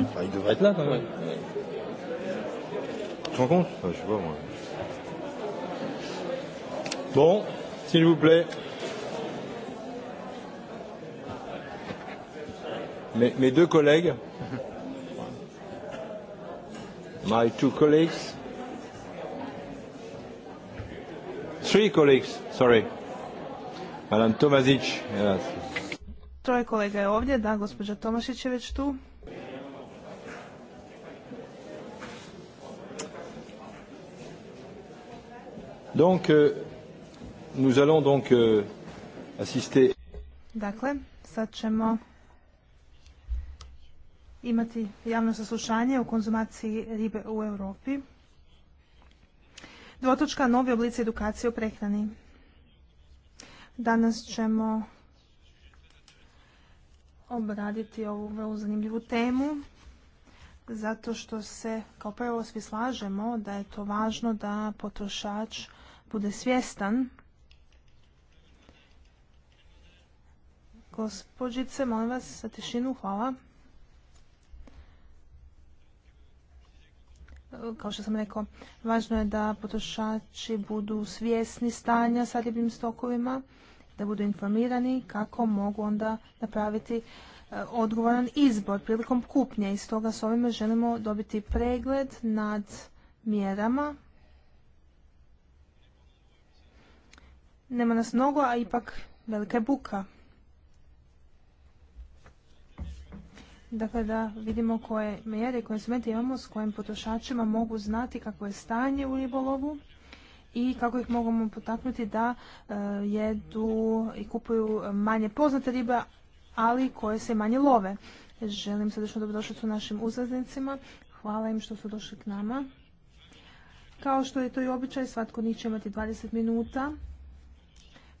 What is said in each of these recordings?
Enfin, il devrait être là quand même. Tu te rends compte Je sais pas moi. Bon, s'il vous plaît. Mes, mes deux collègues. My two colleagues. Three colleagues, sorry. Madame Tomazic. Troje kolega je ovdje, da, gospođa Tomašić je već tu. Donc, euh, nous allons donc euh, assister. Dakle, sad ćemo imati javno saslušanje o konzumaciji ribe u Europi. Dvotočka novi oblici edukacije o prehrani. Danas ćemo obraditi ovu vrlo zanimljivu temu zato što se kao prvo svi slažemo da je to važno da potrošač bude svjestan Gospođice, molim vas za tišinu, hvala. Kao što sam rekao, važno je da potrošači budu svjesni stanja sa ribljim stokovima, da budu informirani kako mogu onda napraviti eh, odgovoran izbor prilikom kupnje. I stoga s ovime želimo dobiti pregled nad mjerama Nema nas mnogo, a ipak velika je buka. Dakle, da vidimo koje mjere i koje imamo s kojim potrošačima mogu znati kako je stanje u ribolovu i kako ih mogu potaknuti da e, jedu i kupuju manje poznate ribe, ali koje se manje love. Želim srdečno su našim uzaznicima. Hvala im što su došli k nama. Kao što je to i običaj, svatko njih će imati 20 minuta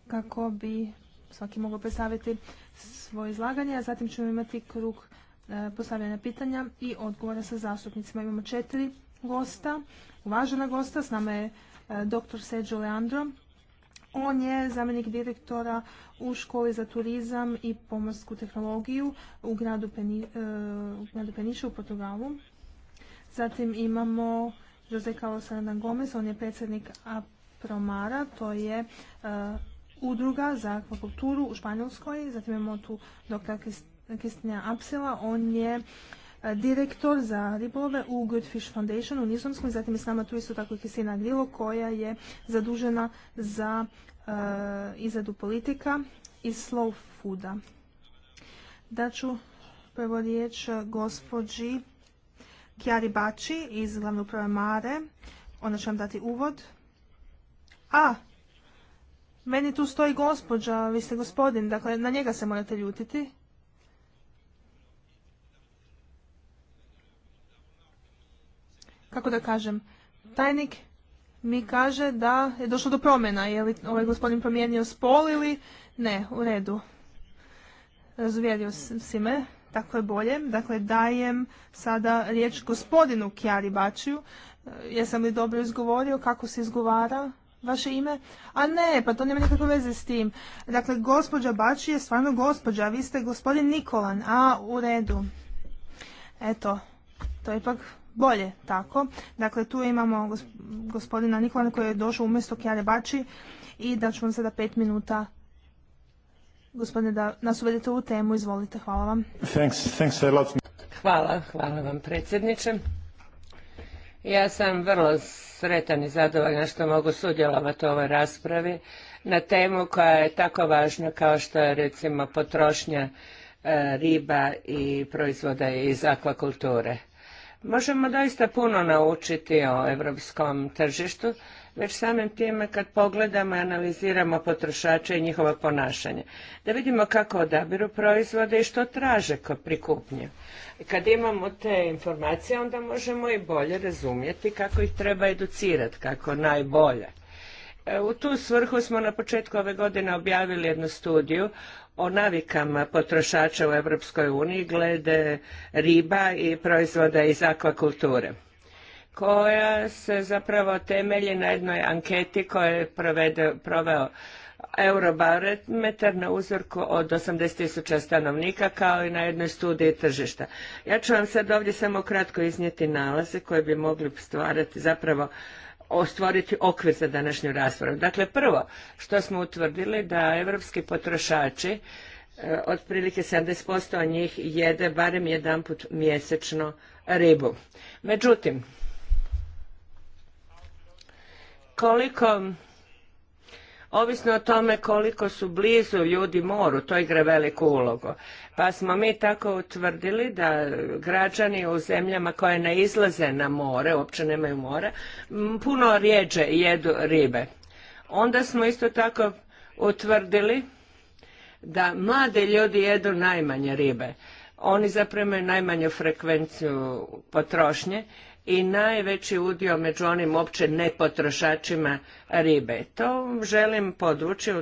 kako bi svaki mogao predstaviti svoje izlaganje, a zatim ćemo imati krug e, postavljanja pitanja i odgovora sa zastupnicima. Imamo četiri gosta, uvažena gosta, s nama je e, dr. Sergio Leandro. On je zamjenik direktora u školi za turizam i pomorsku tehnologiju u gradu, Peni, e, u u Portugalu. Zatim imamo Jose Carlos Hernan Gomez, on je predsjednik Apromara, to je udruga za akvakulturu u Španjolskoj. Zatim imamo tu doktora Kristina Apsela. On je e, direktor za ribolove u Good Fish Foundation u Nizomskom. Zatim je s nama tu isto tako i Kristina Grilo koja je zadužena za e, izradu politika iz Slow Fooda. Daću prvo riječ e, gospođi Kjari Bači iz glavne uprave Mare. Ona će vam dati uvod. A, meni tu stoji gospođa, vi ste gospodin, dakle na njega se morate ljutiti. Kako da kažem, tajnik mi kaže da je došlo do promjena, je li ovaj gospodin promijenio spol ili ne, u redu. Razuvjerio si me, tako je bolje. Dakle, dajem sada riječ gospodinu Kjari Bačiju. E, jesam li dobro izgovorio, kako se izgovara? vaše ime? A ne, pa to nema nikakve veze s tim. Dakle, gospođa Bači je stvarno gospođa, a vi ste gospodin Nikolan. A, u redu. Eto, to je ipak bolje tako. Dakle, tu imamo gospodina Nikolana koji je došao umjesto Kjare Bači i da ću vam sada pet minuta Gospodine, da nas uvedete u temu, izvolite, hvala vam. Hvala, hvala vam predsjedniče. Ja sam vrlo sretan i zadovoljan što mogu sudjelovati u ovoj raspravi na temu koja je tako važna kao što je recimo potrošnja e, riba i proizvoda iz akvakulture. Možemo doista puno naučiti o europskom tržištu već samim time kad pogledamo i analiziramo potrošače i njihova ponašanje. Da vidimo kako odabiru proizvode i što traže kod prikupnje. Kad imamo te informacije onda možemo i bolje razumjeti kako ih treba educirati, kako najbolje. E, u tu svrhu smo na početku ove godine objavili jednu studiju o navikama potrošača u Europskoj uniji glede riba i proizvoda iz akvakulture koja se zapravo temelji na jednoj anketi koju je proveo eurobarometar na uzorku od 80.000 stanovnika kao i na jednoj studiji tržišta. Ja ću vam sad ovdje samo kratko iznijeti nalaze koje bi mogli stvarati zapravo ostvoriti okvir za današnju raspravu. Dakle, prvo što smo utvrdili da evropski potrošači e, otprilike 70% njih jede barem jedanput mjesečno ribu. Međutim, koliko ovisno o tome koliko su blizu ljudi moru, to igra veliku ulogu. Pa smo mi tako utvrdili da građani u zemljama koje ne izlaze na more, uopće nemaju mora, puno rijeđe jedu ribe. Onda smo isto tako utvrdili da mlade ljudi jedu najmanje ribe. Oni zapravo imaju najmanju frekvenciju potrošnje i najveći udio među onim opće nepotrošačima ribe. To želim podvući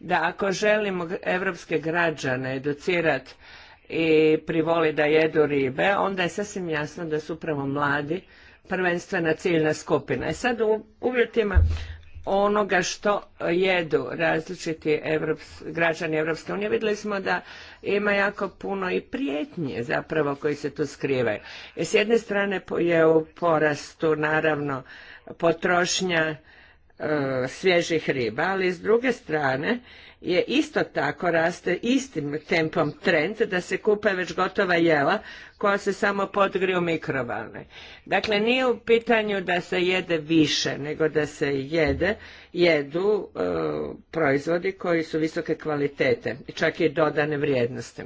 da ako želimo evropske građane educirati i privoli da jedu ribe, onda je sasvim jasno da su upravo mladi prvenstvena ciljna skupina. I e sad u uvjetima onoga što jedu različiti Evrops, građani Evropske unije. Vidjeli smo da ima jako puno i prijetnje zapravo koji se tu skrivaju. S jedne strane je u porastu naravno potrošnja E, svježih riba, ali s druge strane je isto tako raste istim tempom trend da se kupe već gotova jela koja se samo podgriju mikrovalne. Dakle, nije u pitanju da se jede više, nego da se jede, jedu e, proizvodi koji su visoke kvalitete, čak i dodane vrijednosti.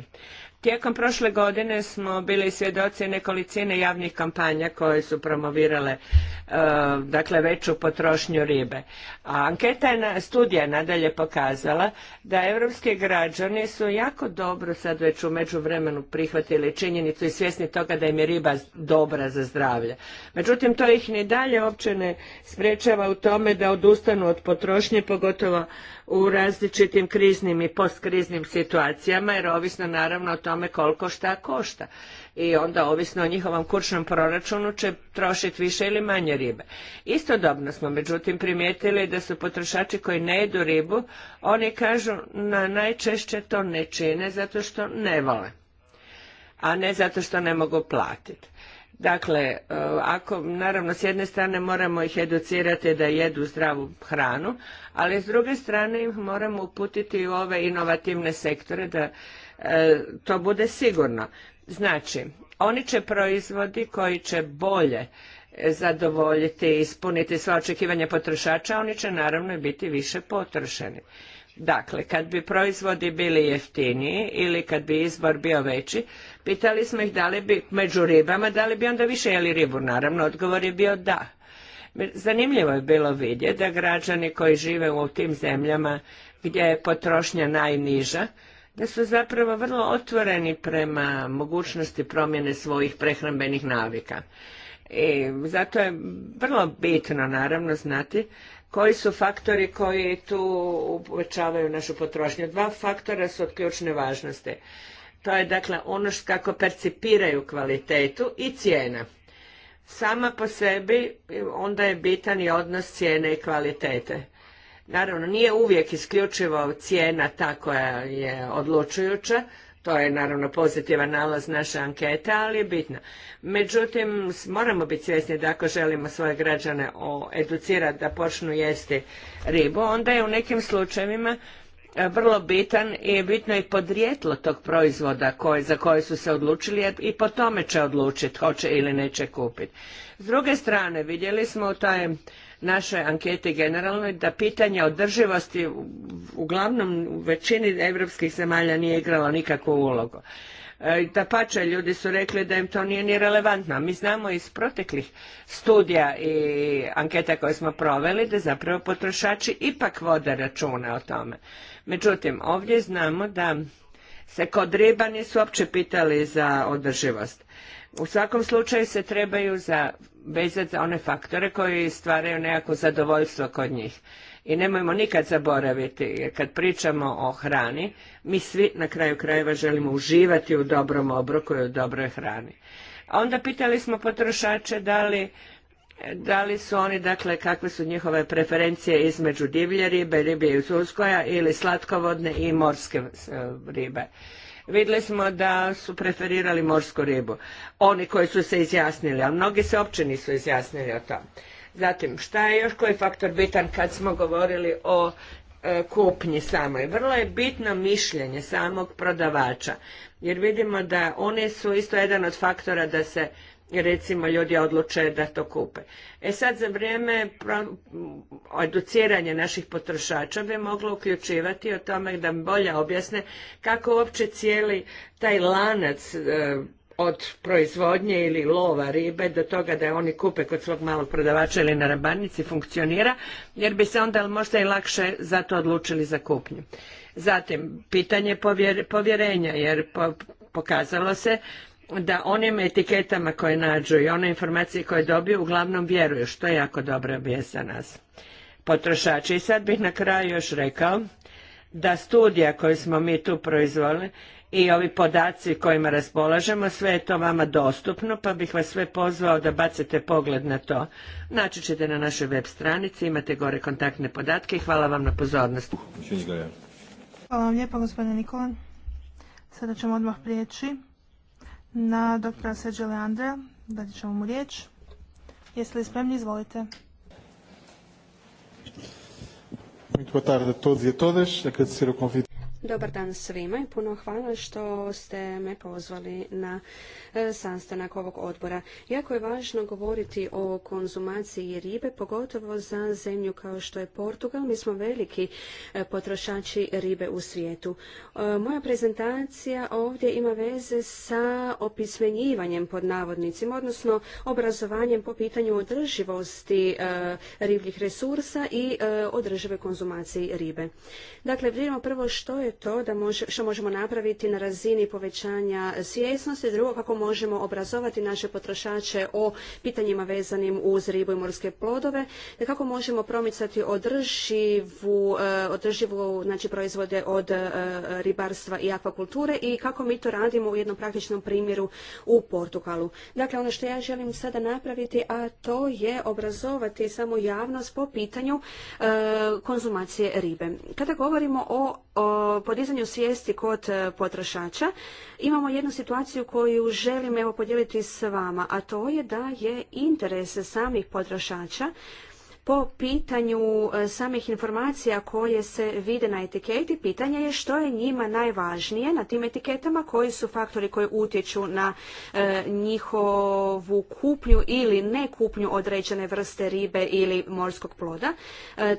Tijekom prošle godine smo bili svjedoci nekolicine javnih kampanja koje su promovirale e, dakle veću potrošnju ribe. A anketa je studija nadalje pokazala da europski građani su jako dobro sad već u međuvremenu prihvatili činjenicu i svjesni toga da im je riba dobra za zdravlje. Međutim, to ih ni dalje uopće ne sprječava u tome da odustanu od potrošnje, pogotovo u različitim kriznim i postkriznim situacijama jer ovisno naravno o tome koliko šta košta i onda ovisno o njihovom kućnom proračunu će trošiti više ili manje ribe. Istodobno smo međutim primijetili da su potrošači koji ne jedu ribu, oni kažu na najčešće to ne čine zato što ne vole, a ne zato što ne mogu platiti. Dakle, e, ako naravno s jedne strane moramo ih educirati da jedu zdravu hranu, ali s druge strane ih moramo uputiti u ove inovativne sektore da e, to bude sigurno. Znači, oni će proizvodi koji će bolje e, zadovoljiti, i ispuniti sva očekivanja potrošača, oni će naravno biti više potrošeni. Dakle, kad bi proizvodi bili jeftiniji ili kad bi izbor bio veći, pitali smo ih da li bi među ribama, da li bi onda više jeli ribu. Naravno, odgovor je bio da. Zanimljivo je bilo vidjeti da građani koji žive u tim zemljama gdje je potrošnja najniža, da su zapravo vrlo otvoreni prema mogućnosti promjene svojih prehrambenih navika. I zato je vrlo bitno naravno znati koji su faktori koji tu uvećavaju našu potrošnju. Dva faktora su od ključne važnosti. To je dakle ono što kako percipiraju kvalitetu i cijena. Sama po sebi onda je bitan i odnos cijene i kvalitete. Naravno, nije uvijek isključivo cijena ta koja je odlučujuća, to je naravno pozitivan nalaz naše ankete, ali je bitna. Međutim, moramo biti svjesni da ako želimo svoje građane educirati da počnu jesti ribu, onda je u nekim slučajevima e, vrlo bitan i bitno je podrijetlo tog proizvoda za koje su se odlučili jer i po tome će odlučiti hoće ili neće kupiti. S druge strane, vidjeli smo u taj našoj anketi generalnoj da pitanje održivosti uglavnom u većini europskih zemalja nije igralo nikakvu ulogu. E, dapače, ljudi su rekli da im to nije ni relevantno. Mi znamo iz proteklih studija i anketa koje smo proveli da zapravo potrošači ipak vode računa o tome. Međutim, ovdje znamo da se kod riba nisu uopće pitali za održivost. U svakom slučaju se trebaju za, vezati za one faktore koji stvaraju nekako zadovoljstvo kod njih. I nemojmo nikad zaboraviti, jer kad pričamo o hrani, mi svi na kraju krajeva želimo uživati u dobrom obroku i u dobroj hrani. A onda pitali smo potrošače da li, da li su oni, dakle, kakve su njihove preferencije između divlje ribe, ribe iz uzgoja ili slatkovodne i morske ribe vidjeli smo da su preferirali morsku ribu. Oni koji su se izjasnili, a mnogi se uopće nisu izjasnili o tom. Zatim, šta je još koji faktor bitan kad smo govorili o e, kupnji samoj? Vrlo je bitno mišljenje samog prodavača, jer vidimo da oni su isto jedan od faktora da se recimo ljudi odluče da to kupe. E sad za vrijeme educiranja naših potrošača bi moglo uključivati o tome da bolje objasne kako uopće cijeli taj lanac e, od proizvodnje ili lova ribe do toga da oni kupe kod svog malog prodavača ili na rabarnici funkcionira, jer bi se onda možda i lakše za to odlučili za kupnju. Zatim, pitanje povjerenja, jer pokazalo se da onim etiketama koje nađu i one informacije koje dobiju uglavnom vjeruju, što je jako dobro vijest za nas potrošače. I sad bih na kraju još rekao da studija koju smo mi tu proizvoli i ovi podaci kojima raspolažemo, sve je to vama dostupno, pa bih vas sve pozvao da bacite pogled na to. Naći ćete na našoj web stranici, imate gore kontaktne podatke i hvala vam na pozornosti. Hvala vam lijepo, gospodine Nikolan. Sada ćemo odmah prijeći na doktora Sergio Leandra. Dati ćemo mu riječ. Jeste li spremni? Izvolite. Muito boa tarde a todos e a todas. Agradecer o convite. Dobar dan svima i puno hvala što ste me pozvali na e, sastanak ovog odbora. Jako je važno govoriti o konzumaciji ribe, pogotovo za zemlju kao što je Portugal. Mi smo veliki e, potrošači ribe u svijetu. E, moja prezentacija ovdje ima veze sa opismenjivanjem pod navodnicima, odnosno obrazovanjem po pitanju održivosti ribljih resursa i održive konzumaciji ribe. Dakle, vidimo prvo što je je to da što možemo napraviti na razini povećanja svjesnosti, drugo kako možemo obrazovati naše potrošače o pitanjima vezanim uz ribu i morske plodove, te kako možemo promicati održivu, eh, održivu znači, proizvode od eh, ribarstva i akvakulture i kako mi to radimo u jednom praktičnom primjeru u Portugalu. Dakle, ono što ja želim sada napraviti, a to je obrazovati samo javnost po pitanju eh, konzumacije ribe. Kada govorimo o podizanju svijesti kod e, potrošača, imamo jednu situaciju koju želim evo podijeliti s vama, a to je da je interes samih potrošača po pitanju e, samih informacija koje se vide na etiketi, pitanje je što je njima najvažnije na tim etiketama, koji su faktori koji utječu na e, njihovu kupnju ili ne kupnju određene vrste ribe ili morskog ploda.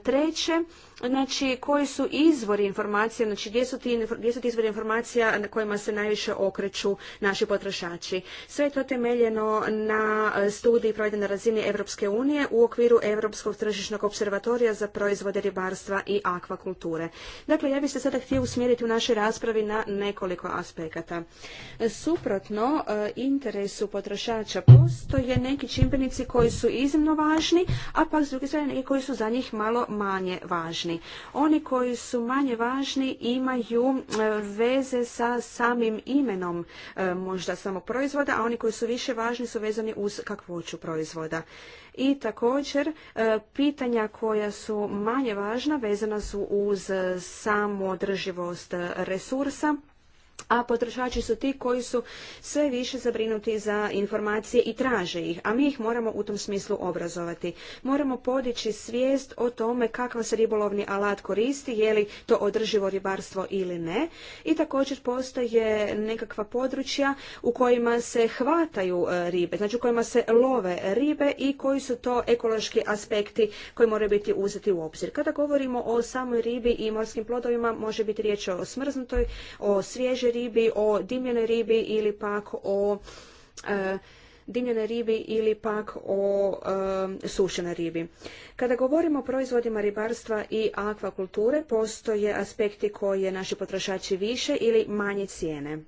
treće, znači koji su izvori informacija, znači gdje su ti, gdje su ti izvori informacija na kojima se najviše okreću naši potrošači. Sve je to temeljeno na e, studiji provedenoj na razini Europske unije u okviru Europskog tržišnog observatorija za proizvode ribarstva i akvakulture. Dakle, ja bih se sada htio usmjeriti u našoj raspravi na nekoliko aspekata. Suprotno e, interesu potrošača postoje neki čimbenici koji su iznimno važni, a pak s druge strane neki koji su za njih malo manje važni. Oni koji su manje važni imaju e, veze sa samim imenom e, možda samog proizvoda, a oni koji su više važni su vezani uz kakvoću proizvoda. I također e, pitanja koja su manje važna vezana su uz samodrživost resursa a potrošači su ti koji su sve više zabrinuti za informacije i traže ih, a mi ih moramo u tom smislu obrazovati. Moramo podići svijest o tome kakav se ribolovni alat koristi, je li to održivo ribarstvo ili ne. I također postoje nekakva područja u kojima se hvataju e, ribe, znači u kojima se love ribe i koji su to ekološki aspekti koji moraju biti uzeti u obzir. Kada govorimo o samoj ribi i morskim plodovima, može biti riječ o smrznutoj, o svježoj ribi, o dimljenoj ribi ili pak o e, dimljenoj ribi ili pak o e, sušenoj ribi. Kada govorimo o proizvodima ribarstva i akvakulture, postoje aspekti koje naši potrošači više ili manje cijene.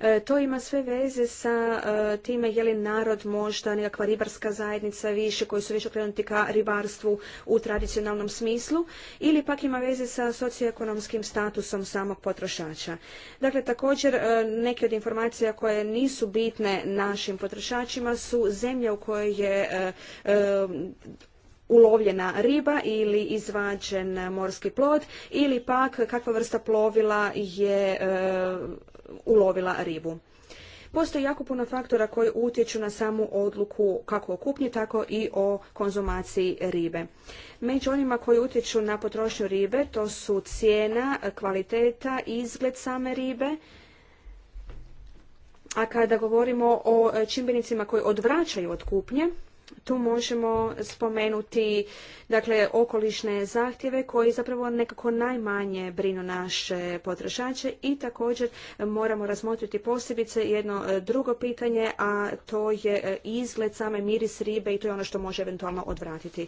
E, to ima sve veze sa e, time je li narod možda nekakva ribarska zajednica više koji su više okrenuti ka ribarstvu u tradicionalnom smislu ili pak ima veze sa socioekonomskim statusom samog potrošača. Dakle, također e, neke od informacija koje nisu bitne našim potrošačima su zemlje u kojoj je ulovljena riba ili izvađen morski plod ili pak kakva vrsta plovila je ulovila ribu. Postoji jako puno faktora koji utječu na samu odluku kako o kupnji, tako i o konzumaciji ribe. Među onima koji utječu na potrošnju ribe to su cijena, kvaliteta, izgled same ribe, a kada govorimo o čimbenicima koji odvraćaju od kupnje, tu možemo spomenuti dakle okolišne zahtjeve koji zapravo nekako najmanje brinu naše potrošače i također moramo razmotriti posebice jedno e, drugo pitanje a to je e, izgled same miris ribe i to je ono što može eventualno odvratiti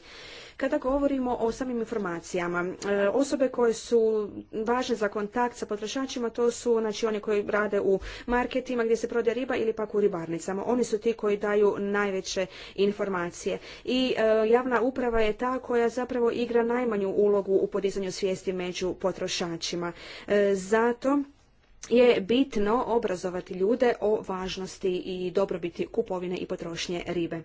kada govorimo o samim informacijama, e, osobe koje su važne za kontakt sa potrošačima, to su znači oni koji rade u marketima gdje se prodaje riba ili pak u ribarnicama. Oni su ti koji daju najveće informacije. I e, javna uprava je ta koja zapravo igra najmanju ulogu u podizanju svijesti među potrošačima. E, zato je bitno obrazovati ljude o važnosti i dobrobiti kupovine i potrošnje ribe.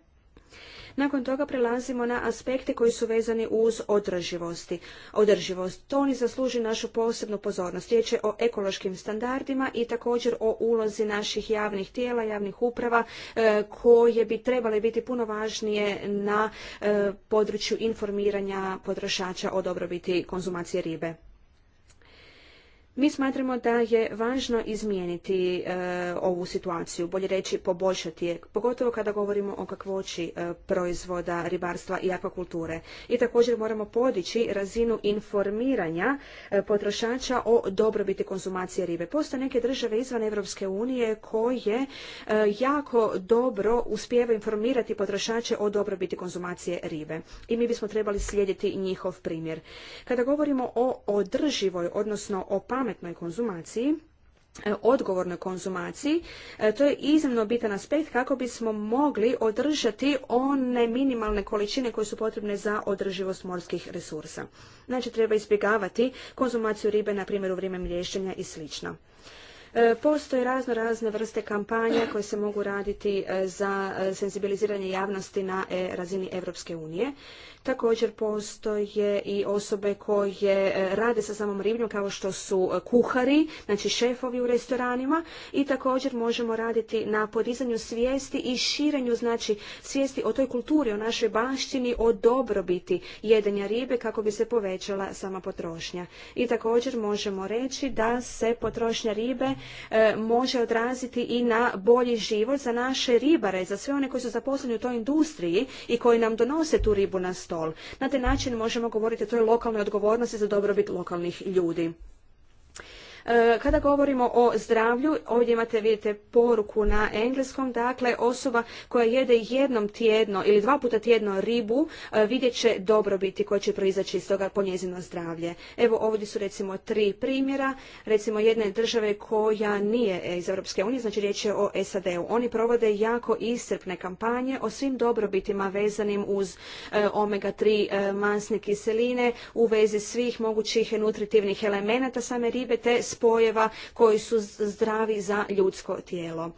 Nakon toga prelazimo na aspekte koji su vezani uz održivosti. Održivost, to ni zasluži našu posebnu pozornost. Riječ je o ekološkim standardima i također o ulozi naših javnih tijela, javnih uprava e, koje bi trebale biti puno važnije na e, području informiranja potrošača o dobrobiti konzumacije ribe. Mi smatramo da je važno izmijeniti e, ovu situaciju, bolje reći poboljšati je, pogotovo kada govorimo o kakvoći e, proizvoda ribarstva i akvakulture. I također moramo podići razinu informiranja e, potrošača o dobrobiti konzumacije ribe. Postoje neke države izvan Europske unije koje jako dobro uspijevaju informirati potrošače o dobrobiti konzumacije ribe. I mi bismo trebali slijediti njihov primjer. Kada govorimo o održivoj, odnosno o pametnoj konzumaciji, e, odgovornoj konzumaciji. E, to je iznimno bitan aspekt kako bismo mogli održati one minimalne količine koje su potrebne za održivost morskih resursa. Znači treba izbjegavati konzumaciju ribe, na primjer u vrijeme mlješćenja i sl. E, postoje razno razne vrste kampanja koje se mogu raditi za senzibiliziranje javnosti na razini Europske unije. Također postoje i osobe koje e, rade sa samom ribnjom kao što su e, kuhari, znači šefovi u restoranima i također možemo raditi na podizanju svijesti i širenju znači svijesti o toj kulturi, o našoj baštini, o dobrobiti jedenja ribe kako bi se povećala sama potrošnja. I također možemo reći da se potrošnja ribe e, može odraziti i na bolji život za naše ribare, za sve one koji su zaposleni u toj industriji i koji nam donose tu ribu na stol. Na taj način možemo govoriti o toj lokalnoj odgovornosti za dobrobit lokalnih ljudi. E, kada govorimo o zdravlju, ovdje imate, vidite, poruku na engleskom, dakle osoba koja jede jednom tjedno ili dva puta tjedno ribu e, vidjet će dobrobiti koje će proizaći iz toga po njezino zdravlje. Evo ovdje su recimo tri primjera, recimo jedne države koja nije iz Europske unije, znači riječ je o SAD-u. Oni provode jako iscrpne kampanje o svim dobrobitima vezanim uz e, omega-3 masne kiseline u vezi svih mogućih nutritivnih elemenata same ribe te spojeva koji su zdravi za ljudsko tijelo.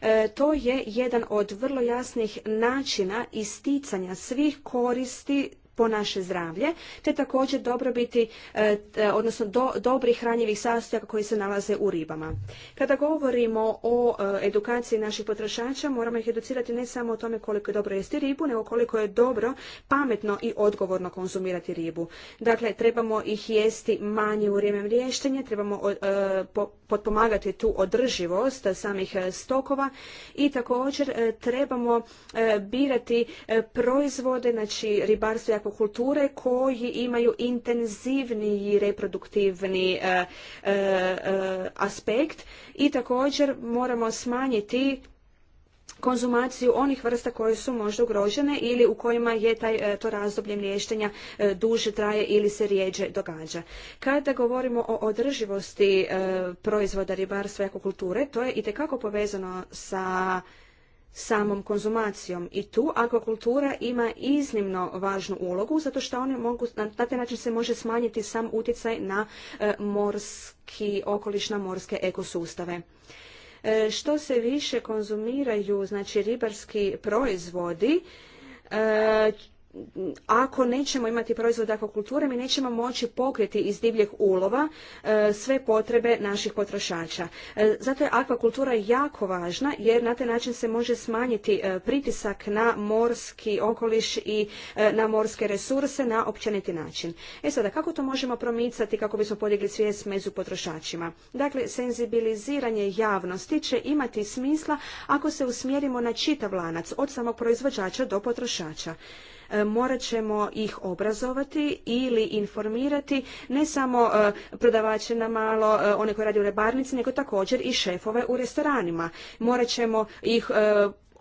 E, to je jedan od vrlo jasnih načina isticanja svih koristi po naše zdravlje, te također dobrobiti, e, odnosno do, dobrih hranjivih sastojaka koji se nalaze u ribama. Kada govorimo o e, edukaciji naših potrošača, moramo ih educirati ne samo o tome koliko je dobro jesti ribu, nego koliko je dobro, pametno i odgovorno konzumirati ribu. Dakle, trebamo ih jesti manje u vrijeme mriještenja, trebamo e, potpomagati tu održivost samih stokova i također trebamo birati proizvode, znači ribarstvo i kulture koji imaju intenzivniji reproduktivni e, e, e, aspekt i također moramo smanjiti konzumaciju onih vrsta koje su možda ugrožene ili u kojima je taj, to razdoblje mještenja duže traje ili se rijeđe događa. Kada govorimo o održivosti proizvoda ribarstva i akvakulture, to je itekako povezano sa samom konzumacijom. I tu akvakultura ima iznimno važnu ulogu zato što one mogu, na taj način se može smanjiti sam utjecaj na e, morski okoliš, na morske ekosustave. E, što se više konzumiraju znači ribarski proizvodi, e, ako nećemo imati proizvod akvakulture, mi nećemo moći pokriti iz divljeg ulova e, sve potrebe naših potrošača. E, zato je akvakultura jako važna jer na taj način se može smanjiti e, pritisak na morski okoliš i na morske resurse na općeniti način. E sada, kako to možemo promicati kako bismo podigli svijest među potrošačima? Dakle, senzibiliziranje javnosti će imati smisla ako se usmjerimo na čitav lanac od samog proizvođača do potrošača. E, morat ćemo ih obrazovati ili informirati ne samo e, prodavače na malo, e, one koje rade u rebarnici, nego također i šefove u restoranima. Morat ćemo ih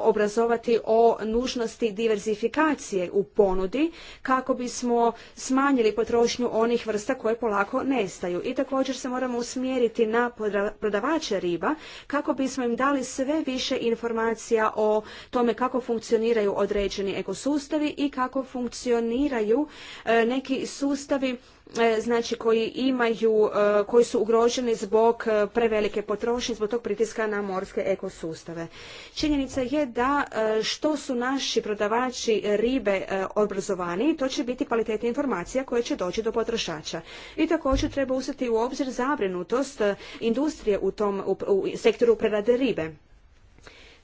obrazovati o nužnosti diverzifikacije u ponudi kako bismo smanjili potrošnju onih vrsta koje polako nestaju. I također se moramo usmjeriti na prodavače riba kako bismo im dali sve više informacija o tome kako funkcioniraju određeni ekosustavi i kako funkcioniraju e, neki sustavi E, znači koji imaju, e, koji su ugroženi zbog e, prevelike potrošnje, zbog tog pritiska na morske ekosustave. Činjenica je da što su naši prodavači ribe obrazovani, to će biti kvalitetna informacija koja će doći do potrošača. I također treba uzeti u obzir zabrinutost industrije u tom u sektoru prerade ribe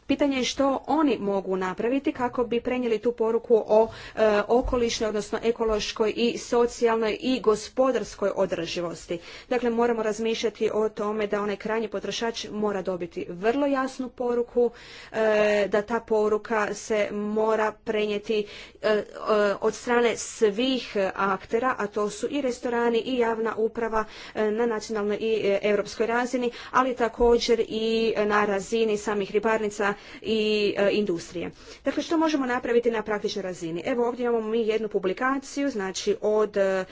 Pitanje je što oni mogu napraviti kako bi prenijeli tu poruku o e, okolišnoj, odnosno ekološkoj i socijalnoj i gospodarskoj održivosti. Dakle, moramo razmišljati o tome da onaj krajnji potrošač mora dobiti vrlo jasnu poruku, e, da ta poruka se mora prenijeti e, od strane svih aktera, a to su i restorani i javna uprava na nacionalnoj i europskoj razini, ali također i na razini samih ribarnica i e, industrije. Dakle, što možemo napraviti na praktičnoj razini? Evo ovdje imamo mi jednu publikaciju, znači od e,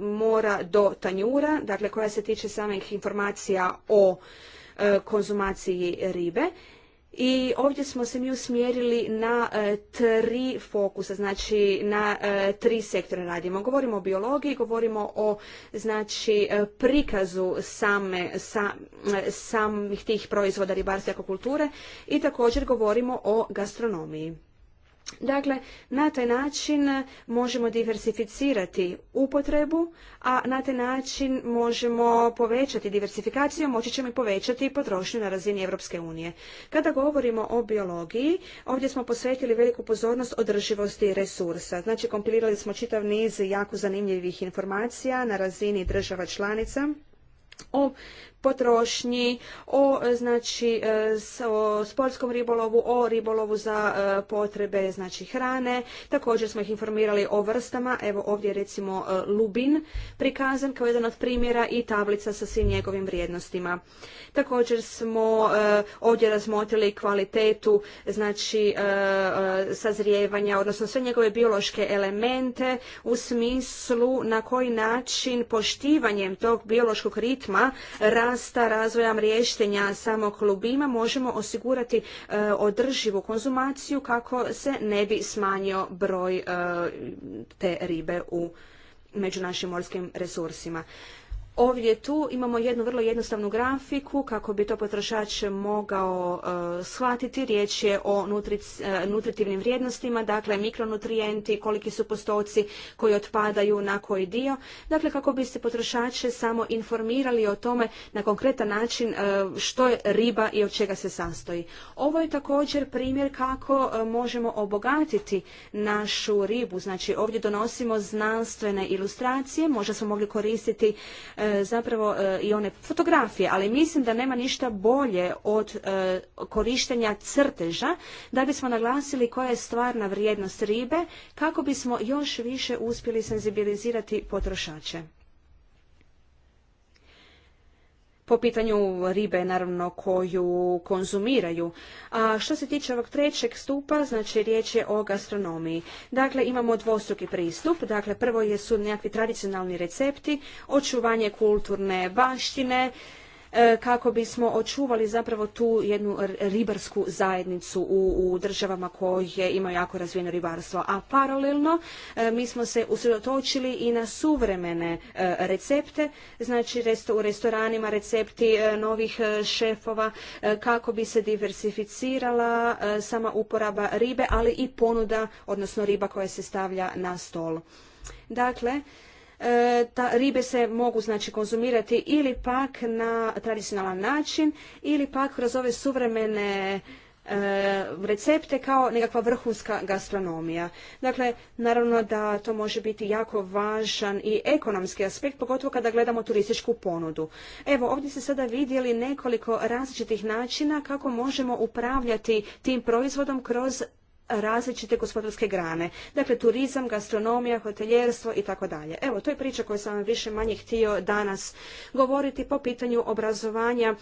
mora do tanjura, dakle koja se tiče samih informacija o e, konzumaciji ribe i ovdje smo se mi usmjerili na e, tri fokusa, znači na e, tri sektore radimo. Govorimo o biologiji, govorimo o znači e, prikazu same, samih tih proizvoda ribarstva i akvakulture i također govorimo o gastronomiji. Dakle, na taj način možemo diversificirati upotrebu, a na taj način možemo povećati diversifikaciju, moći ćemo i povećati potrošnju na razini Europske unije. Kada govorimo o biologiji, ovdje smo posvetili veliku pozornost održivosti resursa. Znači, kompilirali smo čitav niz jako zanimljivih informacija na razini država članica o potrošnji, o e, znači e, o sportskom ribolovu, o ribolovu za e, potrebe znači hrane. Također smo ih informirali o vrstama, evo ovdje recimo lubin prikazan kao jedan od primjera i tablica sa svim njegovim vrijednostima. Također smo ovdje razmotrili kvalitetu znači sazrijevanja, odnosno sve njegove biološke elemente u smislu na koji način poštivanjem tog biološkog ritma rasta, razvoja mriještenja samog klubima možemo osigurati e, održivu konzumaciju kako se ne bi smanjio broj e, te ribe u među našim morskim resursima. Ovdje tu imamo jednu vrlo jednostavnu grafiku kako bi to potrošač mogao e, shvatiti. Riječ je o e, nutritivnim vrijednostima, dakle mikronutrijenti, koliki su postoci koji otpadaju na koji dio. Dakle, kako bi se potrošače samo informirali o tome na konkretan način e, što je riba i od čega se sastoji. Ovo je također primjer kako možemo obogatiti našu ribu. Znači, ovdje donosimo znanstvene ilustracije, možda smo mogli koristiti E, zapravo e, i one fotografije, ali mislim da nema ništa bolje od e, korištenja crteža da bismo naglasili koja je stvarna vrijednost ribe kako bismo još više uspjeli senzibilizirati potrošače. po pitanju ribe naravno koju konzumiraju. A što se tiče ovog trećeg stupa, znači riječ je o gastronomiji. Dakle, imamo dvostruki pristup. Dakle, prvo su nekakvi tradicionalni recepti, očuvanje kulturne baštine, E, kako bismo očuvali zapravo tu jednu ribarsku zajednicu u, u državama koje imaju jako razvijeno ribarstvo. A paralelno e, mi smo se usredotočili i na suvremene e, recepte, znači u restoranima recepti novih šefova kako bi se diversificirala sama uporaba ribe, ali i ponuda, odnosno riba koja se stavlja na stol. Dakle, E, ta ribe se mogu znači konzumirati ili pak na tradicionalan način ili pak kroz ove suvremene e, recepte kao nekakva vrhunska gastronomija. Dakle, naravno da to može biti jako važan i ekonomski aspekt, pogotovo kada gledamo turističku ponudu. Evo, ovdje ste sada vidjeli nekoliko različitih načina kako možemo upravljati tim proizvodom kroz različite gospodarske grane. Dakle, turizam, gastronomija, hoteljerstvo i tako dalje. Evo, to je priča koju sam vam više manje htio danas govoriti po pitanju obrazovanja e,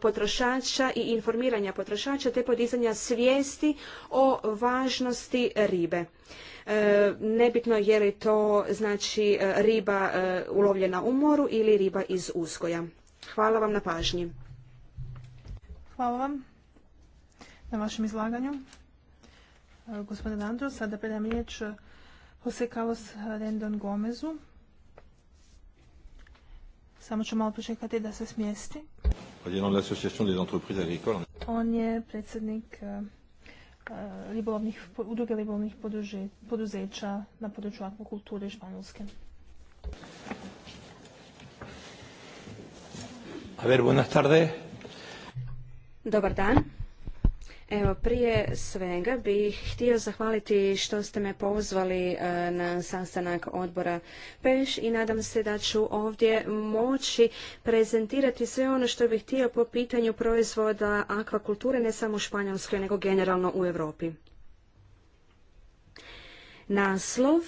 potrošača i informiranja potrošača te podizanja svijesti o važnosti ribe. E, nebitno je li to znači e, riba ulovljena u moru ili riba iz Uskoja. Hvala vam na pažnji. Hvala vam na vašem izlaganju gospodin Andro. Sada predam riječ Jose Carlos Rendon Gomezu. Samo ću malo počekati da se smjesti. On je predsjednik eh, eh, udruge ribolovnih poduzeća na području akvakulture Španjolske. A ver, Dobar dan. Evo, prije svega bih htio zahvaliti što ste me pozvali e, na sastanak odbora PEŠ i nadam se da ću ovdje moći prezentirati sve ono što bih htio po pitanju proizvoda akvakulture ne samo u Španjolskoj nego generalno u Europi. Naslov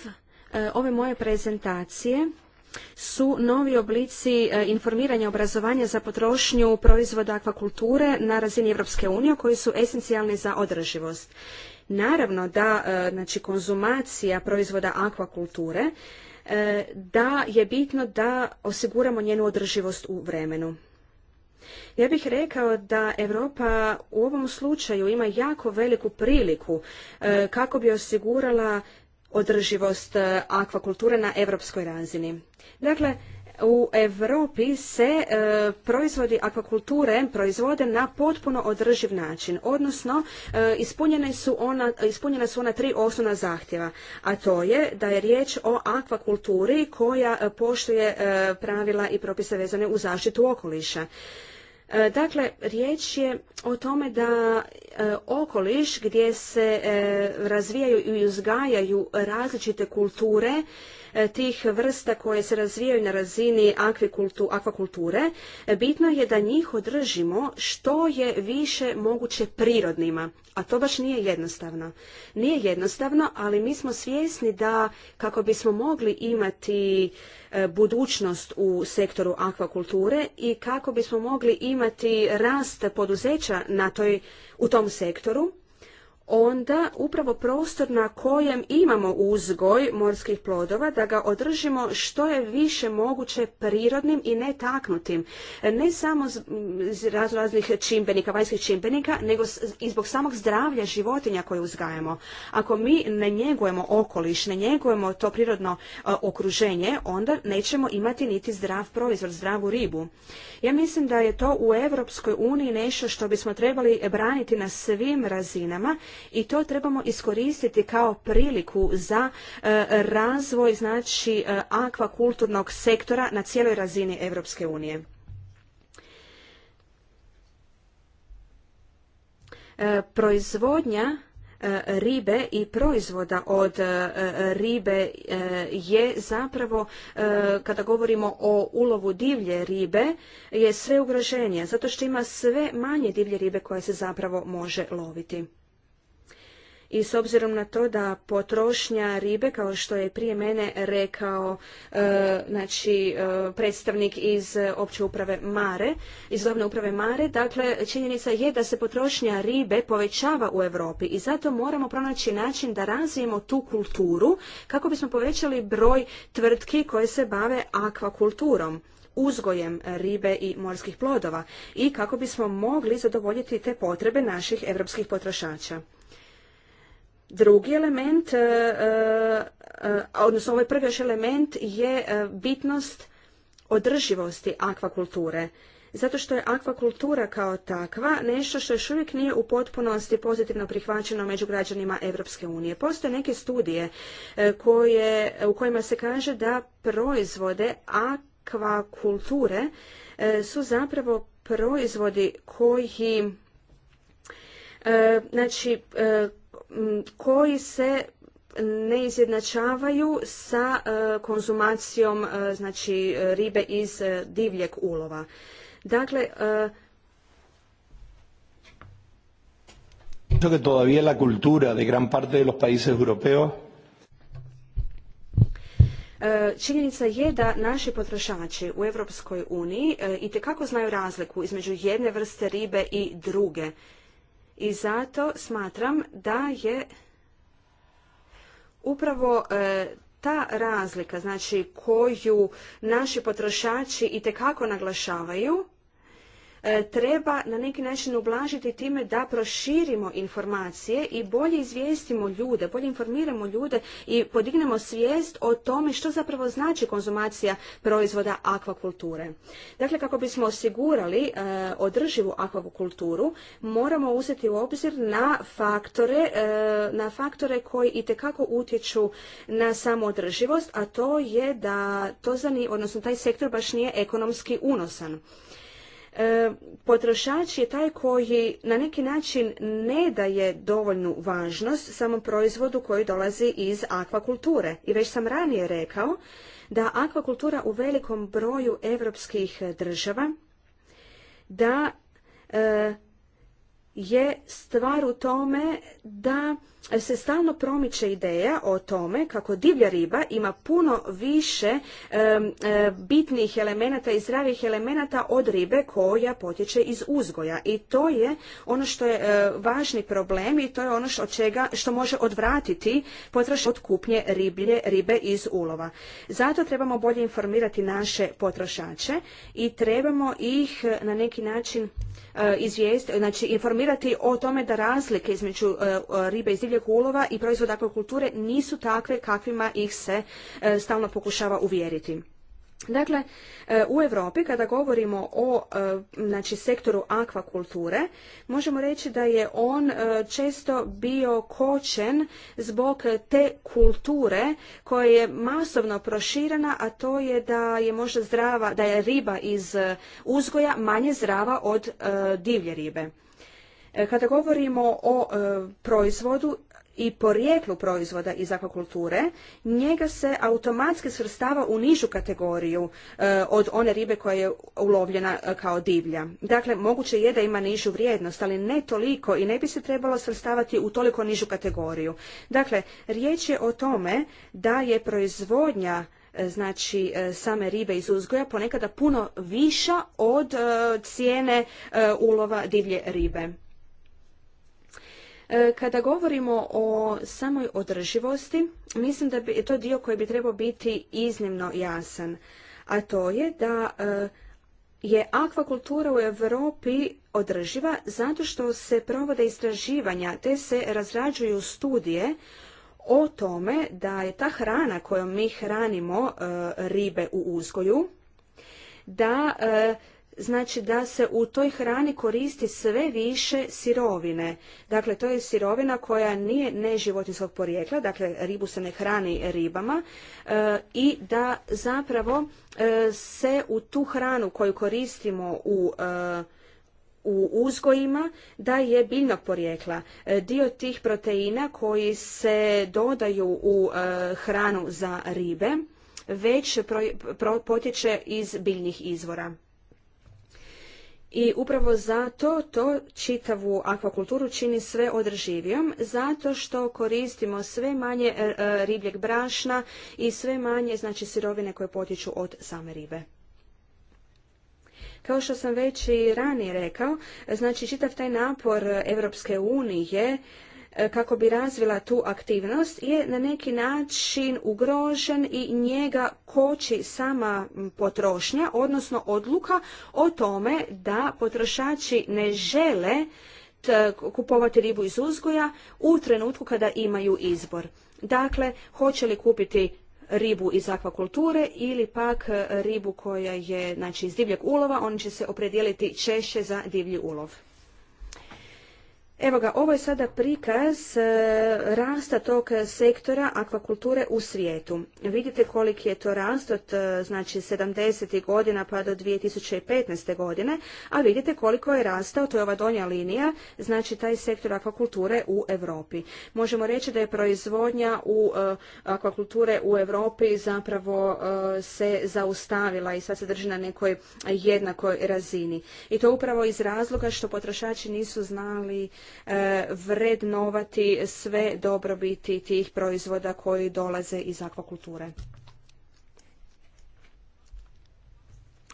e, ove moje prezentacije su novi oblici e, informiranja obrazovanja za potrošnju proizvoda akvakulture na razini Europske unije koji su esencijalni za održivost. Naravno da e, znači konzumacija proizvoda akvakulture e, da je bitno da osiguramo njenu održivost u vremenu. Ja bih rekao da Europa u ovom slučaju ima jako veliku priliku kako bi osigurala održivost e, akvakulture na europskoj razini. Dakle, u Europi se e, proizvodi akvakulture proizvode na potpuno održiv način, odnosno e, ispunjene ispunjena su ona tri osnovna zahtjeva, a to je da je riječ o akvakulturi koja poštuje pravila i propise vezane u zaštitu okoliša. E, dakle, riječ je o tome da e, okoliš gdje se e, razvijaju i uzgajaju različite kulture E, tih vrsta koje se razvijaju na razini akvakulture, e, bitno je da njih održimo što je više moguće prirodnima, a to baš nije jednostavno. Nije jednostavno, ali mi smo svjesni da kako bismo mogli imati e, budućnost u sektoru akvakulture i kako bismo mogli imati rast poduzeća u tom sektoru, onda upravo prostor na kojem imamo uzgoj morskih plodova da ga održimo što je više moguće prirodnim i netaknutim. Ne samo iz raznih čimbenika, vanjskih čimbenika, nego i zbog samog zdravlja životinja koje uzgajamo. Ako mi ne njegujemo okoliš, ne njegujemo to prirodno e, okruženje, onda nećemo imati niti zdrav proizvod, zdravu ribu. Ja mislim da je to u Europskoj uniji nešto što bismo trebali braniti na svim razinama i to trebamo iskoristiti kao priliku za e, razvoj znači e, akvakulturnog sektora na cijeloj razini Europske unije. E, proizvodnja ribe i proizvoda od ribe je zapravo, kada govorimo o ulovu divlje ribe, je sve ugroženije, zato što ima sve manje divlje ribe koje se zapravo može loviti i s obzirom na to da potrošnja ribe, kao što je prije mene rekao e, znači, e, predstavnik iz opće uprave Mare, iz glavne uprave Mare, dakle činjenica je da se potrošnja ribe povećava u Europi i zato moramo pronaći način da razvijemo tu kulturu kako bismo povećali broj tvrtki koje se bave akvakulturom uzgojem ribe i morskih plodova i kako bismo mogli zadovoljiti te potrebe naših europskih potrošača. Drugi element, e, e, e, odnosno ovaj prvi još element je bitnost održivosti akvakulture. Zato što je akvakultura kao takva nešto što još uvijek nije u potpunosti pozitivno prihvaćeno među građanima Europske unije. Postoje neke studije koje, u kojima se kaže da proizvode akvakulture su zapravo proizvodi koji znači koji se ne izjednačavaju sa e, konzumacijom e, znači ribe iz e, divljeg ulova. Dakle, que todavía la cultura de gran parte de los países europeos Činjenica je da naši potrošači u Europskoj uniji i kako znaju razliku između jedne vrste ribe i druge i zato smatram da je upravo e, ta razlika znači koju naši potrošači itekako naglašavaju E, treba na neki način ublažiti time da proširimo informacije i bolje izvijestimo ljude, bolje informiramo ljude i podignemo svijest o tome što zapravo znači konzumacija proizvoda akvakulture. Dakle, kako bismo osigurali e, održivu akvakulturu, moramo uzeti u obzir na faktore, e, na faktore koji itekako utječu na samoodrživost, a to je da to zani, odnosno taj sektor baš nije ekonomski unosan. E, potrošač je taj koji na neki način ne daje dovoljnu važnost samom proizvodu koji dolazi iz akvakulture. I već sam ranije rekao da akvakultura u velikom broju europskih država da e, je stvar u tome da se stalno promiče ideja o tome kako divlja riba ima puno više e, bitnih elemenata i zdravih elemenata od ribe koja potječe iz uzgoja i to je ono što je e, važni problem i to je ono što, čega, što može odvratiti potrošače od kupnje riblje, ribe iz ulova. Zato trebamo bolje informirati naše potrošače i trebamo ih na neki način e, izvijest, znači informirati o tome da razlike između e, ribe iz divlje ribljeg ulova i proizvoda akvakulture nisu takve kakvima ih se e, stalno pokušava uvjeriti. Dakle, e, u Europi kada govorimo o e, znači, sektoru akvakulture, možemo reći da je on često bio kočen zbog te kulture koja je masovno proširena, a to je da je možda zdrava, da je riba iz uzgoja manje zdrava od divlje ribe. Kada govorimo o proizvodu i porijeklu proizvoda iz akvakulture, njega se automatski svrstava u nižu kategoriju e, od one ribe koja je ulovljena e, kao divlja. Dakle, moguće je da ima nižu vrijednost, ali ne toliko i ne bi se trebalo svrstavati u toliko nižu kategoriju. Dakle, riječ je o tome da je proizvodnja e, znači same ribe iz uzgoja ponekada puno viša od cijene ulova divlje ribe. E, kada govorimo o samoj održivosti, mislim da je to dio koji bi trebao biti iznimno jasan, a to je da e, je akvakultura u Europi održiva zato što se provode istraživanja te se razrađuju studije o tome da je ta hrana kojom mi hranimo e, ribe u uzgoju da znači da se u toj hrani koristi sve više sirovine. Dakle, to je sirovina koja nije neživotinskog porijekla, dakle ribu se ne hrani ribama e, i da zapravo e, se u tu hranu koju koristimo u e, u uzgojima da je biljnog porijekla. Dio tih proteina koji se dodaju u hranu za ribe već potječe iz biljnih izvora i upravo zato to čitavu akvakulturu čini sve održivijom, zato što koristimo sve manje e, e, ribljeg brašna i sve manje znači, sirovine koje potiču od same ribe. Kao što sam već i ranije rekao, znači čitav taj napor Europske unije E, kako bi razvila tu aktivnost je na neki način ugrožen i njega koči sama potrošnja, odnosno odluka o tome da potrošači ne žele kupovati ribu iz uzgoja u trenutku kada imaju izbor. Dakle, hoće li kupiti ribu iz akvakulture ili pak e, ribu koja je znači, iz divljeg ulova, oni će se opredijeliti češće za divlji ulov. Evo ga, ovo je sada prikaz e, rasta tog sektora akvakulture u svijetu. Vidite koliki je to rast od e, znači 70. godina pa do 2015. godine, a vidite koliko je rastao, to je ova donja linija, znači taj sektor akvakulture u Europi. Možemo reći da je proizvodnja u e, akvakulture u Europi zapravo se zaustavila i sad se drži na nekoj jednakoj razini. I to upravo iz razloga što potrošači nisu znali E, vrednovati sve dobrobiti tih proizvoda koji dolaze iz akvakulture.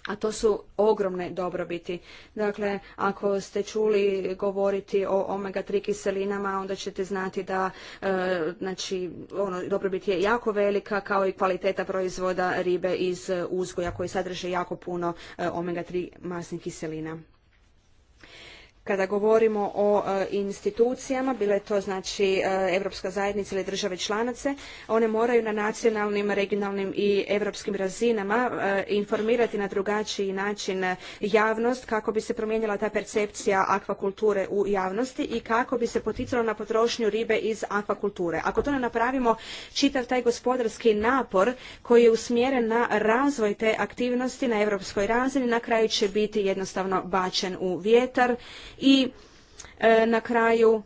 a to su ogromne dobrobiti. Dakle, ako ste čuli govoriti o omega-3 kiselinama, onda ćete znati da e, znači, ono, dobrobit je jako velika, kao i kvaliteta proizvoda ribe iz uzgoja koji sadrže jako puno e, omega-3 masnih kiselina. Kada govorimo o e, institucijama, bile to znači Europska zajednica ili države članice, one moraju na nacionalnim, regionalnim i europskim razinama e, informirati na drugačiji način javnost kako bi se promijenila ta percepcija akvakulture u javnosti i kako bi se poticalo na potrošnju ribe iz akvakulture. Ako to ne napravimo, čitav taj gospodarski napor koji je usmjeren na razvoj te aktivnosti na europskoj razini na kraju će biti jednostavno bačen u vjetar i e, na kraju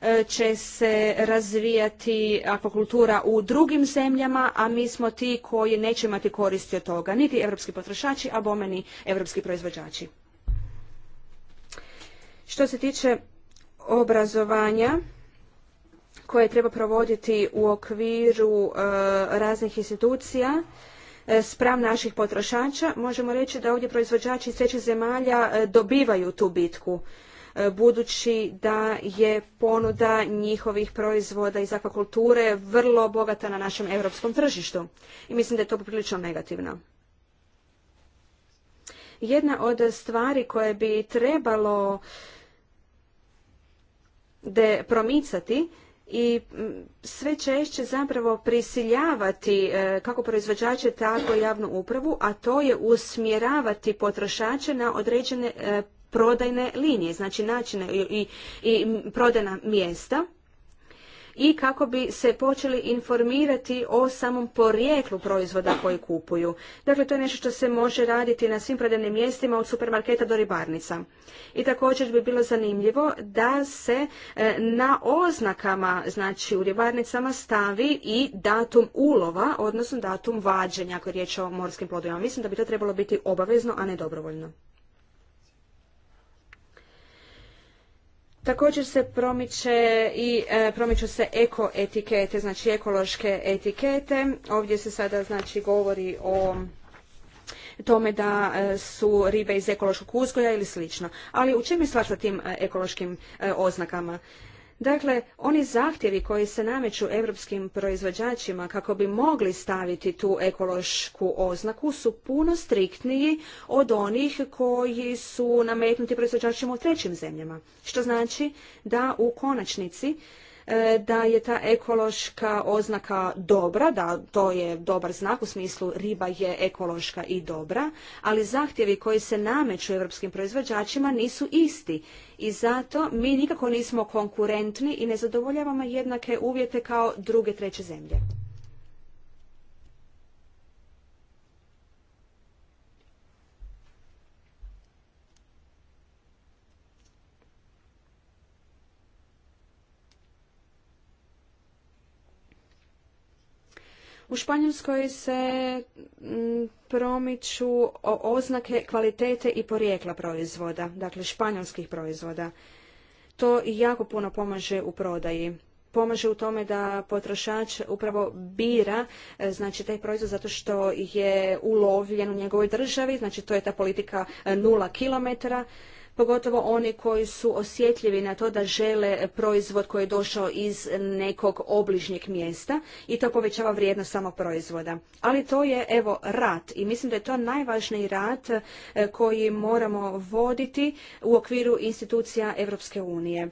e, će se razvijati akvakultura u drugim zemljama, a mi smo ti koji neće imati koristi od toga, niti europski potrošači, a bome ni europski proizvođači. Što se tiče obrazovanja koje treba provoditi u okviru e, raznih institucija, E, spram naših potrošača, možemo reći da ovdje proizvođači iz trećih zemalja e, dobivaju tu bitku e, budući da je ponuda njihovih proizvoda iz akvakulture vrlo bogata na našem europskom tržištu. I mislim da je to poprilično negativno. Jedna od stvari koje bi trebalo de promicati i mm, sve češće zapravo prisiljavati e, kako proizvođače tako javnu upravu, a to je usmjeravati potrošače na određene e, prodajne linije, znači načine i, i, prodajna mjesta i kako bi se počeli informirati o samom porijeklu proizvoda koji kupuju. Dakle, to je nešto što se može raditi na svim prodajnim mjestima od supermarketa do ribarnica. I također bi bilo zanimljivo da se e, na oznakama, znači u ribarnicama stavi i datum ulova, odnosno datum vađenja, ako je riječ o morskim plodovima. Mislim da bi to trebalo biti obavezno, a ne dobrovoljno. Također se promiče i e, promiču se eko etikete, znači ekološke etikete. Ovdje se sada znači govori o tome da e, su ribe iz ekološkog uzgoja ili slično. Ali u čemu je stvar sa tim e, ekološkim oznakama? Dakle, oni zahtjevi koji se nameću europskim proizvođačima kako bi mogli staviti tu ekološku oznaku su puno striktniji od onih koji su nametnuti proizvođačima u trećim zemljama. Što znači da u konačnici e, da je ta ekološka oznaka dobra, da to je dobar znak u smislu riba je ekološka i dobra, ali zahtjevi koji se nameću europskim proizvođačima nisu isti i zato mi nikako nismo konkurentni i ne zadovoljavamo jednake uvjete kao druge treće zemlje. U Španjolskoj se mm, promiču oznake kvalitete i porijekla proizvoda, dakle španjolskih proizvoda. To jako puno pomaže u prodaji pomaže u tome da potrošač upravo bira e, znači taj proizvod zato što je ulovljen u njegovoj državi, znači to je ta politika e, nula kilometara pogotovo oni koji su osjetljivi na to da žele proizvod koji je došao iz nekog obližnjeg mjesta i to povećava vrijednost samog proizvoda. Ali to je evo rat i mislim da je to najvažniji rat e, koji moramo voditi u okviru institucija Europske unije.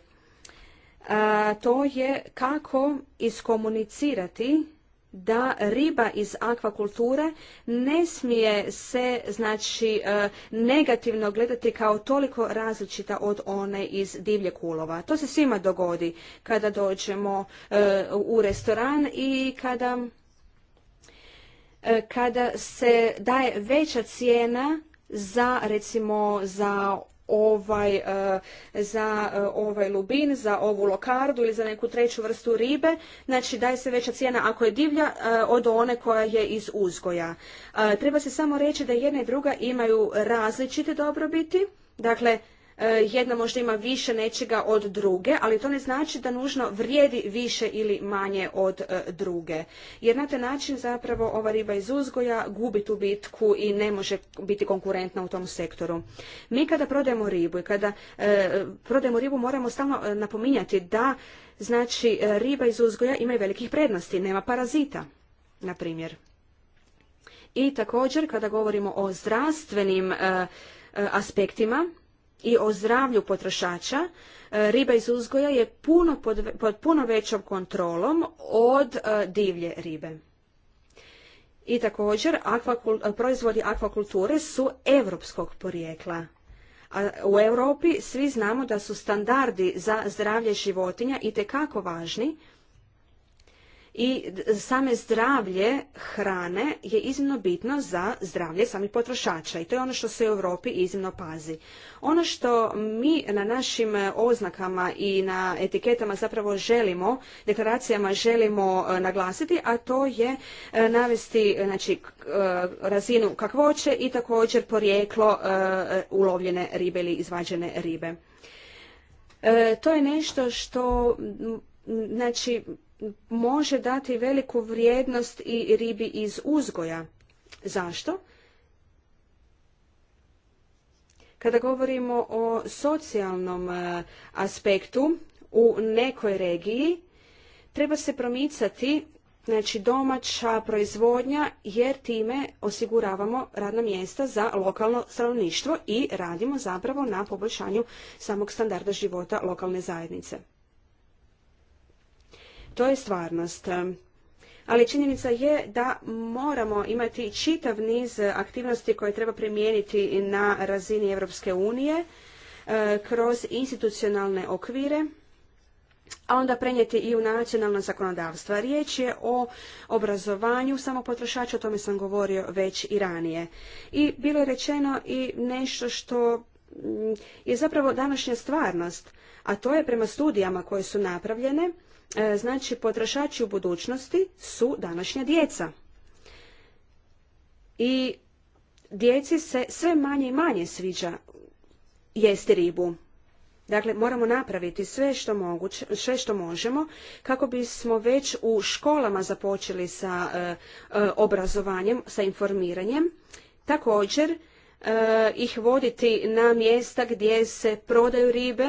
To je kako iskomunicirati da riba iz akvakulture ne smije se znači e, negativno gledati kao toliko različita od one iz divlje kulova. To se svima dogodi kada dođemo e, u restoran i kada e, kada se daje veća cijena za recimo za ovaj, e, za e, ovaj lubin, za ovu lokardu ili za neku treću vrstu ribe. Znači daje se veća cijena ako je divlja e, od one koja je iz uzgoja. Treba se samo reći da jedna i druga imaju različite dobrobiti. Dakle, E, jedna možda ima više nečega od druge, ali to ne znači da nužno vrijedi više ili manje od e, druge. Jer na taj način zapravo ova riba iz uzgoja gubi tu bitku i ne može biti konkurentna u tom sektoru. Mi kada prodajemo ribu i kada e, prodajemo ribu moramo stalno napominjati da znači riba iz uzgoja ima i velikih prednosti, nema parazita, na primjer. I također kada govorimo o zdravstvenim aspektima, i o zdravlju potrošača, e, riba iz uzgoja je puno pod, puno većom kontrolom od e, divlje ribe. I također, e, proizvodi akvakulture su europskog porijekla. A u Europi svi znamo da su standardi za zdravlje životinja i kako važni, i same zdravlje hrane je iznimno bitno za zdravlje samih potrošača i to je ono što se u Europi iznimno pazi. Ono što mi na našim oznakama i na etiketama zapravo želimo, deklaracijama želimo e, naglasiti, a to je e, navesti znači, e, razinu kakvoće i također porijeklo ulovljene ribe ili izvađene ribe. To je nešto što znači može dati veliku vrijednost i ribi iz uzgoja. Zašto? Kada govorimo o socijalnom e, aspektu u nekoj regiji, treba se promicati znači domaća proizvodnja jer time osiguravamo radna mjesta za lokalno stanovništvo i radimo zapravo na poboljšanju samog standarda života lokalne zajednice. To je stvarnost. Ali činjenica je da moramo imati čitav niz aktivnosti koje treba primijeniti na razini Europske unije e, kroz institucionalne okvire, a onda prenijeti i u nacionalno zakonodavstvo. Riječ je o obrazovanju samopotrošača, o tome sam govorio već i ranije. I bilo je rečeno i nešto što mm, je zapravo današnja stvarnost, a to je prema studijama koje su napravljene, E, znači, potrošači u budućnosti su današnja djeca. I djeci se sve manje i manje sviđa jesti ribu. Dakle, moramo napraviti sve što, sve što možemo kako bismo već u školama započeli sa e, e, obrazovanjem, sa informiranjem. Također, ih voditi na mjesta gdje se prodaju ribe,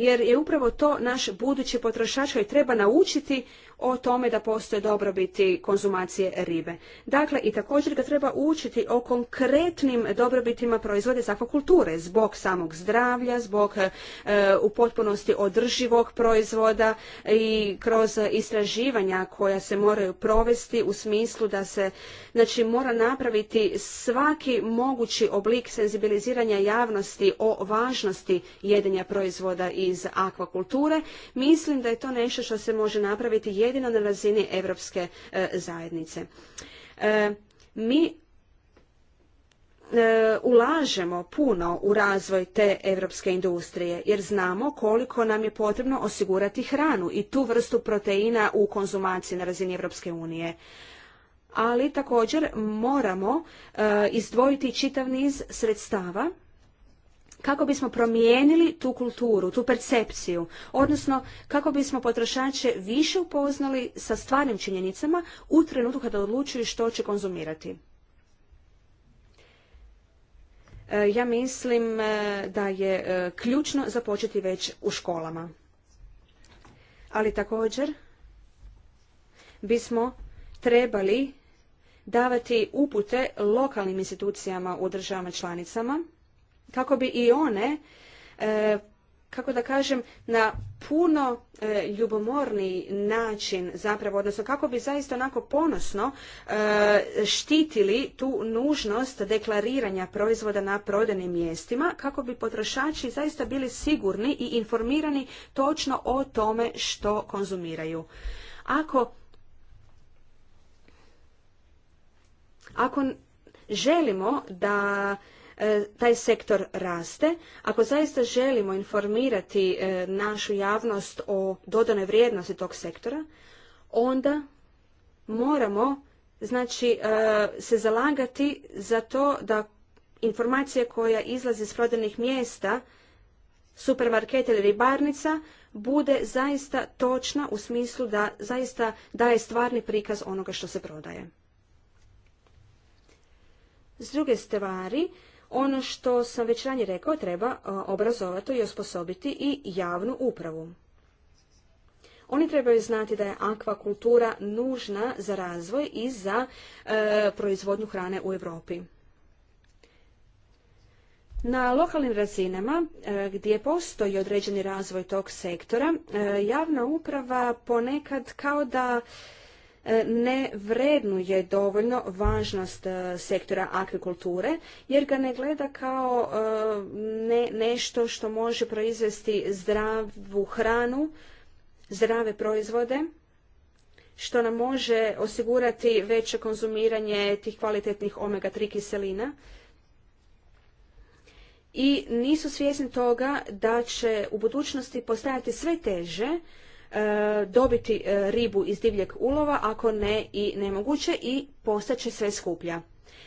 jer je upravo to naše buduće potrošač koji treba naučiti o tome da postoje dobrobiti konzumacije ribe. Dakle, i također ga treba učiti o konkretnim dobrobitima proizvode iz akvakulture, zbog samog zdravlja, zbog e, u potpunosti održivog proizvoda i kroz istraživanja koja se moraju provesti u smislu da se, znači, mora napraviti svaki mogući oblik senzibiliziranja javnosti o važnosti jedenja proizvoda iz akvakulture. Mislim da je to nešto što se može napraviti jedino na razini Europske e, zajednice. E, mi e, ulažemo puno u razvoj te europske industrije jer znamo koliko nam je potrebno osigurati hranu i tu vrstu proteina u konzumaciji na razini Europske unije. Ali također moramo izdvojiti čitav niz sredstava kako bismo promijenili tu kulturu, tu percepciju, odnosno kako bismo potrošače više upoznali sa stvarnim činjenicama u trenutku kada odlučuju što će konzumirati. E, ja mislim e, da je e, ključno započeti već u školama. Ali također bismo trebali davati upute lokalnim institucijama u državama članicama kako bi i one e, kako da kažem, na puno ljubomorni e, ljubomorniji način zapravo, odnosno kako bi zaista onako ponosno e, štitili tu nužnost deklariranja proizvoda na prodajnim mjestima, kako bi potrošači zaista bili sigurni i informirani točno o tome što konzumiraju. Ako ako želimo da E, taj sektor raste. Ako zaista želimo informirati e, našu javnost o dodanoj vrijednosti tog sektora, onda moramo znači e, se zalagati za to da informacija koja izlazi iz prodajnih mjesta supermarket ili ribarnica bude zaista točna u smislu da zaista daje stvarni prikaz onoga što se prodaje. S druge stvari, ono što sam već ranije rekao, treba obrazovati i osposobiti i javnu upravu. Oni trebaju znati da je akvakultura nužna za razvoj i za e, proizvodnju hrane u Europi. Na lokalnim razinama e, gdje postoji određeni razvoj tog sektora, e, javna uprava ponekad kao da E, ne vrednuje dovoljno važnost e, sektora akvikulture jer ga ne gleda kao e, ne, nešto što može proizvesti zdravu hranu, zdrave proizvode, što nam može osigurati veće konzumiranje tih kvalitetnih omega-3 kiselina i nisu svjesni toga da će u budućnosti postajati sve teže E, dobiti e, ribu iz divljeg ulova, ako ne i nemoguće i postaće sve skuplja.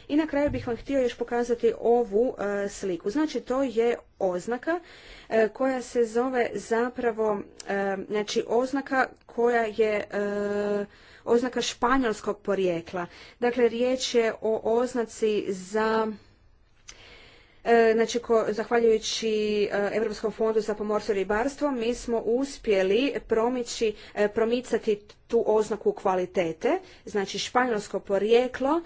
I na kraju bih vam htio još pokazati ovu e, sliku. Znači to je oznaka koja se zove zapravo, znači oznaka koja je oznaka španjolskog porijekla. Dakle, riječ je o oznaci za E, znači, ko, zahvaljujući e, Europskom fondu za pomorstvo i ribarstvo, mi smo uspjeli promići, e, promicati tu oznaku kvalitete, znači španjolsko porijeklo,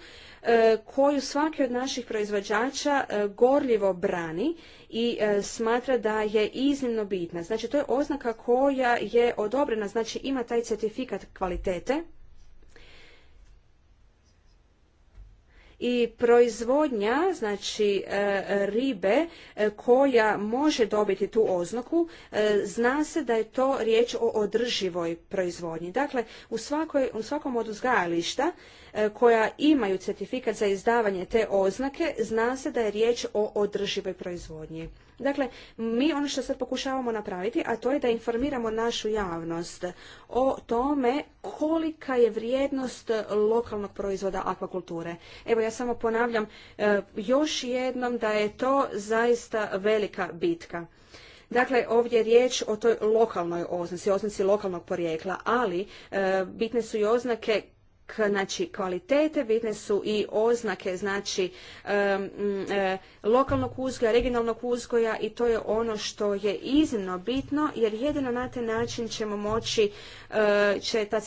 koju svaki od naših proizvođača gorljivo brani i smatra da je iznimno bitna. Znači, to je oznaka koja je odobrena, znači ima taj certifikat kvalitete i proizvodnja znači e, ribe e, koja može dobiti tu oznaku e, zna se da je to riječ o održivoj proizvodnji. Dakle, u, svakoj, u svakom od uzgajališta koja imaju certifikat za izdavanje te oznake zna se da je riječ o održivoj proizvodnji. Dakle, mi ono što sad pokušavamo napraviti, a to je da informiramo našu javnost o tome kolika je vrijednost lokalnog proizvoda akvakulture. Evo ja samo ponavljam e, još jednom da je to zaista velika bitka. Dakle, ovdje je riječ o toj lokalnoj oznaci, oznaci lokalnog porijekla, ali e, bitne su i oznake znači kvalitete, bitne su i oznake znači e, lokalnog uzgoja, regionalnog uzgoja i to je ono što je iznimno bitno jer jedino na taj način ćemo moći, e, će ta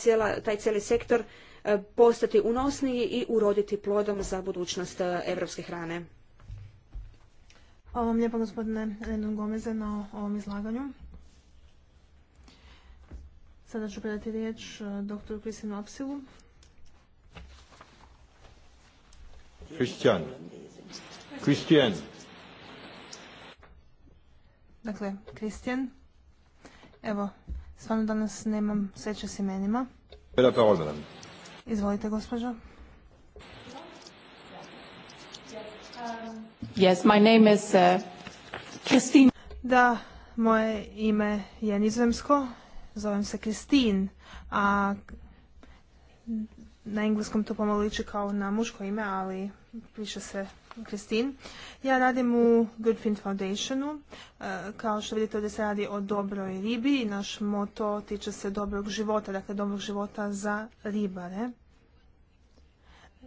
taj cijeli sektor e, postati unosniji i uroditi plodom za budućnost evropske hrane. Hvala vam lijepo gospodine Gomeze na ovom izlaganju. Sada ću predati riječ doktoru Kristinu Apsilu Christian. Christian. Dakle, Kristijan. Evo, stvarno danas nemam sreće s imenima. Izvolite, gospođo. Yes, my name is uh, Da, moje ime je nizozemsko, zovem se Kristin, a na engleskom to pomalo liči kao na muško ime, ali piše se Kristin. Ja radim u Goodfin Foundationu. E, kao što vidite ovdje se radi o dobroj ribi i naš moto tiče se dobrog života, dakle dobrog života za ribare.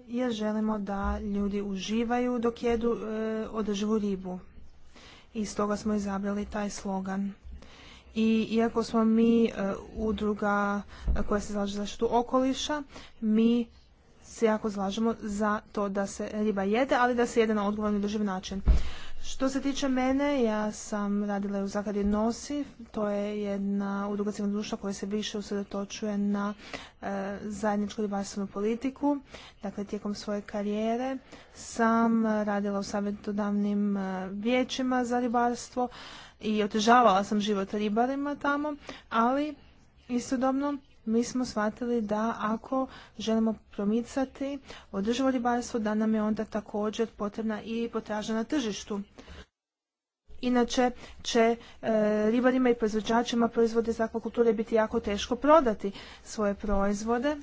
Jer želimo da ljudi uživaju dok jedu e, održivu ribu. I stoga smo izabrali taj slogan. I iako smo mi e, udruga koja se zalaže zaštitu okoliša, mi se jako zlažemo za to da se riba jede, ali da se jede na odgovorni drživ način. Što se tiče mene, ja sam radila u zakladi NOSI, to je jedna udruga društva koja se više usredotočuje na e, zajedničku ribarstvenu politiku. Dakle, tijekom svoje karijere sam radila u savjetodavnim e, vijećima za ribarstvo i otežavala sam život ribarima tamo, ali istodobno mi smo shvatili da ako želimo promicati održivo ribarstvo, da nam je onda također potrebna i potražnja na tržištu. Inače će e, ribarima i proizvođačima proizvode iz akvakulture biti jako teško prodati svoje proizvode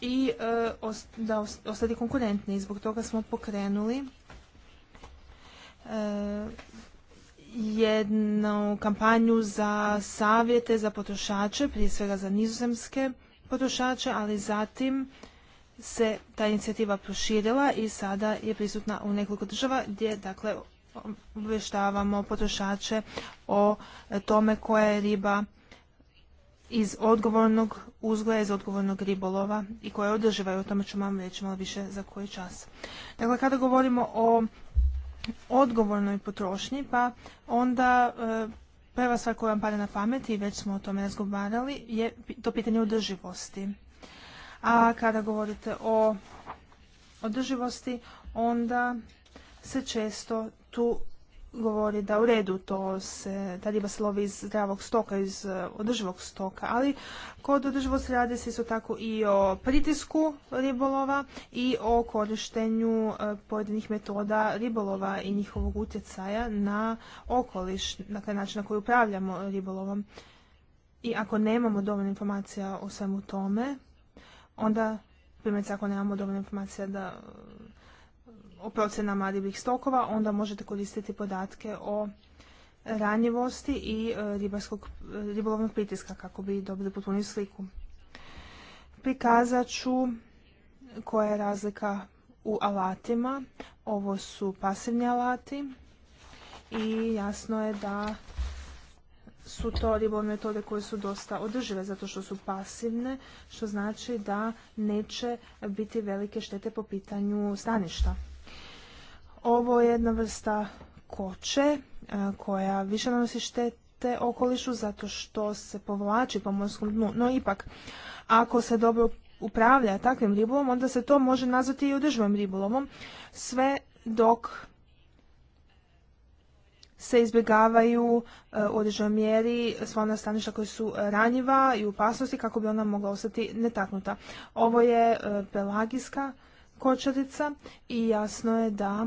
i e, da ostati konkurentni. Zbog toga smo pokrenuli e, jednu kampanju za savjete za potrošače, prije svega za nizozemske potrošače, ali zatim se ta inicijativa proširila i sada je prisutna u nekoliko država gdje dakle obještavamo potrošače o tome koja je riba iz odgovornog uzgoja, iz odgovornog ribolova i je održiva i o tome ću vam reći malo više za koji čas. Dakle, kada govorimo o odgovornoj potrošnji, pa onda e, prva stvar koja vam pada na pamet i već smo o tome razgovarali je to pitanje održivosti. A kada govorite o održivosti, onda se često tu govori da u redu to se, ta riba se lovi iz zdravog stoka, iz e, održivog stoka, ali kod održivosti radi se isto tako i o pritisku ribolova i o korištenju e, pojedinih metoda ribolova i njihovog utjecaja na okoliš, dakle način na koji upravljamo ribolovom. I ako nemamo dovoljno informacija o svemu tome, onda primjerice ako nemamo dovoljno informacija da o procenama ribih stokova, onda možete koristiti podatke o ranjivosti i e, e, ribolovnog pritiska kako bi dobili potpuniju sliku. Prikazat ću koja je razlika u alatima. Ovo su pasivni alati i jasno je da su to ribolovne metode koje su dosta održive zato što su pasivne, što znači da neće biti velike štete po pitanju staništa. Ovo je jedna vrsta koče e, koja više nanosi štete okolišu zato što se povlači po morskom dnu. No ipak, ako se dobro upravlja takvim ribolovom, onda se to može nazvati i održivom ribolovom, sve dok se izbjegavaju e, u određenoj mjeri sva ona staništa koja su ranjiva i u opasnosti kako bi ona mogla ostati netaknuta. Ovo je e, pelagijska kočarica i jasno je da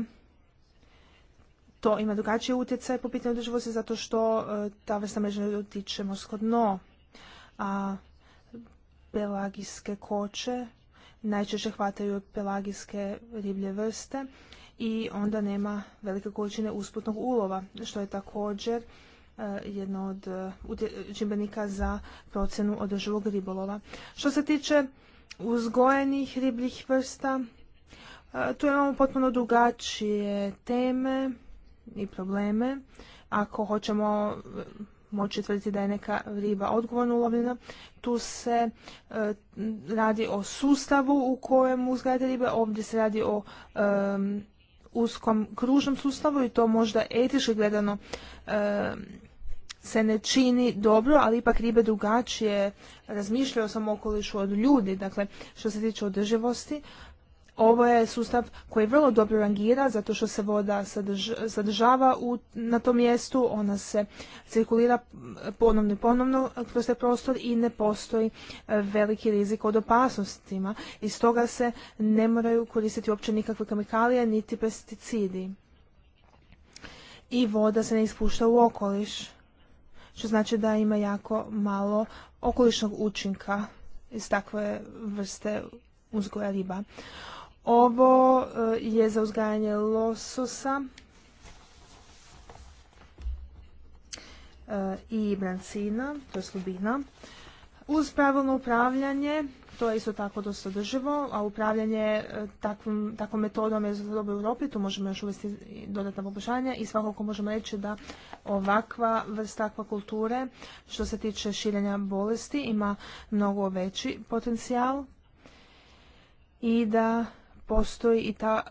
to ima drugačiji utjecaj po pitanju održivosti zato što e, ta vrsta mreža dotiče morsko dno, a pelagijske koče najčešće hvataju pelagijske riblje vrste i onda nema velike količine usputnog ulova, što je također e, jedno od e, čimbenika za procjenu održivog ribolova. Što se tiče uzgojenih ribljih vrsta, tu imamo potpuno drugačije teme i probleme. Ako hoćemo moći tvrditi da je neka riba odgovorno ulovljena, tu se e, radi o sustavu u kojem uzgajate ribe, ovdje se radi o uskom kružnom sustavu i to možda etički gledano se ne čini dobro, ali ipak ribe drugačije razmišljaju o svom okolišu od ljudi, dakle što se tiče održivosti, ovo je sustav koji vrlo dobro rangira zato što se voda sadržava na tom mjestu, ona se cirkulira ponovno i ponovno kroz taj prostor i ne postoji e, veliki rizik od opasnostima. I stoga se ne moraju koristiti uopće nikakve kemikalije niti pesticidi. I voda se ne ispušta u okoliš, što znači da ima jako malo okolišnog učinka iz takve vrste uzgoja riba. Ovo e, je za uzgajanje lososa e, i brancina, to je slubina. Uz pravilno upravljanje, to je isto tako dosta drživo, a upravljanje e, takvom, metodom je dobro u Europi, tu možemo još uvesti dodatna poboljšanja i svakako možemo reći da ovakva vrsta kulture što se tiče širenja bolesti ima mnogo veći potencijal i da postoji i ta,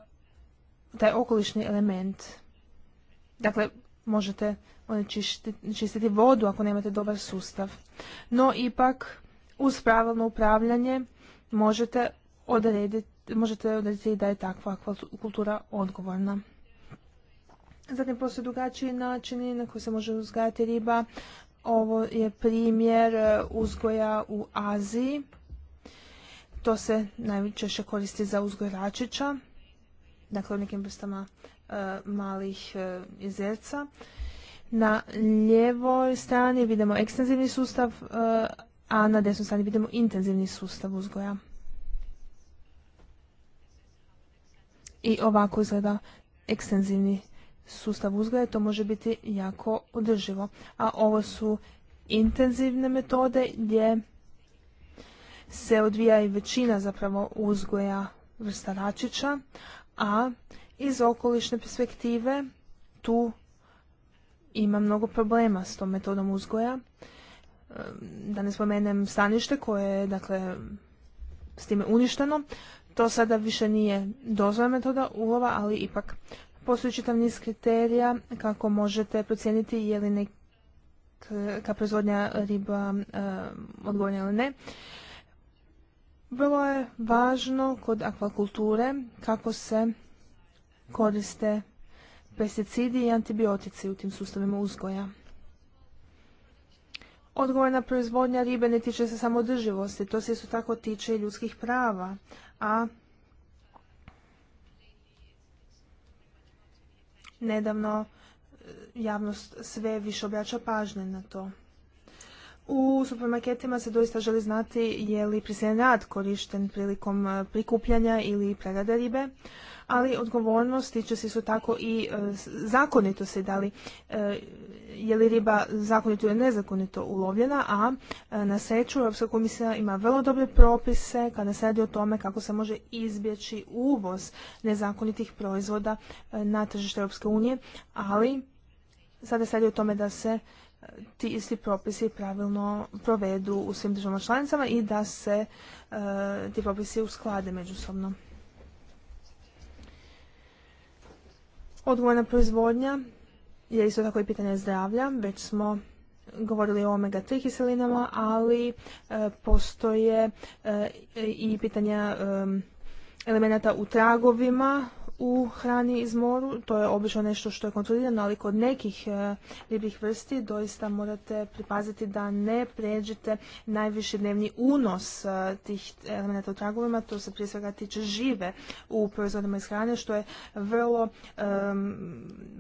taj okolišni element. Dakle, možete čistiti vodu ako nemate dobar sustav. No ipak, uz pravilno upravljanje možete odrediti, možete odrediti da je takva kultura odgovorna. Zatim postoje drugačiji načini na koji se može uzgajati riba. Ovo je primjer e, uzgoja u Aziji to se najčešće koristi za uzgoj račića, dakle u nekim vrstama e, malih e, jezerca. Na ljevoj strani vidimo ekstenzivni sustav, e, a na desnoj strani vidimo intenzivni sustav uzgoja. I ovako izgleda ekstenzivni sustav uzgoja, to može biti jako održivo. A ovo su intenzivne metode gdje se odvija i većina zapravo uzgoja vrsta račića, a iz okolišne perspektive tu ima mnogo problema s tom metodom uzgoja. Da ne spomenem stanište koje je dakle, s time uništeno. To sada više nije dozvoljena metoda ulova, ali ipak postoji čitav niz kriterija kako možete procijeniti je li neka proizvodnja riba e, ili ne. Vrlo je važno kod akvakulture kako se koriste pesticidi i antibiotici u tim sustavima uzgoja. Odgovorna proizvodnja ribe ne tiče se samo to se isto tako tiče i ljudskih prava, a nedavno e, javnost sve više obraća pažnje na to. U supermarketima se doista želi znati je li prisiljen rad korišten prilikom e, prikupljanja ili prerade ribe, ali odgovornost tiče se su tako i e, zakonito zakonitosti, da li e, je li riba zakonito ili nezakonito ulovljena, a na sreću Europska komisija ima vrlo dobre propise kada se radi o tome kako se može izbjeći uvoz nezakonitih proizvoda na tržište Europske unije, ali sada se radi o tome da se ti isti propisi pravilno provedu u svim državama članicama i da se e, ti propisi usklade međusobno. Odgovorna proizvodnja je isto tako i pitanje zdravlja. Već smo govorili o omega-3 kiselinama, ali e, postoje e, i pitanja elemenata u tragovima u hrani iz moru, to je obično nešto što je kontrolirano, ali kod nekih e, ribih vrsti doista morate pripaziti da ne pređete najviši dnevni unos e, tih elemenata u tragovima, to se prije svega tiče žive u proizvodima iz hrane, što je vrlo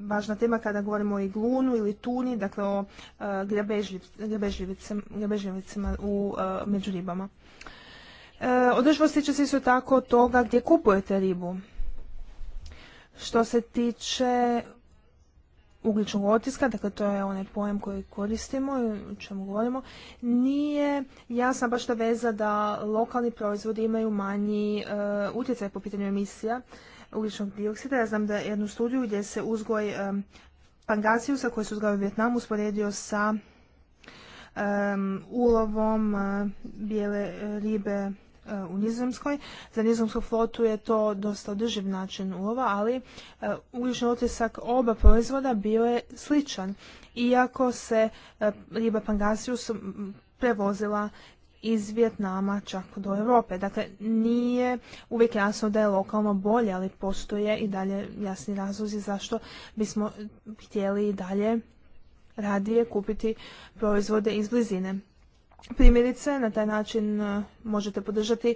važna tema kada govorimo o iglunu ili tuni, dakle o e, grebežljivicima, u među ribama. E, Održivost tiče se isto tako toga gdje kupujete ribu. Što se tiče ugljičnog otiska, dakle to je onaj pojam koji koristimo i o čemu govorimo, nije jasna baš ta veza da lokalni proizvodi imaju manji eh, utjecaj po pitanju emisija ugljičnog dioksida. Ja znam da je jednu studiju gdje se uzgoj e, pangasijusa koji se uzgao u Vjetnamu usporedio sa ulovom eh, bijele eh, ribe Eh, u Nizozemskoj. Za nizozemsku flotu je to dosta održiv način ulova, ali eh, ugljični otisak oba proizvoda bio je sličan, iako se eh, riba pangasius prevozila iz Vjetnama čak do Europe. Dakle, nije uvijek jasno da je lokalno bolje, ali postoje i dalje jasni razlozi zašto bismo htjeli i dalje radije kupiti proizvode iz blizine. Primjerice, na taj način e, možete podržati e,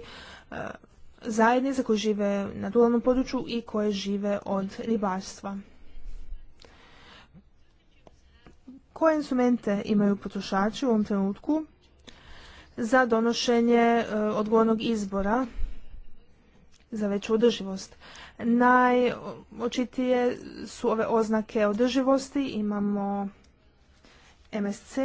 zajednice koje žive na ruralnom području i koje žive od ribarstva. Koje instrumente imaju potrošači u ovom trenutku za donošenje e, odgovornog izbora za veću održivost? Najočitije su ove oznake održivosti. Imamo MSC,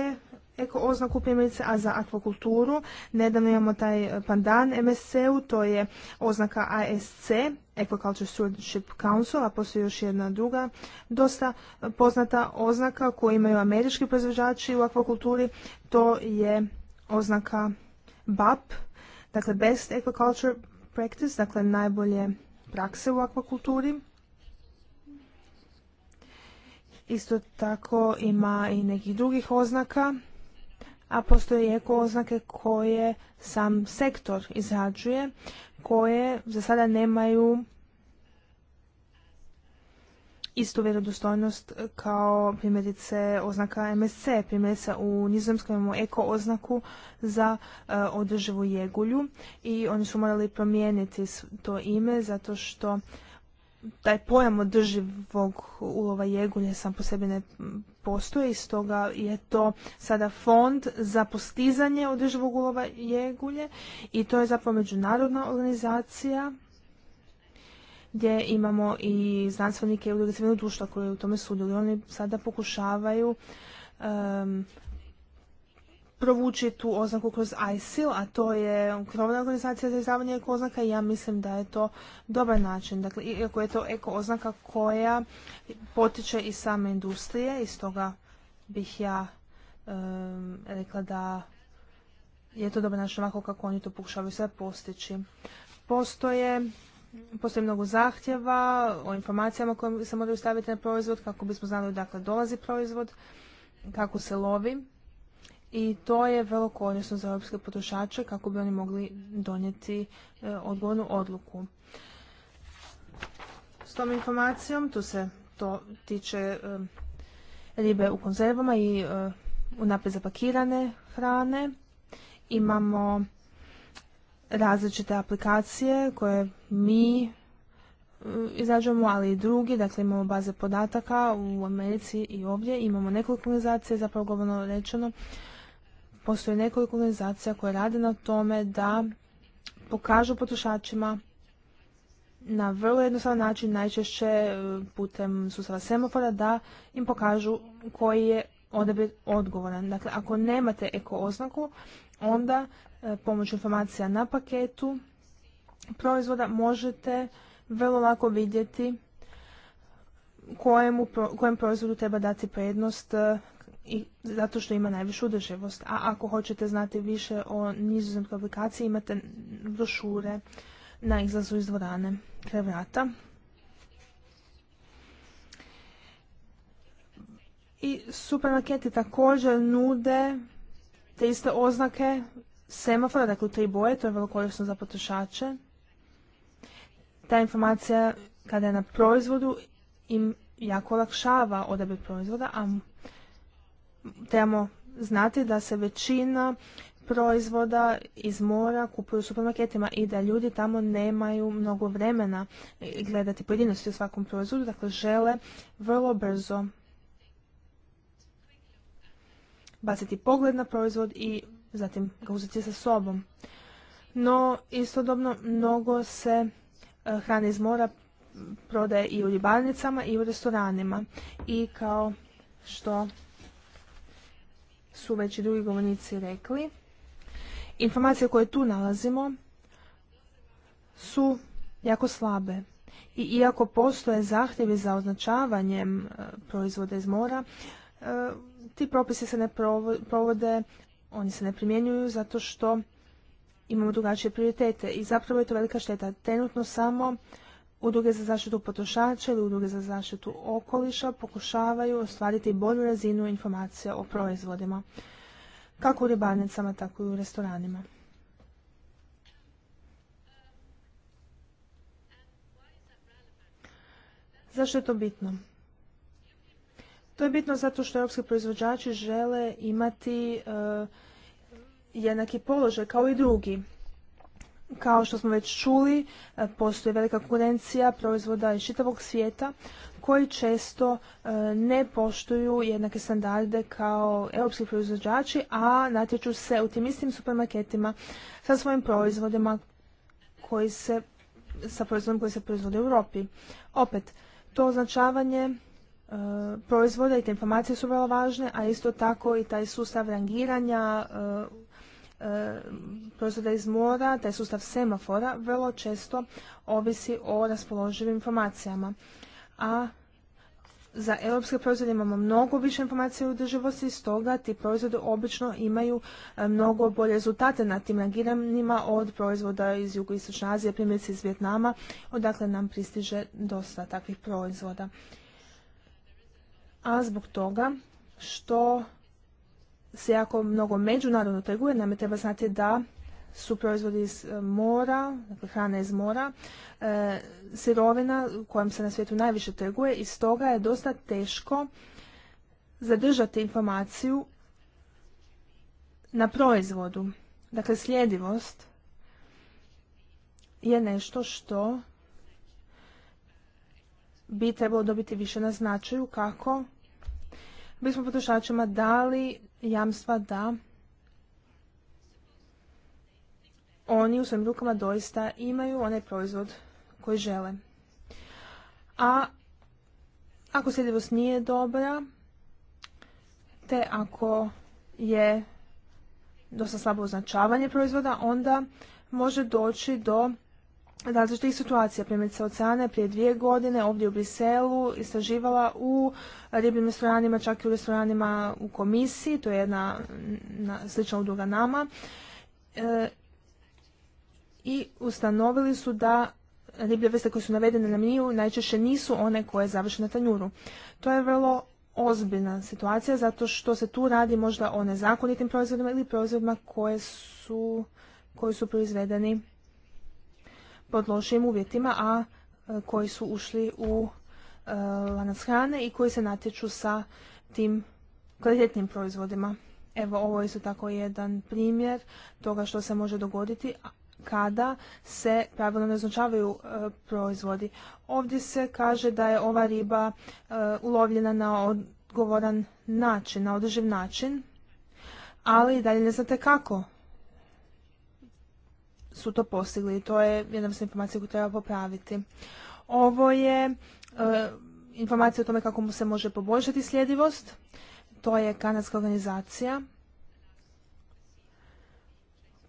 eko oznaku primjerice, a za akvakulturu nedavno imamo taj pandan MSC-u, to je oznaka ASC, Aquaculture Stewardship Council, a postoji još jedna druga dosta poznata oznaka koju imaju američki proizvođači u akvakulturi, to je oznaka BAP, dakle Best Aquaculture Practice, dakle najbolje prakse u akvakulturi. Isto tako ima i nekih drugih oznaka a postoje eko oznake koje sam sektor izrađuje, koje za sada nemaju istu vjerodostojnost kao primjerice oznaka MSC. Primjerice u Nizozemskoj imamo eko oznaku za eh, održivu jegulju i oni su morali promijeniti to ime zato što taj pojam održivog ulova jegulje sam po sebi ne postoji, stoga je to sada fond za postizanje održivog ulova jegulje i to je zapravo međunarodna organizacija gdje imamo i znanstvenike i udruge civilnog društva koji u tome sudjeluju. Oni sada pokušavaju provući tu oznaku kroz ISIL, a to je krovna organizacija za izdavanje eko oznaka i ja mislim da je to dobar način. Dakle, iako je to eko oznaka koja potiče iz same industrije, iz toga bih ja rekla da je to dobar način ovako kako oni to pokušavaju sve postići. Postoje Postoji mnogo zahtjeva o informacijama koje se moraju staviti na proizvod, kako bismo znali odakle dolazi proizvod, kako se lovi i to je vrlo korisno za europske potrošače kako bi oni mogli donijeti e, odgovornu odluku. S tom informacijom, tu se to tiče e, ribe u konzervama i e, unaprijed zapakirane hrane, imamo različite aplikacije koje mi izrađujemo, ali i drugi, dakle imamo baze podataka u Americi i ovdje, imamo nekoliko organizacije zapravo govorno rečeno, Postoji nekoliko organizacija koje rade na tome da pokažu potrošačima na vrlo jednostavan način, najčešće e, putem sustava semafora, da im pokažu koji je odabir odgovoran. Dakle, ako nemate eko oznaku, onda e, pomoću informacija na paketu proizvoda možete vrlo lako vidjeti kojem proizvodu treba dati prednost e, i zato što ima najvišu održivost. A ako hoćete znati više o nizozemskoj aplikaciji, imate brošure na izlazu iz dvorane kraj vrata. I supermarketi također nude te iste oznake semafora, dakle tri boje, to je vrlo korisno za potrošače. Ta informacija kada je na proizvodu im jako olakšava odabir proizvoda, a trebamo znati da se većina proizvoda iz mora kupuju u supermarketima i da ljudi tamo nemaju mnogo vremena gledati pojedinosti u svakom proizvodu, dakle žele vrlo brzo baciti pogled na proizvod i zatim ga uzeti sa sobom. No, istodobno, mnogo se e, hrane iz mora prodaje i u ribarnicama i u restoranima. I kao što su već i drugi govornici rekli, informacije koje tu nalazimo su jako slabe. I iako postoje zahtjevi za označavanjem e, proizvoda iz mora, e, ti propisi se ne provode, oni se ne primjenjuju zato što imamo drugačije prioritete i zapravo je to velika šteta. Trenutno samo udruge za zaštitu potrošača ili udruge za zaštitu okoliša pokušavaju ostvariti bolju razinu informacija o proizvodima, kako u ribarnicama, tako i u restoranima. Zašto je to bitno? To je bitno zato što europski proizvođači žele imati e, jednaki položaj kao i drugi kao što smo već čuli, e, postoji velika konkurencija proizvoda iz čitavog svijeta koji često e, ne poštuju jednake standarde kao europski proizvođači, a natječu se u tim istim supermarketima sa svojim proizvodima koji se, sa proizvodom koji se proizvode u Europi. Opet, to označavanje e, proizvoda i te informacije su vrlo važne, a isto tako i taj sustav rangiranja E, proizvoda iz mora, taj sustav semafora, vrlo često ovisi o raspoloživim informacijama. A za europske proizvode imamo mnogo više informacije u održivosti, stoga ti proizvodi obično imaju e, mnogo bolje rezultate na tim reagiranjima od proizvoda iz jugoistočne Azije, primjerice iz Vjetnama, odakle nam pristiže dosta takvih proizvoda. A zbog toga što se jako mnogo međunarodno trguje, nam treba znati da su proizvodi iz e, mora, dakle iz mora, e, sirovina kojom se na svijetu najviše trguje i stoga je dosta teško zadržati informaciju na proizvodu. Dakle, sljedivost je nešto što bi trebalo dobiti više na značaju kako bismo potrošačima dali jamstva da oni u svojim rukama doista imaju onaj proizvod koji žele. A ako sljedivost nije dobra, te ako je dosta slabo označavanje proizvoda, onda može doći do različitih situacija. Primjerice oceane prije dvije godine ovdje u Briselu istraživala u ribljim restoranima, čak i u restoranima u komisiji, to je jedna slična udruga nama. E, I ustanovili su da riblje vrste koje su navedene na miniju najčešće nisu one koje završe na tanjuru. To je vrlo ozbiljna situacija zato što se tu radi možda o nezakonitim proizvodima ili proizvodima koje su, koji su proizvedeni pod lošim uvjetima, a e, koji su ušli u e, lanac hrane i koji se natječu sa tim kvalitetnim proizvodima. Evo, ovo je isto tako jedan primjer toga što se može dogoditi kada se pravilno ne označavaju e, proizvodi. Ovdje se kaže da je ova riba ulovljena na odgovoran način, na održiv način, ali dalje ne znate kako su to postigli i to je jedna vrsta informacija koju treba popraviti. Ovo je e, informacija o tome kako mu se može poboljšati sljedivost. To je kanadska organizacija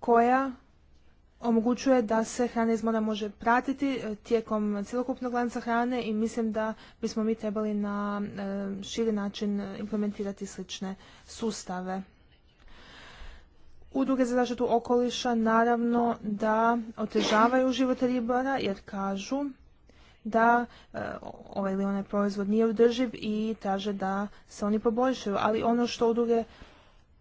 koja omogućuje da se hrana iz mora može pratiti e, tijekom cjelokupnog lanca hrane i mislim da bismo mi trebali na e, širi način implementirati slične sustave. Udruge za zaštitu okoliša naravno da otežavaju život ribara jer kažu da e, ovaj ili onaj proizvod nije održiv i traže da se oni poboljšaju. Ali ono što udruge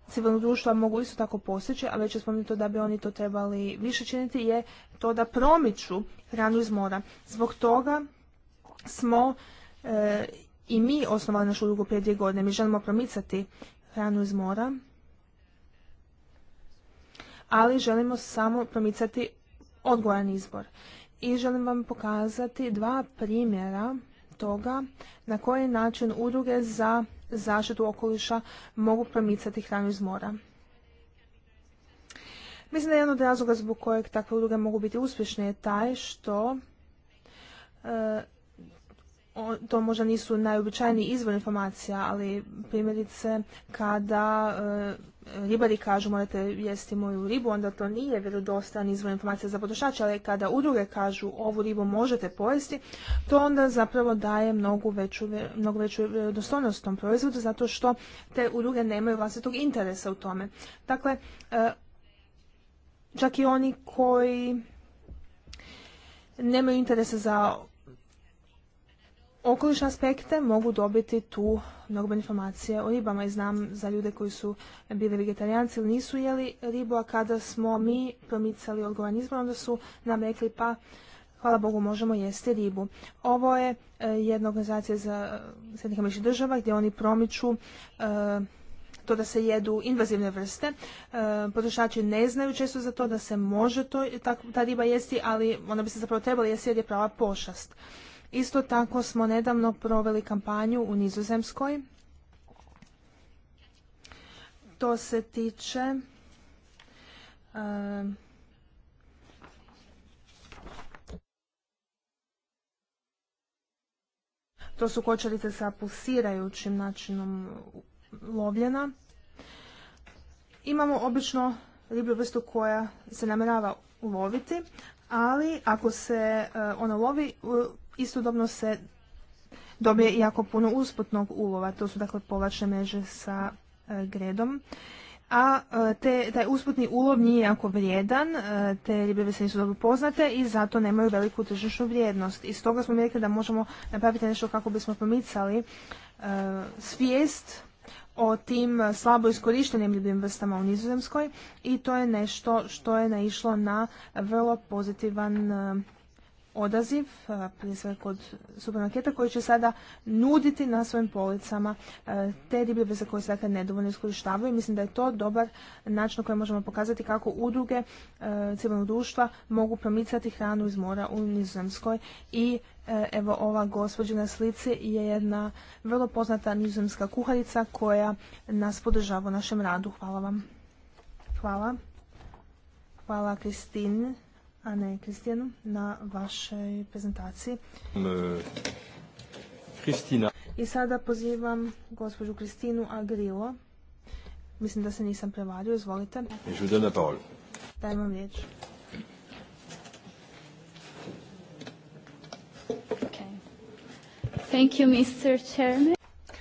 civilnog društva mogu isto tako postići, a već je spomenuto da bi oni to trebali više činiti, je to da promiču hranu iz mora. Zbog toga smo e, i mi osnovali našu udrugu prije dvije godine. Mi želimo promicati hranu iz mora ali želimo samo promicati odgojan izbor. I želim vam pokazati dva primjera toga na koji način udruge za zaštitu okoliša mogu promicati hranu iz mora. Mislim da je jedan od razloga zbog kojeg takve udruge mogu biti uspješne je taj što e, to možda nisu najobičajniji izvor informacija, ali primjerice kada e, ribari kažu morate jesti moju ribu, onda to nije vjerodostan izvor informacija za potrošače, ali kada udruge kažu ovu ribu možete pojesti, to onda zapravo daje mnogo veću, mnogo veću vjerodostojnost tom proizvodu, zato što te udruge nemaju vlastitog interesa u tome. Dakle, e, čak i oni koji nemaju interesa za okolišne aspekte mogu dobiti tu mnogo informacije o ribama i znam za ljude koji su bili vegetarijanci ili nisu jeli ribu, a kada smo mi promicali odgovoran izbor, onda su nam rekli pa hvala Bogu možemo jesti ribu. Ovo je e, jedna organizacija za e, srednjih američkih država gdje oni promiču e, to da se jedu invazivne vrste. E, potrošači ne znaju često za to da se može ta riba jesti, ali ona bi se zapravo trebala jesti jer je prava pošast. Isto tako smo nedavno proveli kampanju u Nizozemskoj. To se tiče eh, To su kočarice sa pulsirajućim načinom lovljena. Imamo obično riblju vrstu koja se namjerava uloviti, ali ako se eh, ona lovi istodobno se dobije jako puno usputnog ulova. To su dakle povlačne mreže sa e, gredom. A e, te, taj usputni ulov nije jako vrijedan, e, te ribe se nisu dobro poznate i zato nemaju veliku tržišnu vrijednost. I stoga smo mi rekli da možemo napraviti nešto kako bismo pomicali svijest o tim slabo iskorištenim ljubim vrstama u Nizozemskoj i to je nešto što je naišlo na vrlo pozitivan odaziv, prije svega kod supermarketa koji će sada nuditi na svojim policama e, te ribljeve za koje se dakle nedovoljno iskorištavaju. Mislim da je to dobar način na koji možemo pokazati kako udruge e, civilnog društva mogu promicati hranu iz mora u Nizozemskoj i e, Evo ova gospođa na slici je jedna vrlo poznata nizozemska kuharica koja nas podržava u našem radu. Hvala vam. Hvala. Hvala Kristin a ne Kristijanu, na vašoj prezentaciji. Kristina. I sada pozivam gospođu Kristinu Agrilo. Mislim da se nisam prevario, izvolite. Dajem vam riječ. Thank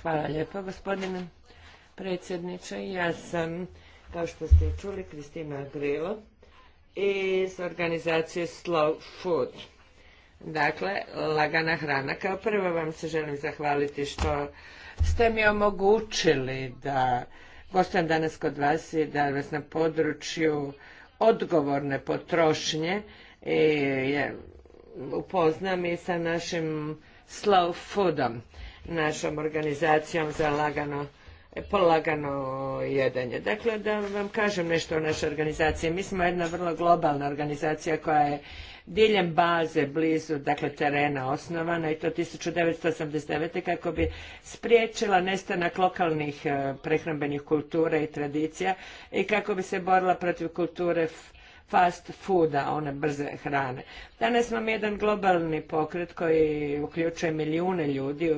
Hvala lijepo, gospodine predsjedniče. Ja sam, kao što ste čuli, Kristina Agrilo iz organizacije Slow Food. Dakle, lagana hrana. Kao prvo vam se želim zahvaliti što ste mi omogućili da gostujem danas kod vas i da vas na području odgovorne potrošnje i e, je, upoznam i sa našim slow foodom, našom organizacijom za lagano polagano jedanje. Dakle, da vam kažem nešto o našoj organizaciji. Mi smo jedna vrlo globalna organizacija koja je diljem baze blizu dakle terena osnovana i to 1989. kako bi spriječila nestanak lokalnih e, prehrambenih kultura i tradicija i kako bi se borila protiv kulture fast fooda, one brze hrane. Danas smo jedan globalni pokret koji uključuje milijune ljudi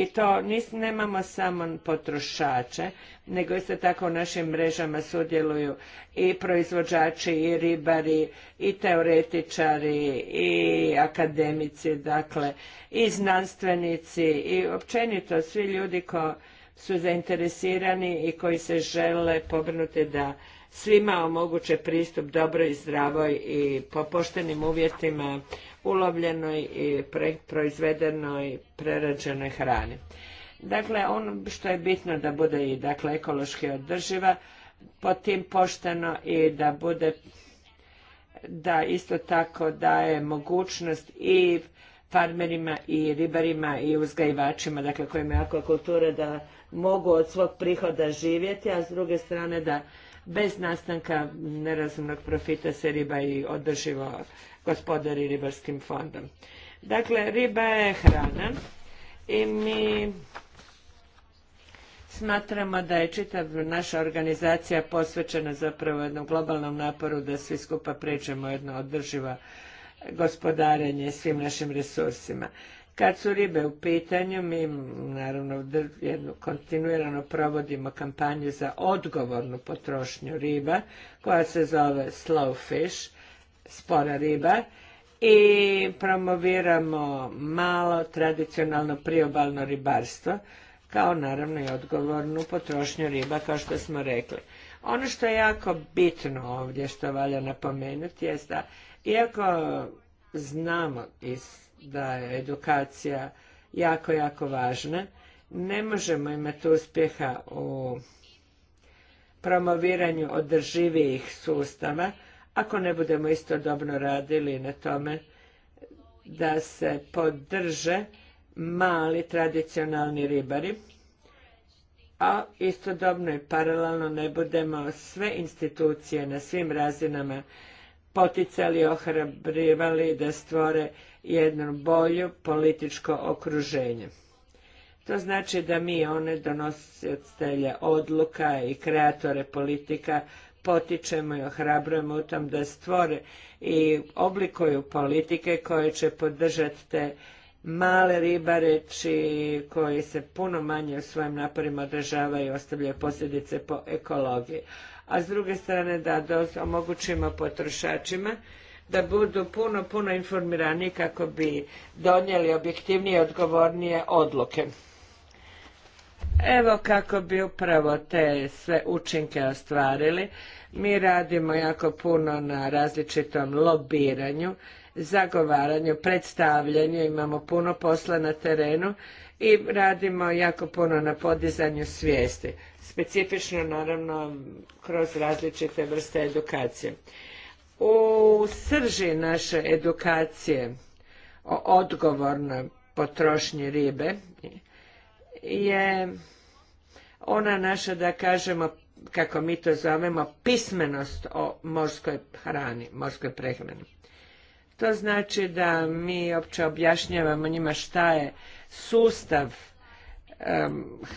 i to nis, nemamo samo potrošače, nego isto tako u našim mrežama sudjeluju i proizvođači, i ribari, i teoretičari, i akademici, dakle, i znanstvenici, i općenito svi ljudi koji su zainteresirani i koji se žele pobrinuti da svima omoguće pristup dobroj, zdravoj i po poštenim uvjetima ulovljenoj i proizvedenoj prerađenoj hrani. Dakle, ono što je bitno da bude i dakle, ekološki održiva, po tim pošteno i da bude da isto tako daje mogućnost i farmerima i ribarima i uzgajivačima, dakle kojima je akvakulture da mogu od svog prihoda živjeti, a s druge strane da bez nastanka nerazumnog profita se riba i održivo gospodari ribarskim fondom. Dakle, riba je hrana i mi smatramo da je čitav naša organizacija posvećena zapravo jednom globalnom naporu da svi skupa pređemo jedno održivo gospodarenje svim našim resursima. Kad su ribe u pitanju, mi naravno jednu kontinuirano provodimo kampanju za odgovornu potrošnju riba koja se zove Slow Fish spora riba i promoviramo malo tradicionalno priobalno ribarstvo kao naravno i odgovornu potrošnju riba kao što smo rekli. Ono što je jako bitno ovdje što valja napomenuti je da iako znamo iz, da je edukacija jako, jako važna, ne možemo imati uspjeha u promoviranju održivijih sustava ako ne budemo istodobno radili na tome da se podrže mali tradicionalni ribari, a istodobno i paralelno ne budemo sve institucije na svim razinama poticali, ohrabrivali da stvore jedno bolju političko okruženje. To znači da mi one donositelje odluka i kreatore politika potičemo i ohrabrujemo u tom da stvore i oblikuju politike koje će podržati te male ribareći koji se puno manje u svojim naporima održavaju i ostavljaju posljedice po ekologiji. A s druge strane da omogućimo potrošačima da budu puno, puno informirani kako bi donijeli objektivnije i odgovornije odluke. Evo kako bi upravo te sve učinke ostvarili. Mi radimo jako puno na različitom lobiranju, zagovaranju, predstavljanju, imamo puno posla na terenu i radimo jako puno na podizanju svijesti. Specifično naravno kroz različite vrste edukacije. U srži naše edukacije o odgovornoj potrošnji ribe je ona naša, da kažemo, kako mi to zovemo, pismenost o morskoj hrani, morskoj prehrani. To znači da mi opće objašnjavamo njima šta je sustav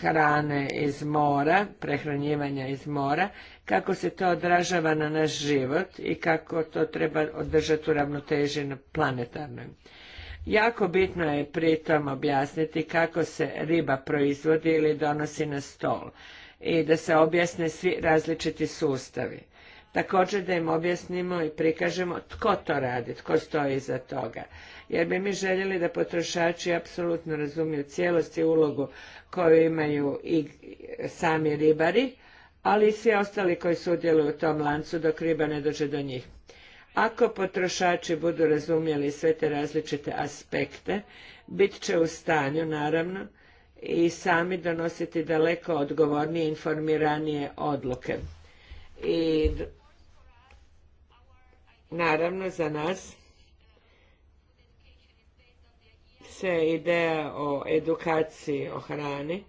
hrane iz mora, prehranjivanja iz mora, kako se to odražava na naš život i kako to treba održati u ravnoteži na planetarnoj Jako bitno je pritom objasniti kako se riba proizvodi ili donosi na stol i da se objasne svi različiti sustavi. Također da im objasnimo i prikažemo tko to radi, tko stoji iza toga. Jer bi mi željeli da potrošači apsolutno razumiju cijelosti ulogu koju imaju i sami ribari, ali i svi ostali koji sudjeluju u tom lancu dok riba ne dođe do njih. Ako potrošači budu razumjeli sve te različite aspekte, bit će u stanju, naravno, i sami donositi daleko odgovornije, informiranije odluke. I naravno za nas se ideja o edukaciji o hrani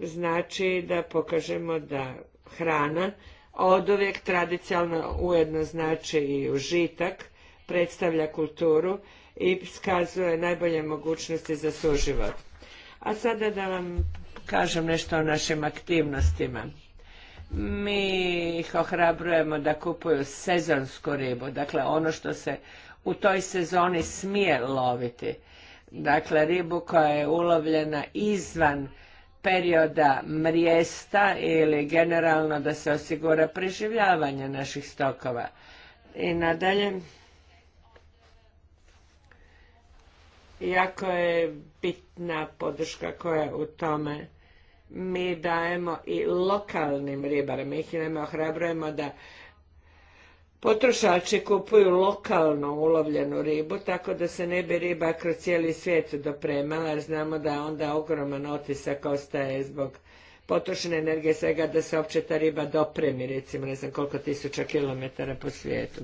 znači da pokažemo da hrana Oduvijek tradicionalno ujedno znači i užitak, predstavlja kulturu i iskazuje najbolje mogućnosti za suživot. A sada da vam kažem nešto o našim aktivnostima. Mi ih ohrabrujemo da kupuju sezonsku ribu, dakle ono što se u toj sezoni smije loviti. Dakle, ribu koja je ulovljena izvan perioda mrijesta ili generalno da se osigura preživljavanje naših stokova. I nadalje, jako je bitna podrška koja u tome mi dajemo i lokalnim ribarima. Mi ih ne ohrabrujemo da Potrošači kupuju lokalno ulovljenu ribu, tako da se ne bi riba kroz cijeli svijet dopremala, jer znamo da onda ogroman otisak ostaje zbog potrošene energije svega da se uopće ta riba dopremi, recimo ne znam koliko tisuća kilometara po svijetu.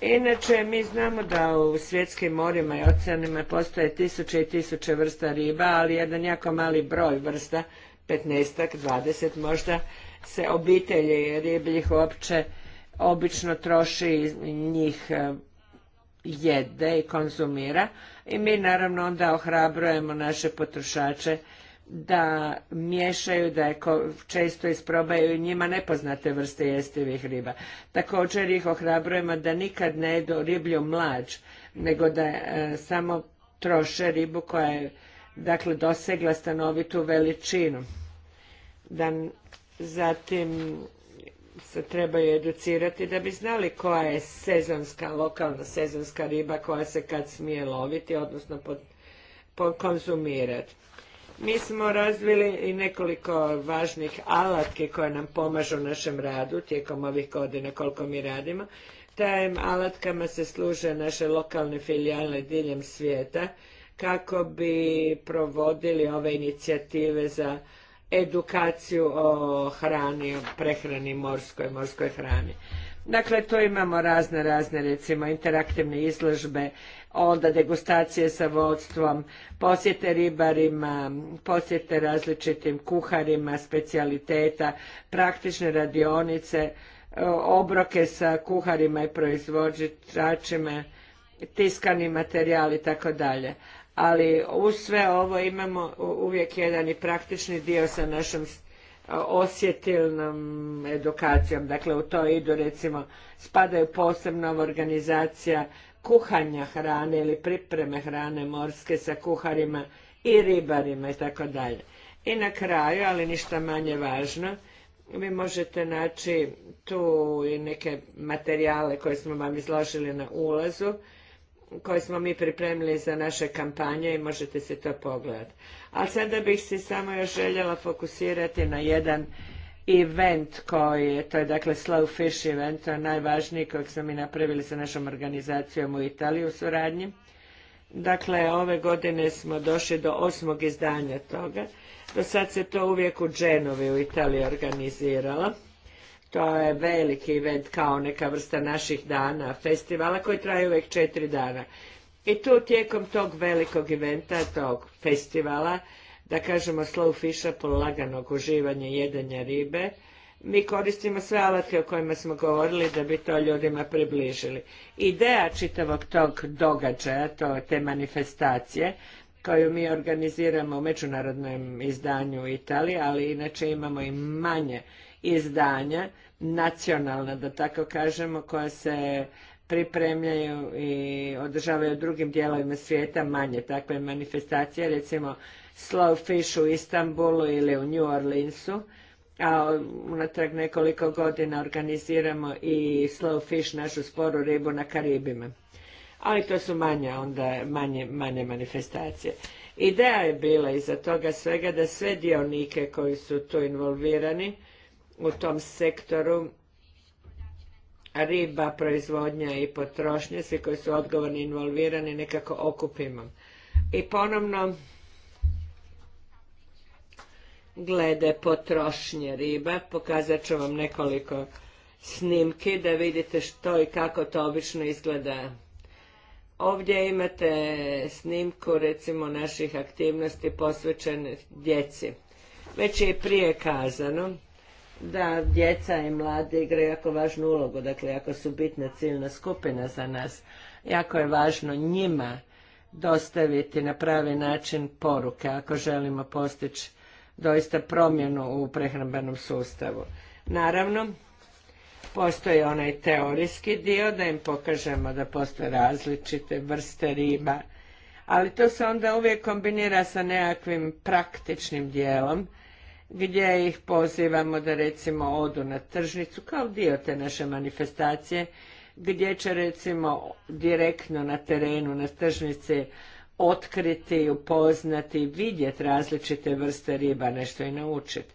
Inače, mi znamo da u svjetskim morima i oceanima postoje tisuće i tisuće vrsta riba, ali jedan jako mali broj vrsta, 15-ak, 20 možda, se obitelji ribljih uopće obično troši njih e, jede i konzumira i mi naravno onda ohrabrujemo naše potrošače da miješaju, da često isprobaju njima nepoznate vrste jestivih riba. Također ih ohrabrujemo da nikad ne jedu riblju mlađ, nego da e, samo troše ribu koja je dakle dosegla stanovitu veličinu. Da, zatim se trebaju educirati da bi znali koja je sezonska, lokalna sezonska riba koja se kad smije loviti, odnosno pod, pod konzumirati. Mi smo razvili i nekoliko važnih alatke koje nam pomažu u našem radu tijekom ovih godina koliko mi radimo. Tajem alatkama se služe naše lokalne filijale diljem svijeta kako bi provodili ove inicijative za edukaciju o hrani, o prehrani morskoj, morskoj hrani. Dakle, tu imamo razne, razne, recimo, interaktivne izložbe, onda degustacije sa vodstvom, posjete ribarima, posjete različitim kuharima, specijaliteta, praktične radionice, e, obroke sa kuharima i proizvođačima, tiskani materijal i tako dalje ali uz sve ovo imamo uvijek jedan i praktični dio sa našom e, osjetilnom edukacijom. Dakle, u to idu recimo, spadaju posebno organizacija kuhanja hrane ili pripreme hrane morske sa kuharima i ribarima i tako dalje. I na kraju, ali ništa manje važno, vi možete naći tu i neke materijale koje smo vam izložili na ulazu koje smo mi pripremili za naše kampanje i možete se to pogledati. Ali sada bih se samo još željela fokusirati na jedan event koji je, to je dakle Slow Fish event, to je najvažniji kojeg smo mi napravili sa našom organizacijom u Italiji u suradnji. Dakle, ove godine smo došli do osmog izdanja toga. Do sad se to uvijek u Genovi u Italiji organiziralo. To je veliki event kao neka vrsta naših dana, festivala koji traju uvijek četiri dana. I tu tijekom tog velikog eventa, tog festivala, da kažemo slow fisha, polaganog uživanja jedanja ribe, mi koristimo sve alatke o kojima smo govorili da bi to ljudima približili. Ideja čitavog tog događaja, to, te manifestacije, koju mi organiziramo u međunarodnom izdanju u Italiji, ali inače imamo i manje izdanja, nacionalna da tako kažemo, koja se pripremljaju i održavaju u drugim dijelovima svijeta manje takve manifestacije, recimo Slow Fish u Istanbulu ili u New Orleansu, a unatrag nekoliko godina organiziramo i Slow Fish, našu sporu ribu na Karibima. Ali to su manje, onda manje, manje manifestacije. Ideja je bila iza toga svega da sve dionike koji su tu involvirani, u tom sektoru riba, proizvodnja i potrošnje, svi koji su odgovorni involvirani, nekako okupimo. I ponovno, glede potrošnje riba, pokazat ću vam nekoliko snimki da vidite što i kako to obično izgleda. Ovdje imate snimku recimo naših aktivnosti posvećenih djeci. Već je i prije kazano da djeca i mlade igraju jako važnu ulogu, dakle jako su bitna ciljna skupina za nas. Jako je važno njima dostaviti na pravi način poruke ako želimo postići doista promjenu u prehrambenom sustavu. Naravno, postoji onaj teorijski dio da im pokažemo da postoje različite vrste riba, ali to se onda uvijek kombinira sa nekakvim praktičnim dijelom gdje ih pozivamo da recimo odu na tržnicu kao dio te naše manifestacije gdje će recimo direktno na terenu, na tržnici otkriti, upoznati, vidjeti različite vrste riba, nešto i naučiti.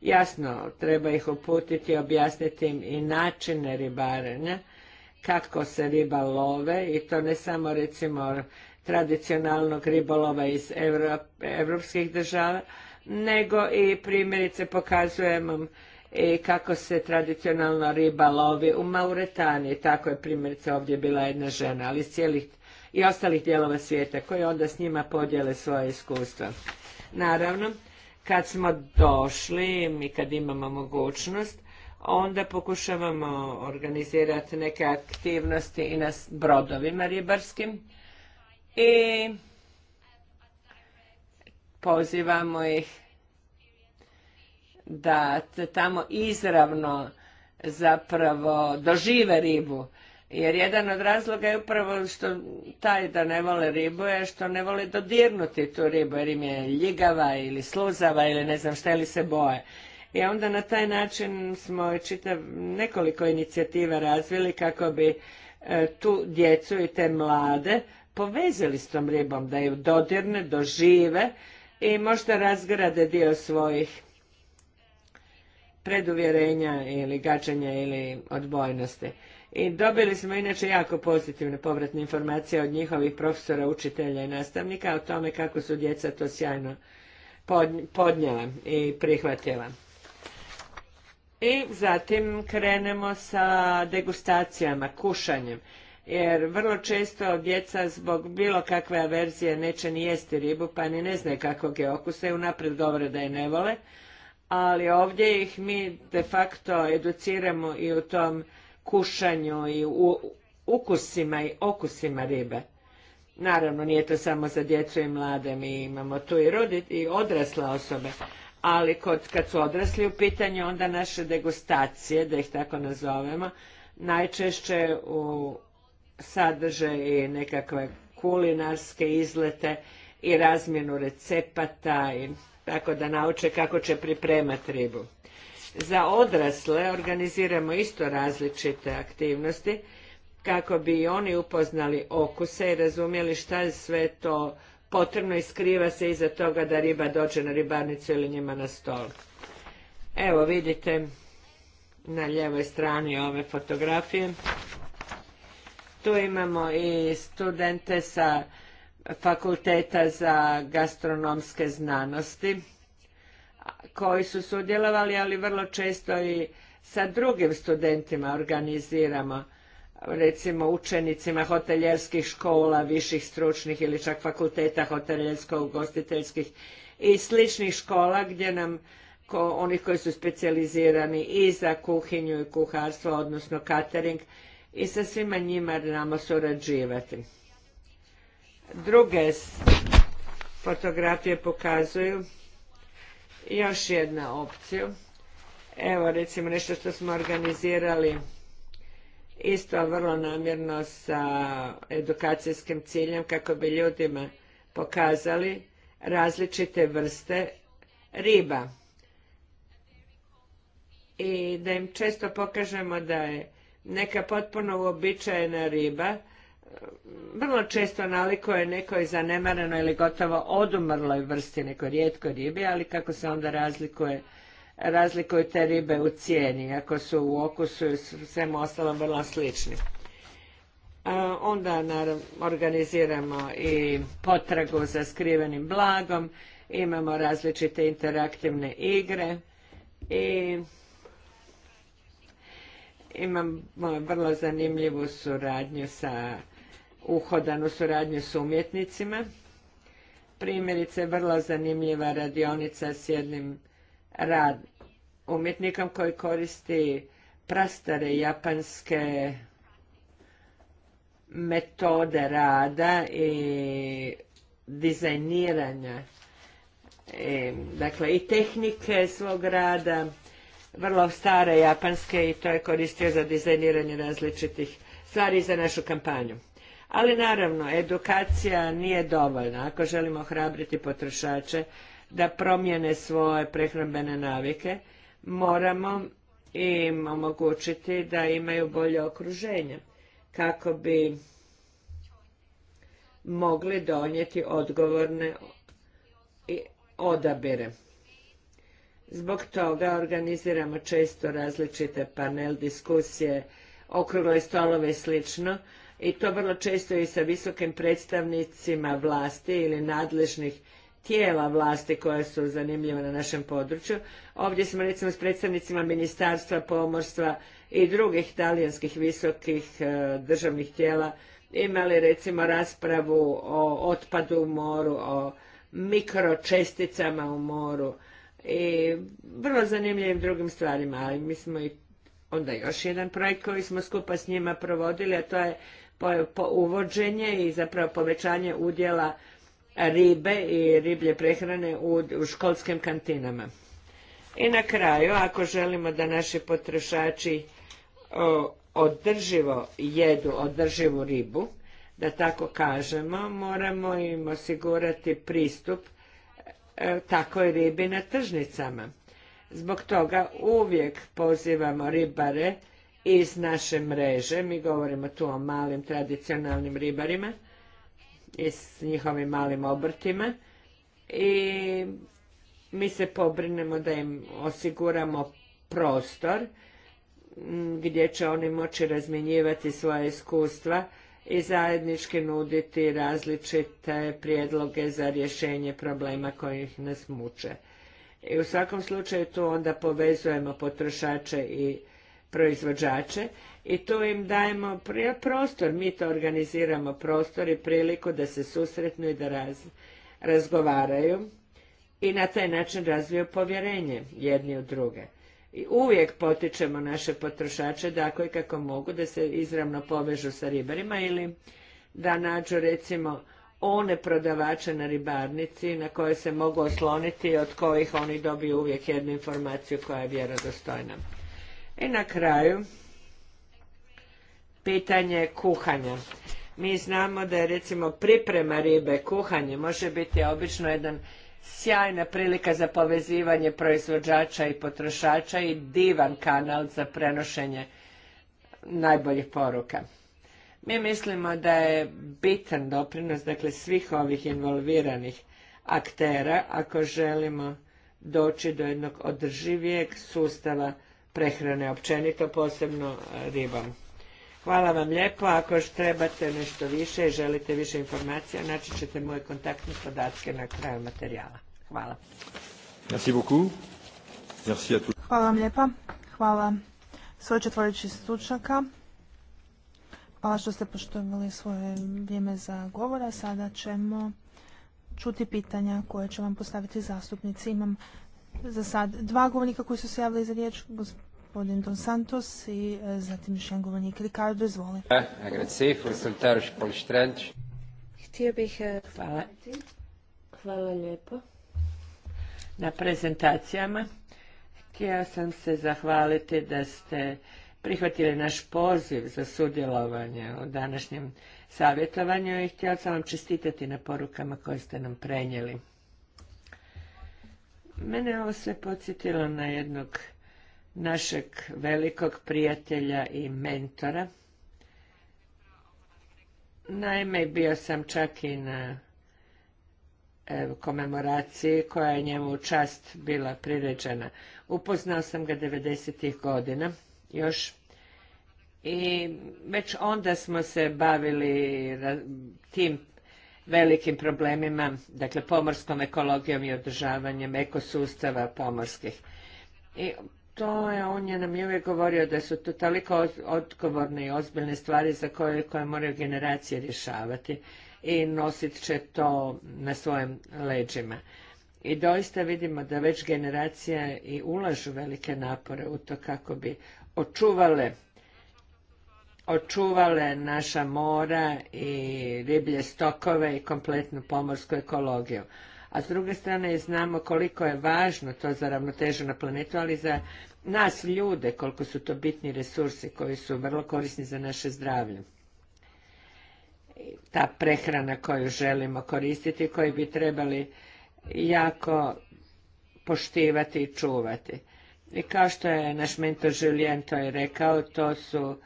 Jasno, treba ih uputiti, objasniti im i načine ribarenja, kako se riba love i to ne samo recimo tradicionalnog ribolova iz evropskih država, nego i primjerice pokazujemo i kako se tradicionalno riba lovi u Mauretaniji. Tako je primjerice ovdje bila jedna žena, ali iz cijelih i ostalih dijelova svijeta koji onda s njima podijele svoje iskustva. Naravno, kad smo došli i kad imamo mogućnost, onda pokušavamo organizirati neke aktivnosti i na brodovima ribarskim i pozivamo ih da tamo izravno zapravo dožive ribu. Jer jedan od razloga je upravo što taj da ne vole ribu je što ne vole dodirnuti tu ribu jer im je ljigava ili sluzava ili ne znam šta ili se boje. I onda na taj način smo čitav nekoliko inicijativa razvili kako bi e, tu djecu i te mlade povezali s tom ribom, da ju dodirne, dožive, i možda razgrade dio svojih preduvjerenja ili gađanja ili odbojnosti. I dobili smo inače jako pozitivne povratne informacije od njihovih profesora, učitelja i nastavnika o tome kako su djeca to sjajno podnijela i prihvatila. I zatim krenemo sa degustacijama, kušanjem jer vrlo često djeca zbog bilo kakve averzije neće ni jesti ribu pa ni ne znaju kakvog je okusa i unaprijed govore da je ne vole, ali ovdje ih mi de facto educiramo i u tom kušanju i u ukusima i okusima ribe. Naravno, nije to samo za djecu i mlade, mi imamo tu i i odrasle osobe, ali kod, kad su odrasli u pitanju, onda naše degustacije, da ih tako nazovemo, najčešće u sadrže i nekakve kulinarske izlete i razmjenu recepata i tako da nauče kako će pripremati ribu. Za odrasle organiziramo isto različite aktivnosti kako bi i oni upoznali okuse i razumjeli šta je sve to potrebno i skriva se iza toga da riba dođe na ribarnicu ili njima na stol. Evo vidite na ljevoj strani ove fotografije tu imamo i studente sa fakulteta za gastronomske znanosti koji su sudjelovali, ali vrlo često i sa drugim studentima organiziramo, recimo učenicima hoteljerskih škola, viših stručnih ili čak fakulteta hoteljerskog, ugostiteljskih i sličnih škola gdje nam ko, oni koji su specijalizirani i za kuhinju i kuharstvo, odnosno catering, i sa svima njima znamo surađivati. Druge fotografije pokazuju još jedna opciju. Evo recimo nešto što smo organizirali isto vrlo namjerno sa edukacijskim ciljem kako bi ljudima pokazali različite vrste riba i da im često pokažemo da je neka potpuno uobičajena riba vrlo često nalikuje nekoj zanemarenoj ili gotovo odumrloj vrsti, nekoj rijetkoj ribi, ali kako se onda razlikuje razlikuju te ribe u cijeni, ako su u okusu i svemu ostalom vrlo slični. onda naravno organiziramo i potragu za skrivenim blagom, imamo različite interaktivne igre i Imamo vrlo zanimljivu suradnju sa, uhodanu suradnju s umjetnicima. Primjerice, vrlo zanimljiva radionica s jednim rad, umjetnikom koji koristi prastare japanske metode rada i dizajniranja, e, dakle i tehnike svog rada vrlo stare japanske i to je koristio za dizajniranje različitih stvari za našu kampanju. Ali naravno, edukacija nije dovoljna ako želimo hrabriti potrošače da promijene svoje prehrambene navike, moramo im omogućiti da imaju bolje okruženje kako bi mogli donijeti odgovorne odabire. Zbog toga organiziramo često različite panel diskusije, okrugle stolove i slično i to vrlo često i sa visokim predstavnicima vlasti ili nadležnih tijela vlasti koja su zanimljiva na našem području. Ovdje smo recimo s predstavnicima ministarstva, pomorstva i drugih talijanskih visokih e, državnih tijela imali recimo raspravu o otpadu u moru, o mikročesticama u moru, i vrlo zanimljivim drugim stvarima, ali mi smo i onda još jedan projekt koji smo skupa s njima provodili, a to je po uvođenje i zapravo povećanje udjela ribe i riblje prehrane u, školskim kantinama. I na kraju, ako želimo da naši potrošači održivo jedu održivu ribu, da tako kažemo, moramo im osigurati pristup E, takvoj ribi na tržnicama. Zbog toga uvijek pozivamo ribare iz naše mreže, mi govorimo tu o malim tradicionalnim ribarima i s njihovim malim obrtima i mi se pobrinemo da im osiguramo prostor gdje će oni moći razmjenjivati svoje iskustva i zajednički nuditi različite prijedloge za rješenje problema koji nas muče. I u svakom slučaju tu onda povezujemo potrošače i proizvođače i tu im dajemo prostor, mi to organiziramo prostor i priliku da se susretnu i da razgovaraju i na taj način razviju povjerenje jedni u druge i uvijek potičemo naše potrošače da ako i kako mogu da se izravno povežu sa ribarima ili da nađu recimo one prodavače na ribarnici na koje se mogu osloniti i od kojih oni dobiju uvijek jednu informaciju koja je vjerodostojna. I na kraju, pitanje kuhanja. Mi znamo da je recimo priprema ribe, kuhanje, može biti obično jedan sjajna prilika za povezivanje proizvođača i potrošača i divan kanal za prenošenje najboljih poruka. Mi mislimo da je bitan doprinos dakle, svih ovih involviranih aktera ako želimo doći do jednog održivijeg sustava prehrane općenito, posebno ribom. Hvala vam lijepo. Ako još trebate nešto više i želite više informacija, naći ćete moje kontaktne podatke na kraju materijala. Hvala. Merci beaucoup. Merci à Hvala vam lijepa. Hvala svoj četvorići stručnjaka. Hvala što ste poštovali svoje vrijeme za govora. Sada ćemo čuti pitanja koje će vam postaviti zastupnici. Imam za sad dva govornika koji su se javili za riječ. Gospodin gospodin Don Santos i e, zatim još Ricardo, izvoli. Eh, htio bih... E, hvala. lijepo na prezentacijama. Htio sam se zahvaliti da ste prihvatili naš poziv za sudjelovanje u današnjem savjetovanju i htio sam vam čestitati na porukama koje ste nam prenijeli. Mene ovo sve podsjetilo na jednog našeg velikog prijatelja i mentora. Naime, bio sam čak i na e, komemoraciji koja je njemu čast bila priređena. Upoznao sam ga 90. godina još i već onda smo se bavili tim velikim problemima, dakle pomorskom ekologijom i održavanjem ekosustava pomorskih. I to je, on je nam uvijek govorio da su to toliko odgovorne i ozbiljne stvari za koje, koje moraju generacije rješavati i nosit će to na svojim leđima. I doista vidimo da već generacije i ulažu velike napore u to kako bi očuvale očuvale naša mora i riblje stokove i kompletnu pomorsku ekologiju. A s druge strane znamo koliko je važno to za ravnotežu na planetu, ali za nas ljude, koliko su to bitni resursi koji su vrlo korisni za naše zdravlje. Ta prehrana koju želimo koristiti, koju bi trebali jako poštivati i čuvati. I kao što je naš mentor Julien to je rekao, to su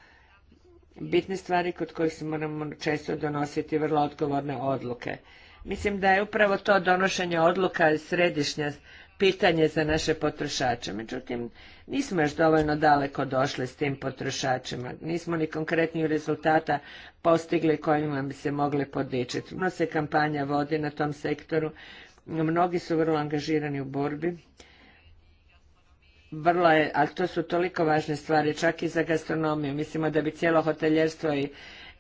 bitne stvari kod kojih se moramo često donositi vrlo odgovorne odluke. Mislim da je upravo to donošenje odluka središnja pitanje za naše potrošače. Međutim, Nismo još dovoljno daleko došli s tim potrošačima, nismo ni konkretnih rezultata postigli kojima bi se mogli podičiti. Mno se kampanja vodi na tom sektoru, mnogi su vrlo angažirani u borbi, vrlo je, ali to su toliko važne stvari, čak i za gastronomiju. Mislimo da bi cijelo hoteljerstvo i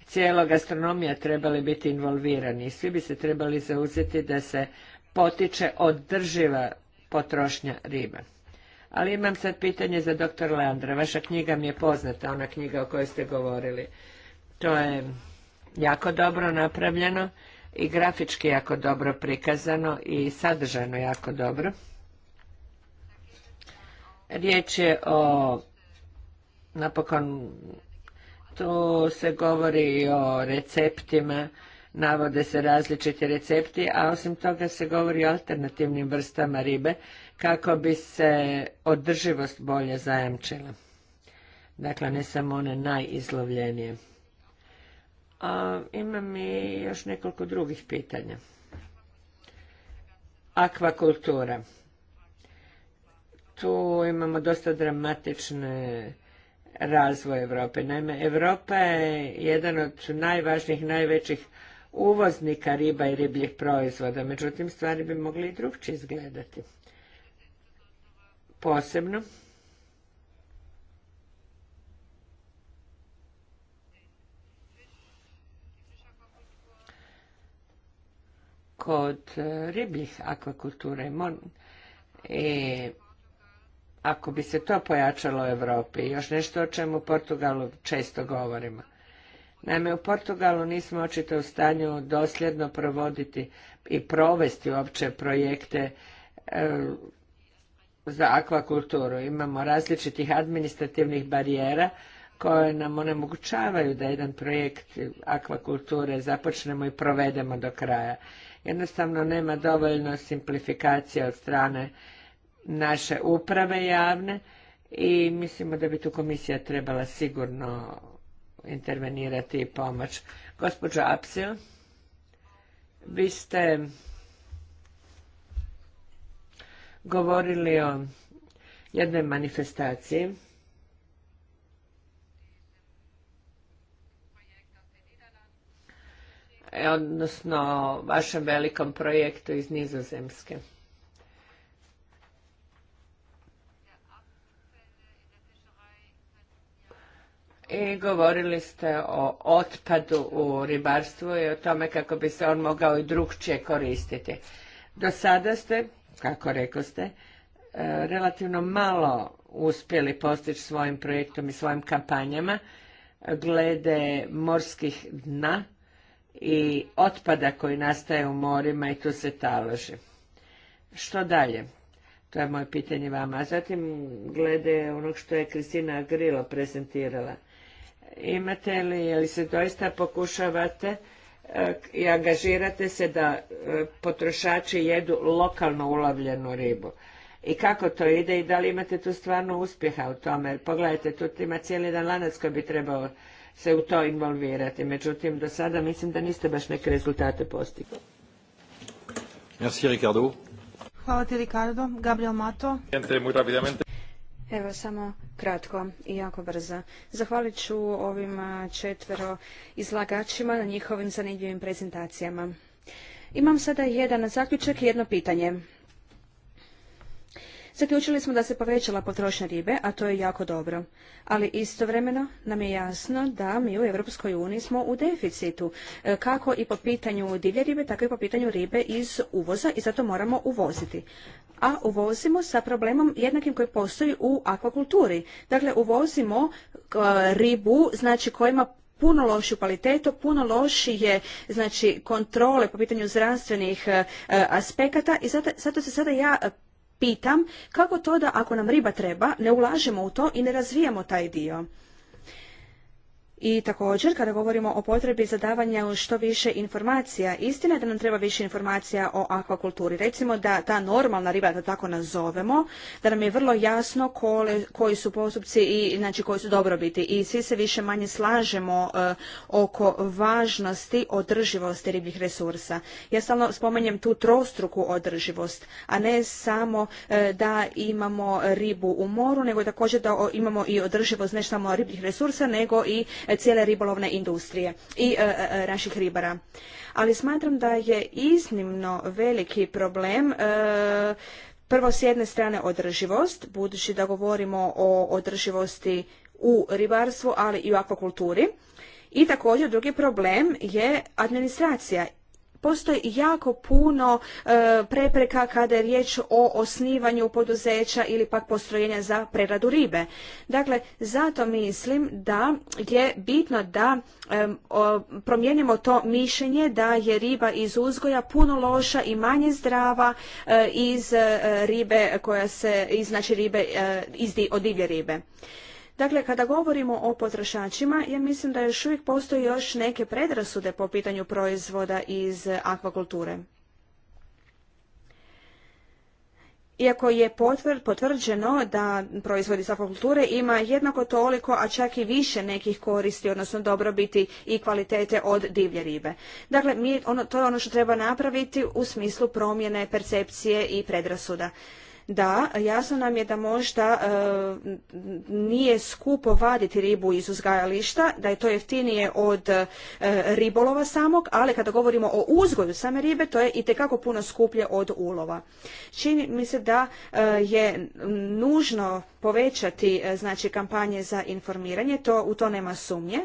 cijelo gastronomija trebali biti involvirani. Svi bi se trebali zauzeti da se potiče održiva potrošnja riba. Ali imam sad pitanje za dr. Leandra. Vaša knjiga mi je poznata, ona knjiga o kojoj ste govorili. To je jako dobro napravljeno i grafički jako dobro prikazano i sadržano jako dobro. Riječ je o, napokon, tu se govori o receptima, navode se različiti recepti, a osim toga se govori o alternativnim vrstama ribe kako bi se održivost bolje zajamčila. Dakle, ne samo one najizlovljenije. A, imam i još nekoliko drugih pitanja. Akvakultura. Tu imamo dosta dramatične razvoj Europe. Naime, Europa je jedan od najvažnijih, najvećih uvoznika riba i ribljih proizvoda. Međutim, stvari bi mogli i drugčije izgledati posebno. Kod e, ribljih akvakulture i e, ako bi se to pojačalo u Europi, još nešto o čemu u Portugalu često govorimo. Naime, u Portugalu nismo očito u stanju dosljedno provoditi i provesti uopće projekte e, za akvakulturu. Imamo različitih administrativnih barijera koje nam onemogućavaju da jedan projekt akvakulture započnemo i provedemo do kraja. Jednostavno nema dovoljno simplifikacije od strane naše uprave javne i mislimo da bi tu komisija trebala sigurno intervenirati i pomoć. Gospođo Apsil, vi ste govorili o jednoj manifestaciji e, odnosno vašem velikom projektu iz Nizozemske. I govorili ste o otpadu u ribarstvu i o tome kako bi se on mogao i drugčije koristiti. Do sada ste kako rekoste, e, relativno malo uspjeli postići svojim projektom i svojim kampanjama glede morskih dna i otpada koji nastaje u morima i tu se taloži. Što dalje? To je moje pitanje vama. A zatim, glede onog što je Kristina Agrilo prezentirala, imate li, je li se doista pokušavate E, i angažirate se da e, potrošači jedu lokalno ulovljenu ribu. I kako to ide i da li imate tu stvarno uspjeha u tome? pogledajte, tu ima cijeli dan lanac koji bi trebao se u to involvirati. Međutim, do sada mislim da niste baš neke rezultate postigli. Merci Ricardo. Hvala ti Ricardo. Gabriel Mato. Evo samo kratko i jako brzo. Zahvalit ću ovim četvero izlagačima na njihovim zanimljivim prezentacijama. Imam sada jedan zaključak i jedno pitanje. Zaključili smo da se povećala potrošnja ribe, a to je jako dobro. Ali istovremeno nam je jasno da mi u Europskoj uniji smo u deficitu, e, kako i po pitanju divlje ribe, tako i po pitanju ribe iz uvoza i zato moramo uvoziti a uvozimo sa problemom jednakim koji postoji u akvakulturi. Dakle, uvozimo e, ribu, znači koja ima puno lošiju kvalitetu, puno lošije znači, kontrole po pitanju zdravstvenih e, aspekata i zato, zato se sada ja pitam kako to da ako nam riba treba ne ulažemo u to i ne razvijamo taj dio. I također, kada govorimo o potrebi za davanje što više informacija, istina je da nam treba više informacija o akvakulturi. Recimo da ta normalna riba, da tako nazovemo, da nam je vrlo jasno koji su postupci i znači, koji su dobrobiti. I svi se više manje slažemo e, oko važnosti održivosti ribljih resursa. Ja stalno spomenjem tu trostruku održivost, a ne samo e, da imamo ribu u moru, nego također da imamo i održivost ne samo ribljih resursa, nego i cijele ribolovne industrije i e, e, e, naših ribara. Ali smatram da je iznimno veliki problem prvo s jedne strane održivost, budući da govorimo o održivosti u ribarstvu, ali i u akvakulturi. I također drugi problem je administracija Postoji jako puno e, prepreka kada je riječ o osnivanju poduzeća ili pak postrojenja za preradu ribe. Dakle, zato mislim da je bitno da e, promijenimo to mišljenje da je riba iz uzgoja puno loša i manje zdrava e, iz ribe koja se, iz, znači ribe, od divlje ribe. Dakle, kada govorimo o potrošačima, ja mislim da još uvijek postoji još neke predrasude po pitanju proizvoda iz akvakulture. Iako je potvrđeno da proizvodi iz akvakulture ima jednako toliko, a čak i više nekih koristi, odnosno dobrobiti i kvalitete od divlje ribe. Dakle, mi, ono, to je ono što treba napraviti u smislu promjene percepcije i predrasuda. Da, jasno nam je da možda e, nije skupo vaditi ribu iz uzgajališta, da je to jeftinije od e, ribolova samog, ali kada govorimo o uzgoju same ribe, to je i itekako puno skuplje od ulova. Čini mi se da e, je nužno povećati znači kampanje za informiranje, to u to nema sumnje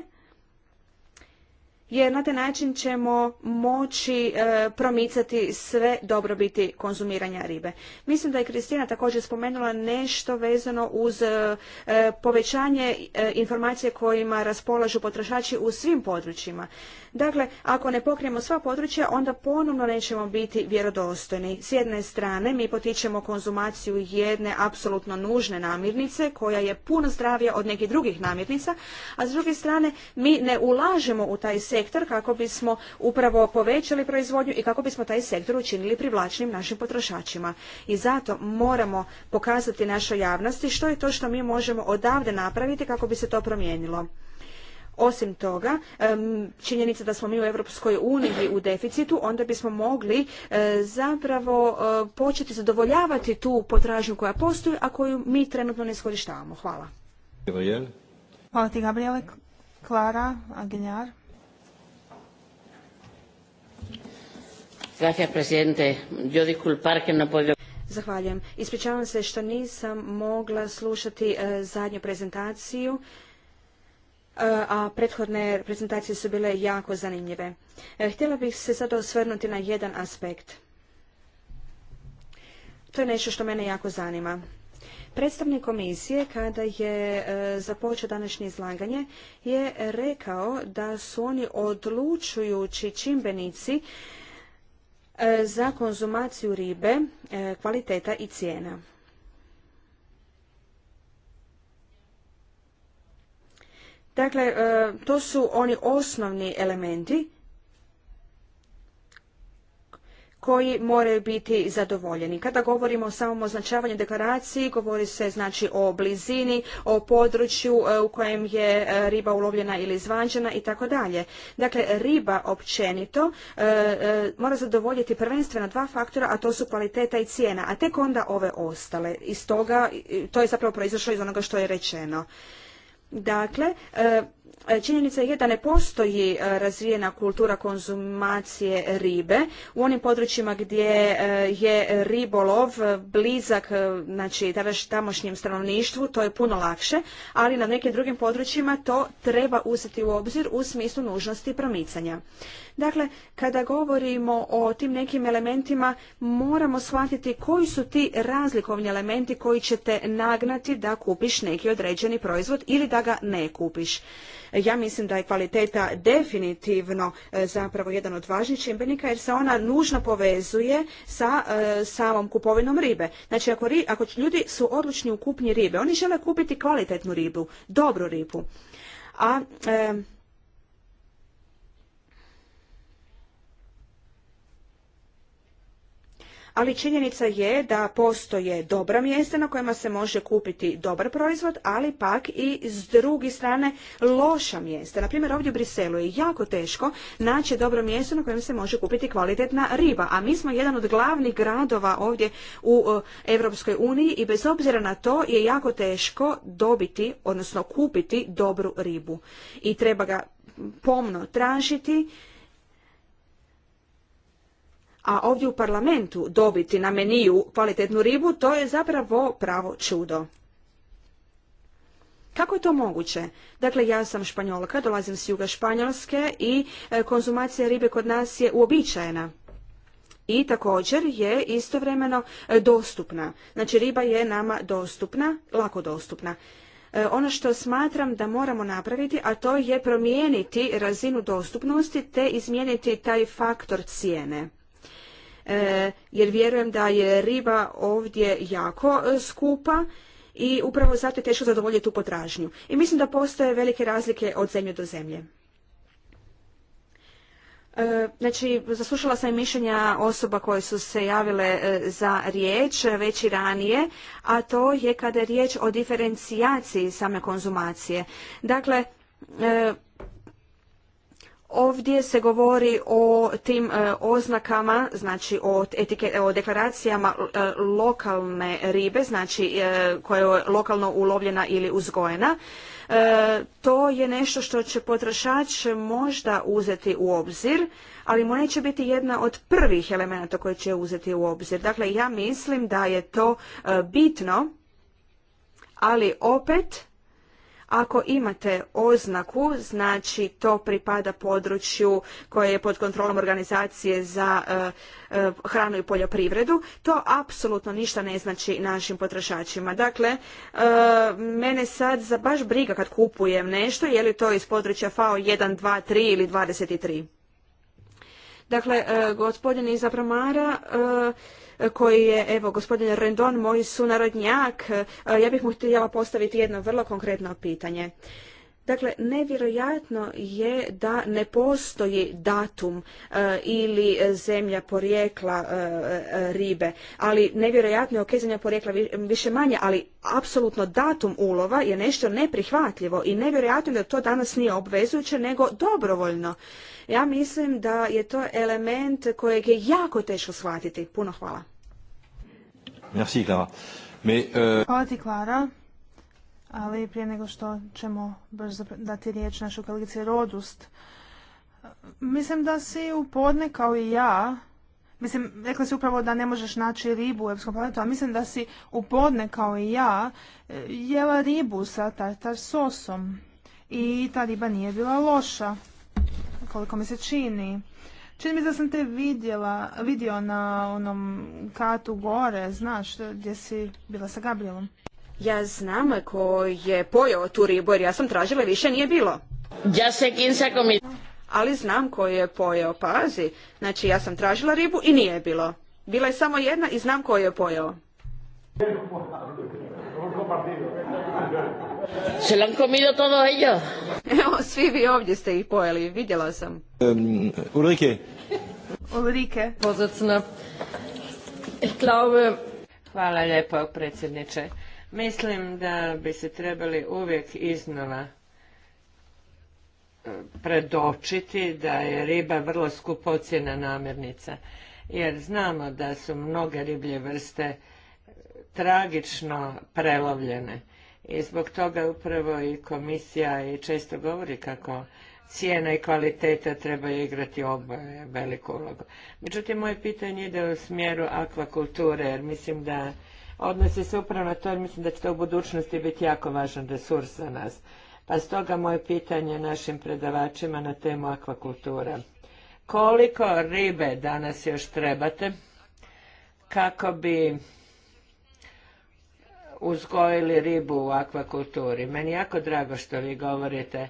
jer na taj način ćemo moći e, promicati sve dobrobiti konzumiranja ribe. Mislim da je Kristina također spomenula nešto vezano uz e, e, povećanje informacije kojima raspolažu potrošači u svim područjima. Dakle, ako ne pokrijemo sva područja, onda ponovno nećemo biti vjerodostojni. S jedne strane, mi potičemo konzumaciju jedne apsolutno nužne namirnice, koja je puno zdravija od nekih drugih namirnica, a s druge strane, mi ne ulažemo u taj sektor kako bismo upravo povećali proizvodnju i kako bismo taj sektor učinili privlačnim našim potrošačima. I zato moramo pokazati našoj javnosti što je to što mi možemo odavde napraviti kako bi se to promijenilo. Osim toga, činjenica da smo mi u Europskoj uniji u deficitu, onda bismo mogli e, zapravo e, početi zadovoljavati tu potražnju koja postoji, a koju mi trenutno ne iskorištavamo. Hvala. Gabriel. Hvala ti, Gabriele. Klara Agenjar. Zahvaljujem. Ispričavam se što nisam mogla slušati e, zadnju prezentaciju E, a prethodne prezentacije su bile jako zanimljive. E, htjela bih se sada osvrnuti na jedan aspekt. To je nešto što mene jako zanima. Predstavnik komisije kada je e, započeo današnje izlaganje je rekao da su oni odlučujući čimbenici za konzumaciju ribe, kvaliteta i cijena. Dakle, e, to su oni osnovni elementi koji moraju biti zadovoljeni. Kada govorimo o samom označavanju deklaraciji, govori se znači o blizini, o području e, u kojem je e, riba ulovljena ili zvanđena i tako dalje. Dakle, riba općenito mora zadovoljiti prvenstveno dva faktora, a to su kvaliteta i cijena, a tek onda ove ostale. Iz toga, to je zapravo proizašlo iz onoga što je rečeno. Dakle, e, činjenica je da ne postoji e, razvijena kultura konzumacije ribe u onim područjima gdje e, je ribolov blizak znači tamošnjem stanovništvu to je puno lakše ali na nekim drugim područjima to treba uzeti u obzir u smislu nužnosti promicanja Dakle, kada govorimo o tim nekim elementima, moramo shvatiti koji su ti razlikovni elementi koji će te nagnati da kupiš neki određeni proizvod ili da ga ne kupiš. Ja mislim da je kvaliteta definitivno e, zapravo jedan od važnijih čimbenika jer se ona nužno povezuje sa e, samom kupovinom ribe. Znači ako, ljudi su odlučni u kupnji ribe, oni žele kupiti kvalitetnu ribu, dobru ribu. A ali činjenica je da postoje dobra mjesta na kojima se može kupiti dobar proizvod, ali pak i s druge strane loša mjesta. Na primjer, ovdje u Briselu je jako teško naći dobro mjesto na kojem se može kupiti kvalitetna riba, a mi smo jedan od glavnih gradova ovdje u e, Europskoj uniji i bez obzira na to je jako teško dobiti, odnosno kupiti dobru ribu. I treba ga pomno tražiti a ovdje u parlamentu dobiti na meniju kvalitetnu ribu, to je zapravo pravo čudo. Kako je to moguće? Dakle, ja sam španjolka, dolazim s juga Španjolske i e, konzumacija ribe kod nas je uobičajena. I također je istovremeno e, dostupna. Znači, riba je nama dostupna, lako dostupna. E, ono što smatram da moramo napraviti, a to je promijeniti razinu dostupnosti te izmijeniti taj faktor cijene. E, jer vjerujem da je riba ovdje jako e, skupa i upravo zato je teško zadovoljiti tu potražnju. I mislim da postoje velike razlike od zemlje do zemlje. E, znači, zaslušala sam i mišljenja osoba koje su se javile za riječ već i ranije, a to je kada je riječ o diferencijaciji same konzumacije. Dakle, Ovdje se govori o tim e, oznakama, znači o, deklaracijama e, lokalne ribe, znači e, koja je lokalno ulovljena ili uzgojena. To je nešto što će potrošač možda uzeti u obzir, ali mu neće biti jedna od prvih elemenata koje će uzeti u obzir. Dakle, ja mislim da je to bitno, ali opet ako imate oznaku, znači to pripada području koje je pod kontrolom organizacije za e, e, hranu i poljoprivredu, to apsolutno ništa ne znači našim potrošačima. Dakle, e, mene sad za baš briga kad kupujem nešto, je li to iz područja FAO 1, 2, 3 ili 23. Dakle, gospodin Izabramara, koji je, evo, gospodin Rendon, moj sunarodnjak, e, ja bih mu htjela postaviti jedno vrlo konkretno pitanje. Dakle, nevjerojatno je da ne postoji datum e, ili zemlja porijekla e, ribe, ali nevjerojatno je ok porijekla više manje, ali apsolutno datum ulova je nešto neprihvatljivo i nevjerojatno je da to danas nije obvezujuće nego dobrovoljno. Ja mislim da je to element kojeg je jako teško shvatiti. Puno hvala. Merci, Clara. Euh, hvala ti, Klara. Ali prije nego što ćemo brzo dati riječ našoj kolegici Rodust, mislim da si u podne kao i ja, mislim, rekla si upravo da ne možeš naći ribu u Europskom planetu, a mislim da si u podne kao i ja eh, jela ribu sa tartar sosom i ta riba nije bila loša koliko mi se čini. Čini mi se da sam te vidjela, vidio na onom katu gore, znaš, gdje si bila sa Gabrielom. Ja znam ko je pojao tu ribu jer ja sam tražila više nije bilo. Ja se Ali znam ko je pojao, pazi. Znači ja sam tražila ribu i nije bilo. Bila je samo jedna i znam ko je pojao. Se lo han todos ellos. Evo, svi vi ovdje ste ih pojeli, vidjela sam. Um, Ulrike. E, Hvala lijepo, predsjedniče. Mislim da bi se trebali uvijek iznova e, predočiti da je riba vrlo skupocjena namirnica. Jer znamo da su mnoge riblje vrste e, tragično prelovljene i zbog toga upravo i komisija i često govori kako cijena i kvaliteta treba igrati oboje veliku ulogu. Međutim, moje pitanje ide u smjeru akvakulture, jer mislim da odnosi se upravo na to, jer mislim da će to u budućnosti biti jako važan resurs za nas. Pa stoga moje pitanje našim predavačima na temu akvakultura. Koliko ribe danas još trebate kako bi uzgojili ribu u akvakulturi. Meni jako drago što vi govorite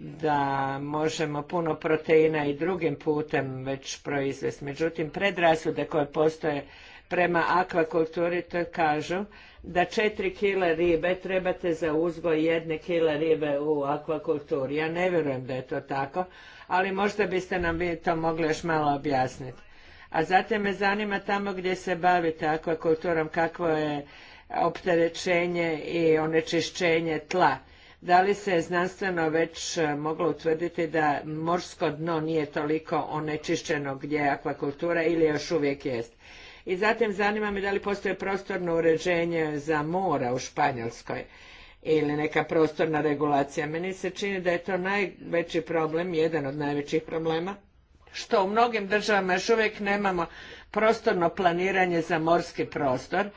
da možemo puno proteina i drugim putem već proizvesti. Međutim, predrasude koje postoje prema akvakulturi to kažu da četiri kila ribe trebate za uzgoj jedne kile ribe u akvakulturi. Ja ne vjerujem da je to tako, ali možda biste nam vi to mogli još malo objasniti. A zatim me zanima tamo gdje se bavite akvakulturom, kakvo je opterećenje i onečišćenje tla. Da li se znanstveno već e, moglo utvrditi da morsko dno nije toliko onečišćeno gdje je akvakultura ili još uvijek jest? I zatim zanima me da li postoji prostorno uređenje za mora u Španjolskoj ili neka prostorna regulacija. Meni se čini da je to najveći problem, jedan od najvećih problema, što u mnogim državama još uvijek nemamo prostorno planiranje za morski prostor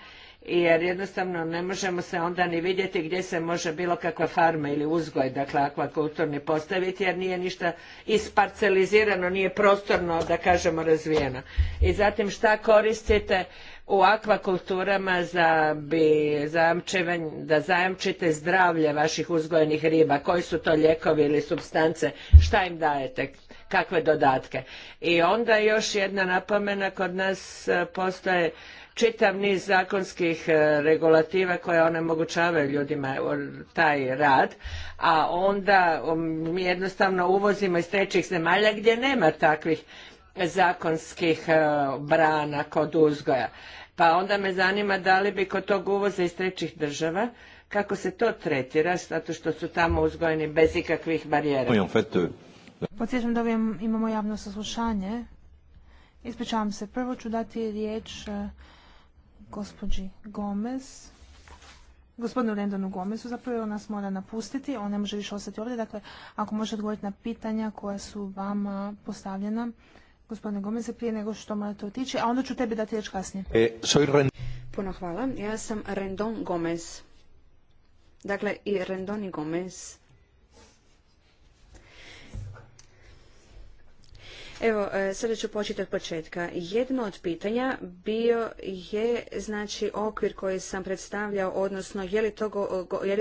jer jednostavno ne možemo se onda ni vidjeti gdje se može bilo kakva farma ili uzgoj, dakle akvakulturni postaviti jer nije ništa isparcelizirano, nije prostorno da kažemo razvijeno. I zatim šta koristite u akvakulturama za bi da zajamčite zdravlje vaših uzgojenih riba, koji su to lijekovi ili substance, šta im dajete? kakve dodatke. I onda još jedna napomena, kod nas e, postoje čitav niz zakonskih e, regulativa koje onemogućavaju ljudima e, taj rad, a onda um, mi jednostavno uvozimo iz trećih zemalja gdje nema takvih zakonskih brana kod uzgoja. Pa onda me zanima da li bi kod tog uvoza iz trećih država kako se to tretira, zato što su tamo uzgojeni bez ikakvih barijera. Euh, Podsjećam da imamo javno saslušanje. Ispričavam se, prvo ću dati riječ e, gospođi Gomez. Gospodinu Rendonu Gomezu zapravo nas mora napustiti, on ne može više ostati ovdje. Dakle, ako može odgovoriti na pitanja koja su vama postavljena, gospodine Gomeze, prije nego što to otići, a onda ću tebi dati riječ kasnije. E, Puno hvala. Ja sam Rendon Gomez. Dakle, i Rendon i Gomez Evo, e, sada ću početi od početka. Jedno od pitanja bio je, znači, okvir koji sam predstavljao, odnosno, je li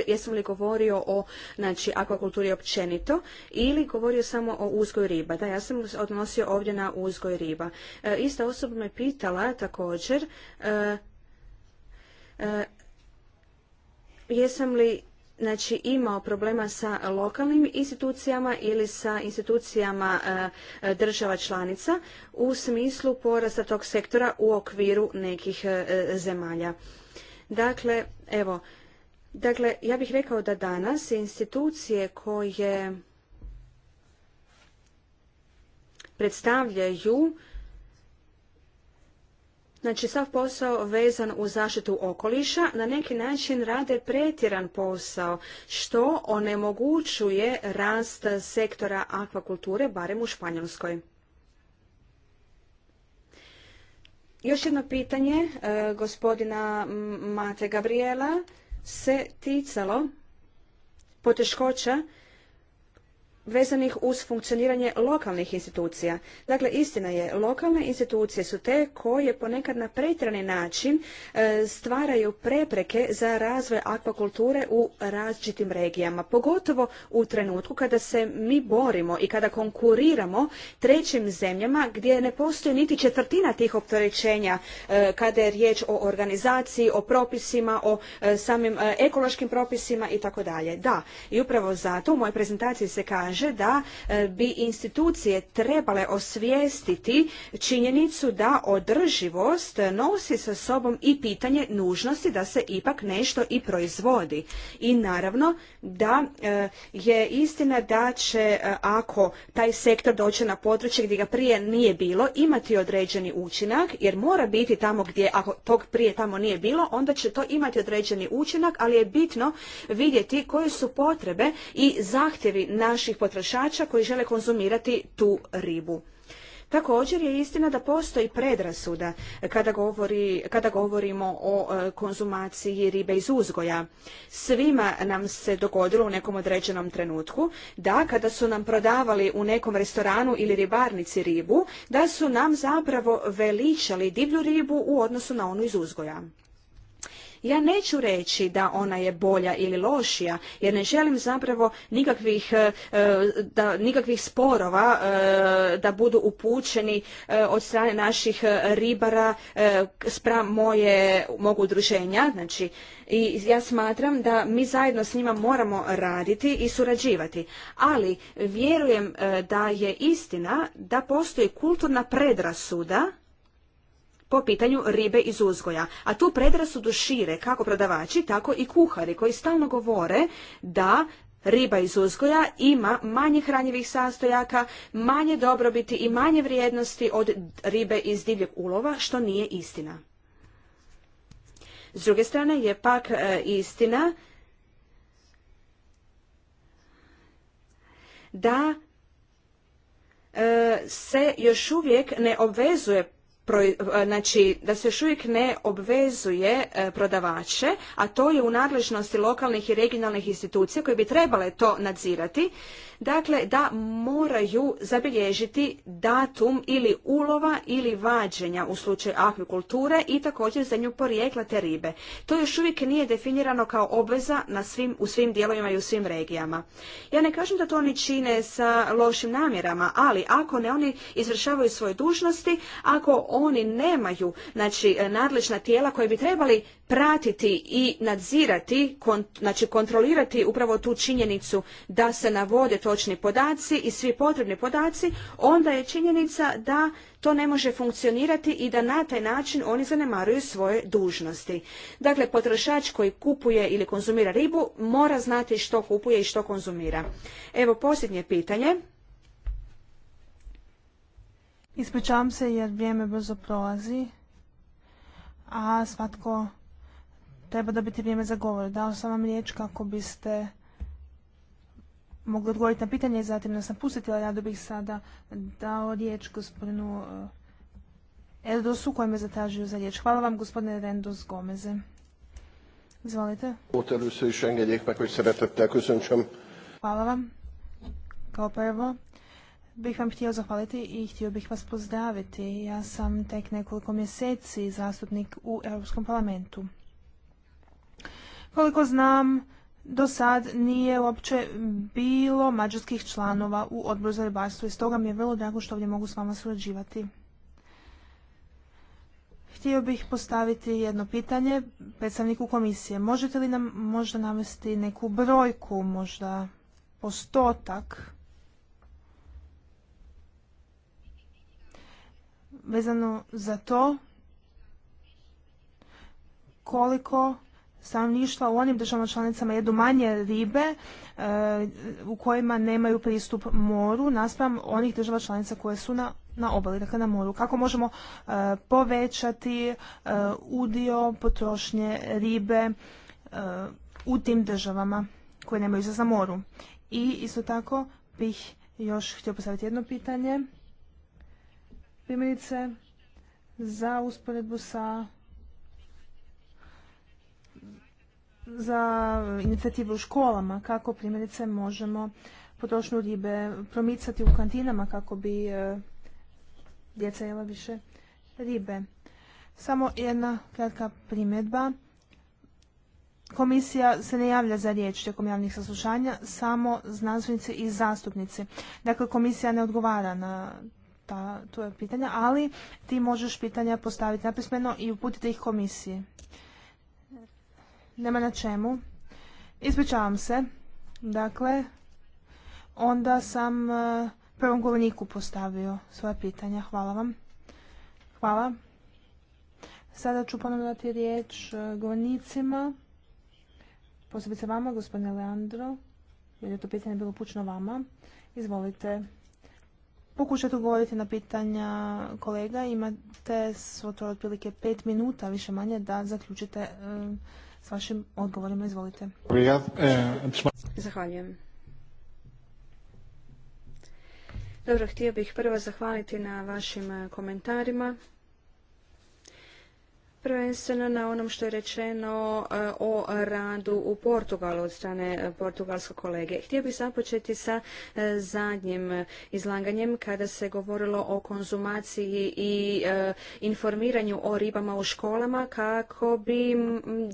jesam li govorio o, znači, akvakulturi općenito ili govorio samo o uzgoju riba. Da, ja sam odnosio ovdje na uzgoj riba. E, ista osoba me pitala također, e, e, jesam li znači imao problema sa lokalnim institucijama ili sa institucijama e, e, država članica u smislu porasta tog sektora u okviru nekih e, zemalja. Dakle, evo, dakle, ja bih rekao da danas institucije koje predstavljaju znači sav posao vezan u zaštitu okoliša na neki način rade pretjeran posao što onemogućuje rast sektora akvakulture barem u Španjolskoj. Još jedno pitanje e, gospodina Mate Gabriela se ticalo poteškoća vezanih uz funkcioniranje lokalnih institucija. Dakle, istina je, lokalne institucije su te koje ponekad na pretrani način e, stvaraju prepreke za razvoj akvakulture u različitim regijama, pogotovo u trenutku kada se mi borimo i kada konkuriramo trećim zemljama gdje ne postoji niti četvrtina tih opterećenja e, kada je riječ o organizaciji, o propisima, o e, samim ekološkim propisima i tako dalje. Da, i upravo zato u mojoj prezentaciji se kaže da e, bi institucije trebale osvijestiti činjenicu da održivost nosi sa sobom i pitanje nužnosti da se ipak nešto i proizvodi. I naravno da e, je istina da će e, ako taj sektor dođe na područje gdje ga prije nije bilo imati određeni učinak jer mora biti tamo gdje ako tog prije tamo nije bilo onda će to imati određeni učinak ali je bitno vidjeti koje su potrebe i zahtjevi naših potrošača koji žele konzumirati tu ribu. Također je istina da postoji predrasuda kada, govori, kada govorimo o e, konzumaciji ribe iz uzgoja. Svima nam se dogodilo u nekom određenom trenutku da kada su nam prodavali u nekom restoranu ili ribarnici ribu, da su nam zapravo veličali divlju ribu u odnosu na onu iz uzgoja. Ja neću reći da ona je bolja ili lošija, jer ne želim zapravo nikakvih, e, e, da, nikakvih sporova e, da budu upućeni od strane naših ribara spram moje, mogu udruženja. Znači, i ja smatram da mi zajedno s njima moramo raditi i surađivati. Ali vjerujem da je istina da postoji kulturna predrasuda po pitanju ribe iz uzgoja. A tu predrasudu šire kako prodavači, tako i kuhari koji stalno govore da riba iz uzgoja ima manje hranjivih sastojaka, manje dobrobiti i manje vrijednosti od ribe iz divljeg ulova, što nije istina. S druge strane je pak e, istina da e, se još uvijek ne obvezuje E, znači da se još uvijek ne obvezuje e, prodavače, a to je u nadležnosti lokalnih i regionalnih institucija koje bi trebale to nadzirati Dakle, da moraju zabilježiti datum ili ulova ili vađenja u slučaju akvikulture i također nju porijekla te ribe. To još uvijek nije definirano kao obveza na svim, u svim dijelovima i u svim regijama. Ja ne kažem da to oni čine sa lošim namjerama, ali ako ne oni izvršavaju svoje dužnosti, ako oni nemaju znači, nadležna tijela koje bi trebali pratiti i nadzirati, znači kontrolirati upravo tu činjenicu da se navode točni podaci i svi potrebni podaci, onda je činjenica da to ne može funkcionirati i da na taj način oni zanemaruju svoje dužnosti. Dakle, potrošač koji kupuje ili konzumira ribu mora znati što kupuje i što konzumira. Evo posljednje pitanje. Ispričavam se jer vrijeme brzo prolazi, a svatko treba dobiti vrijeme za govor. Dao sam vam riječ kako biste mogli odgovoriti na pitanje i zatim nas napustiti, ali rado bih sada dao riječ gospodinu eh, Erdosu koji me zatražio za riječ. Hvala vam gospodine Rendos Gomeze. Izvolite. Hvala vam. Kao prvo bih vam htio zahvaliti i htio bih vas pozdraviti. Ja sam tek nekoliko mjeseci zastupnik u Europskom parlamentu. Koliko znam, do sad nije uopće bilo mađarskih članova u odboru za ribarstvo i stoga mi je vrlo drago što ovdje mogu s vama surađivati. Htio bih postaviti jedno pitanje predstavniku komisije. Možete li nam možda navesti neku brojku, možda postotak vezano za to koliko stanovništva u onim državama članicama jedu manje ribe e, u kojima nemaju pristup moru naspram onih država članica koje su na, na obali, dakle na moru. Kako možemo e, povećati e, udio potrošnje ribe u tim državama koje nemaju za moru. I isto tako bih još htio postaviti jedno pitanje. Primjerice za usporedbu sa za inicijativu u školama, kako primjerice možemo potrošnju ribe promicati u kantinama kako bi e, djeca jela više ribe. Samo jedna kratka primjedba. Komisija se ne javlja za riječ tijekom javnih saslušanja, samo znanstvenici i zastupnici. Dakle, komisija ne odgovara na to pitanja, ali ti možeš pitanja postaviti napismeno i uputiti ih komisiji. Nema na čemu. Ispričavam se. Dakle, onda sam e, prvom govorniku postavio svoje pitanja. Hvala vam. Hvala. Sada ću ponovno dati riječ e, govornicima, posebice vama, gospodine Leandro, jer je to pitanje bilo pučno vama. Izvolite. Pokušajte odgovoriti na pitanja kolega. Imate svo to otprilike pet minuta, više manje, da zaključite e, s vašim odgovorima. Izvolite. Zahvaljujem. Dobro, htio bih prvo zahvaliti na vašim komentarima prvenstveno na onom što je rečeno eh, o radu u Portugalu od strane eh, portugalskog kolege. Htio bih započeti sa eh, zadnjim izlaganjem kada se govorilo o konzumaciji i informiranju o ribama u školama kako bi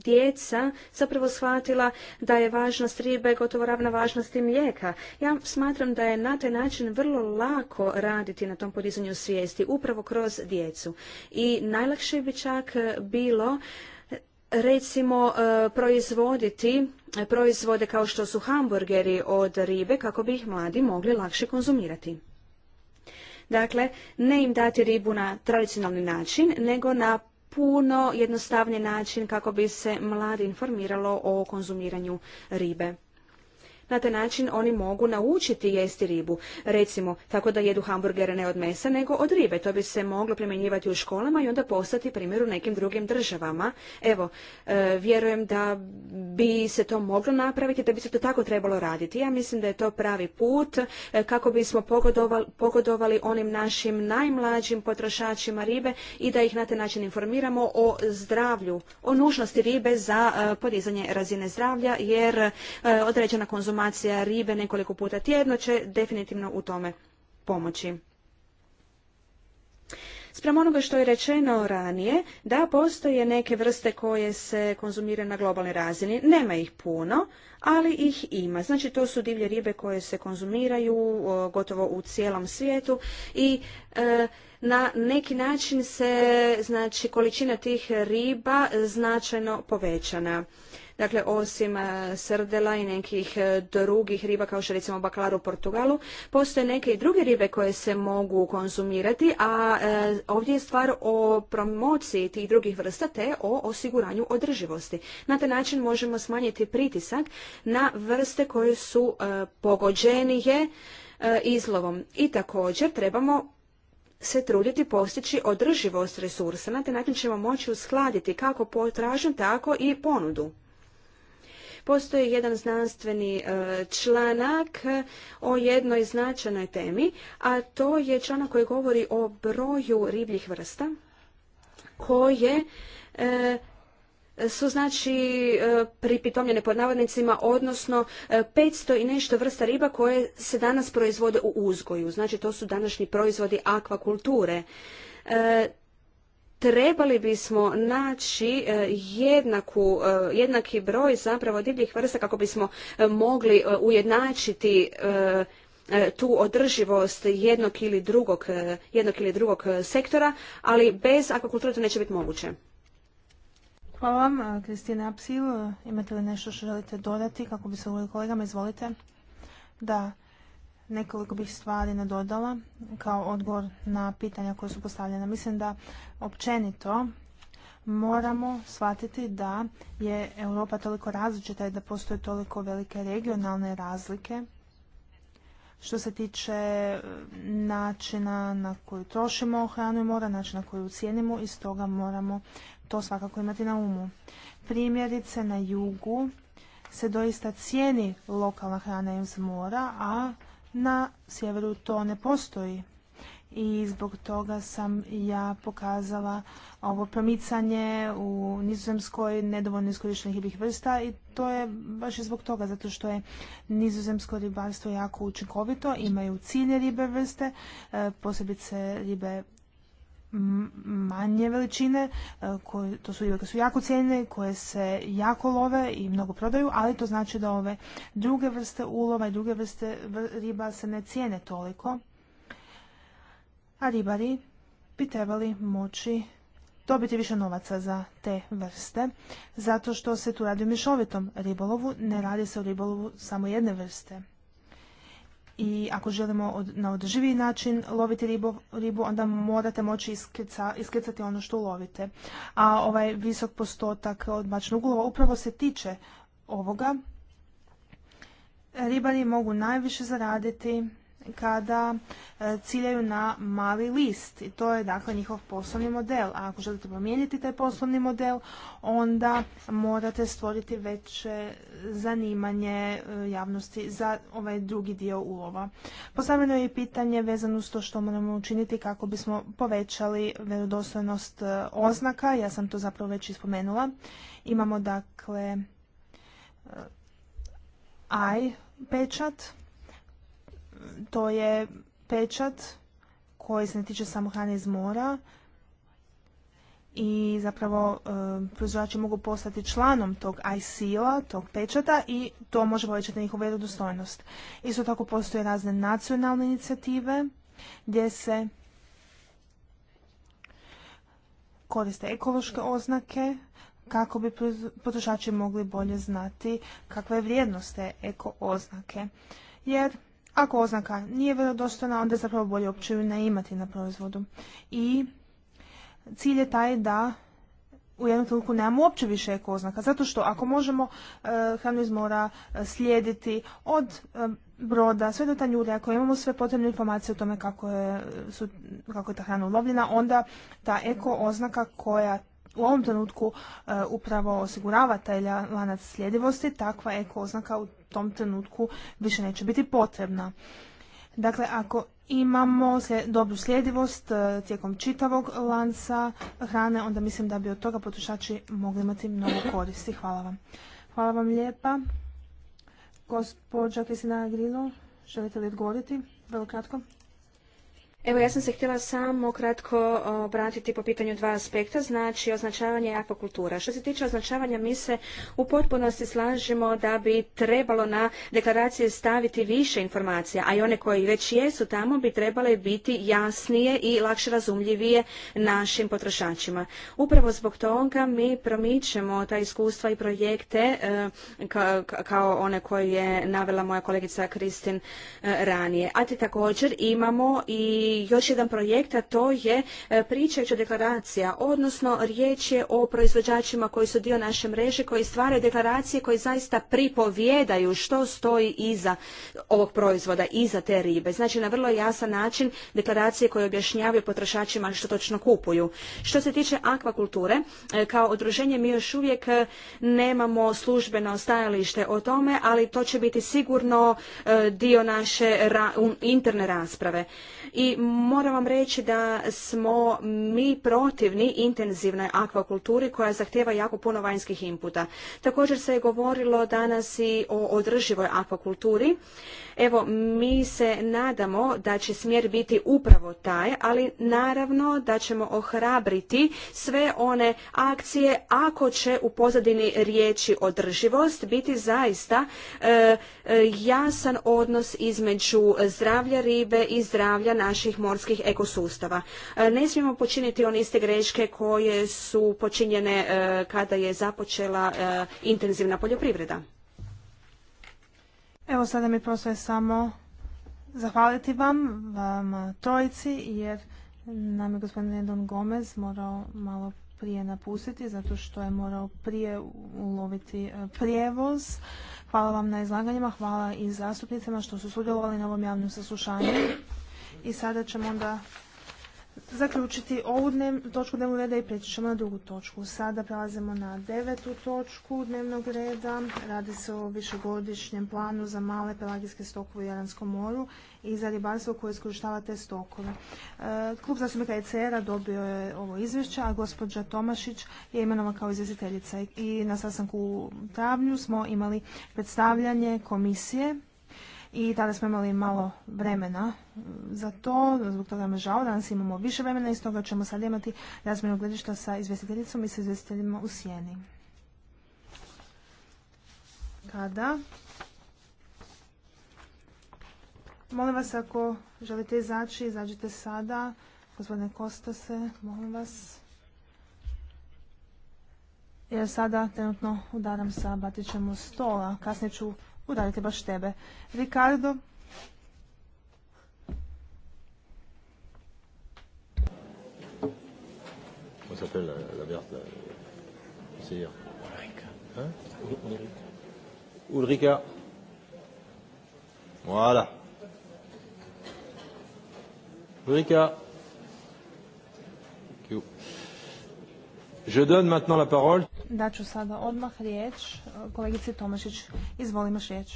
djeca zapravo shvatila da je važnost ribe gotovo ravna važnosti mlijeka. Ja smatram da je na taj način vrlo lako raditi na tom podizanju svijesti upravo kroz djecu. I najlakše bi čak bilo recimo e, proizvoditi proizvode kao što su hamburgeri od ribe kako bi ih mladi mogli lakše konzumirati. Dakle, ne im dati ribu na tradicionalni način, nego na puno jednostavni način kako bi se mladi informiralo o konzumiranju ribe na taj način oni mogu naučiti jesti ribu. Recimo, tako da jedu hamburgere ne od mesa, nego od ribe. To bi se moglo primjenjivati u školama i onda postati primjer u nekim drugim državama. Evo, e, vjerujem da bi se to moglo napraviti, da bi se to tako trebalo raditi. Ja mislim da je to pravi put e, kako bismo pogodovali, pogodovali onim našim najmlađim potrošačima ribe i da ih na taj način informiramo o zdravlju, o nužnosti ribe za e, podizanje razine zdravlja, jer određena konzumacija konzumacija ribe nekoliko puta tjedno će definitivno u tome pomoći. Sprem onoga što je rečeno ranije, da postoje neke vrste koje se konzumiraju na globalnoj razini. Nema ih puno, ali ih ima. Znači to su divlje ribe koje se konzumiraju gotovo u cijelom svijetu i e, na neki način se znači količina tih riba značajno povećana. Dakle, osim e, srdela i nekih e, drugih riba kao što recimo baklar u Portugalu, postoje neke i druge ribe koje se mogu konzumirati, a e, ovdje je stvar o promociji tih drugih vrsta te o osiguranju održivosti. Na taj način možemo smanjiti pritisak na vrste koje su pogođenije izlovom. I također trebamo se truditi postići održivost resursa. Na taj način ćemo moći uskladiti kako potražnju, tako i ponudu. Postoji jedan znanstveni e, članak e, o jednoj značajnoj temi, a to je članak koji govori o broju ribljih vrsta koje e, su znači pripitomljene pod navodnicima, odnosno 500 i nešto vrsta riba koje se danas proizvode u uzgoju. Znači to su današnji proizvodi akvakulture trebali bismo naći e, e, jednaki broj zapravo divljih vrsta kako bismo e, mogli ujednačiti tu održivost jednog ili drugog, jednog ili drugog sektora, ali bez akvakulture to neće biti moguće. Hvala vam, Kristina Apsil. Imate li nešto što želite dodati kako bi se uvijek kolegama? Izvolite. Da, nekoliko bih stvari nadodala kao odgovor na pitanja koja su postavljena. Mislim da općenito moramo shvatiti da je Europa toliko različita i da postoje toliko velike regionalne razlike što se tiče eh, načina na koji trošimo hranu i mora, načina na koju cijenimo i stoga moramo to svakako imati na umu. Primjerice na jugu se doista cijeni lokalna hrana iz mora, a na sjeveru to ne postoji i zbog toga sam ja pokazala ovo promicanje u nizozemskoj nedovoljno iskorištenih ribih vrsta i to je baš i zbog toga zato što je nizozemsko ribarstvo jako učinkovito, imaju ciljne ribe vrste, e, posebice ribe manje veličine, e, to su ribe koje su jako cijene, koje se jako love i mnogo prodaju, ali to znači da ove druge vrste ulova i druge vrste riba se ne cijene toliko, a ribari bi trebali moći dobiti više novaca za te vrste, zato što se tu radi o mišovitom ribolovu, ne radi se o ribolovu samo jedne vrste i ako želimo od, na održivi način loviti ribu, onda morate moći iskricati ono što lovite. A ovaj visok postotak odmačnog ulova upravo se tiče ovoga. Ribari mogu najviše zaraditi kada e, ciljaju na mali list i to je dakle njihov poslovni model. A ako želite promijeniti taj poslovni model, onda morate stvoriti veće zanimanje e, javnosti za ovaj drugi dio ulova. Postavljeno je i pitanje vezano uz to što moramo učiniti kako bismo povećali vjerodostojnost e, oznaka. Ja sam to zapravo već ispomenula. Imamo dakle aj pečat to je pečat koji se ne tiče samo hrane iz mora i zapravo e, proizvođači mogu postati članom tog ICO-a, tog pečata i to može povećati njihovu vjerodostojnost. Isto tako postoje razne nacionalne inicijative gdje se koriste ekološke oznake kako bi potrošači mogli bolje znati kakva je vrijednost te eko oznake. Jer ako oznaka nije vjerodostojna, onda je zapravo bolje uopće ju ne imati na proizvodu. I cilj je taj da u jednom trenutku nemamo uopće više eko oznaka. Zato što ako možemo eh, hranu iz mora eh, slijediti od eh, broda sve do tanjure, ako imamo sve potrebne informacije o tome kako je, kako ta hrana ulovljena, onda ta eko oznaka koja u ovom trenutku upravo osigurava taj lanac sljedivosti, takva eko oznaka u tom trenutku više neće biti potrebna. Dakle, ako imamo dobru sljedivost e, tijekom čitavog lanca hrane, onda mislim da bi od toga potrošači mogli imati mnogo koristi. Hvala vam. Hvala vam lijepa. Gospođa Kristina Grinu, želite li odgovoriti? Vrlo kratko. Evo ja sam se htjela samo kratko obratiti po pitanju dva aspekta, znači označavanje i akvakultura. Što se tiče označavanja, mi se u potpunosti slažemo da bi trebalo na deklaracije staviti više informacija, a i one koje već jesu tamo bi trebale biti jasnije i lakše razumljivije našim potrošačima. Upravo zbog toga mi promičemo ta iskustva i projekte e, kao one koje je navela moja kolegica Kristin e, ranije. A ti također imamo i još jedan projekt, a to je e, pričajuća deklaracija, odnosno riječ je o proizvođačima koji su dio naše mreže, koji stvaraju deklaracije koji zaista pripovjedaju što stoji iza ovog proizvoda, iza te ribe. Znači na vrlo jasan način deklaracije koje objašnjavaju potrošačima što točno kupuju. Što se tiče akvakulture, e, kao odruženje mi još uvijek e, nemamo službeno stajalište o tome, ali to će biti sigurno dio naše interne rasprave. I moram vam reći da smo mi protivni intenzivnoj akvakulturi koja zahtjeva jako puno vanjskih inputa. Također se je govorilo danas i o održivoj akvakulturi Evo, mi se nadamo da će smjer biti upravo taj, ali naravno da ćemo ohrabriti sve one akcije ako će u pozadini riječi održivost biti zaista e, e, jasan odnos između zdravlja ribe i zdravlja naših morskih ekosustava. E, ne smijemo počiniti one iste greške koje su počinjene kada je započela intenzivna poljoprivreda. Evo sada mi prosto je samo zahvaliti vam, vam trojici, jer nam je gospodin Edon Gomez morao malo prije napustiti zato što je morao prije uloviti prijevoz. Hvala vam na izlaganjima, hvala i zastupnicama što su sudjelovali na ovom javnom saslušanju. I sada ćemo onda zaključiti ovu točku dnevnog reda i preći ćemo na drugu točku. Sada prelazimo na devetu točku dnevnog reda. Radi se o višegodišnjem planu za male pelagijske stokove u Jaranskom moru i za ribarstvo koje iskorištava te stokove. E, Klub zastupnika ECR-a dobio je ovo izvješće, a gospođa Tomašić je imenova kao izvjestiteljica. I na sastanku u travnju smo imali predstavljanje komisije i tada smo imali malo vremena za to, zbog toga me žao, danas imamo više vremena i stoga ćemo sad imati razmjenu gledišta sa izvestiteljicom i sa izvestiteljima u sjeni. Kada? Molim vas ako želite izaći, izađite sada. Gospodine Kostase, molim vas. Jer sada trenutno udaram sa batićem u stola. Kasnije ću udaljite baš tebe. Ricardo? Comment s'appelle la, verte la, conseillère Ulrika. Hein Ulrika. Ulrika. Voilà. Ulrika. Je donne maintenant la parole. Daću sada odmah riječ e, kolegici Tomašić. Izvolimo riječ.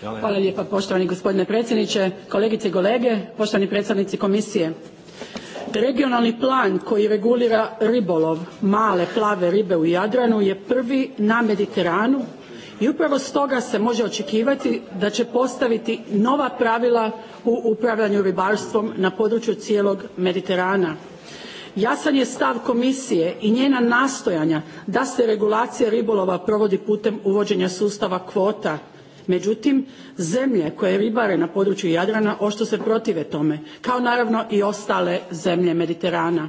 Hvala lijepa poštovani gospodine predsjedniče, kolegice i kolege, poštovani predstavnici komisije. Regionalni plan koji regulira ribolov male plave ribe u Jadranu je prvi na Mediteranu i upravo stoga se može očekivati da će postaviti nova pravila u upravljanju ribarstvom na području cijelog Mediterana jasan je stav komisije i njena nastojanja da se regulacija ribolova provodi putem uvođenja sustava kvota međutim zemlje koje ribare na području jadrana oštro se protive tome kao naravno i ostale zemlje mediterana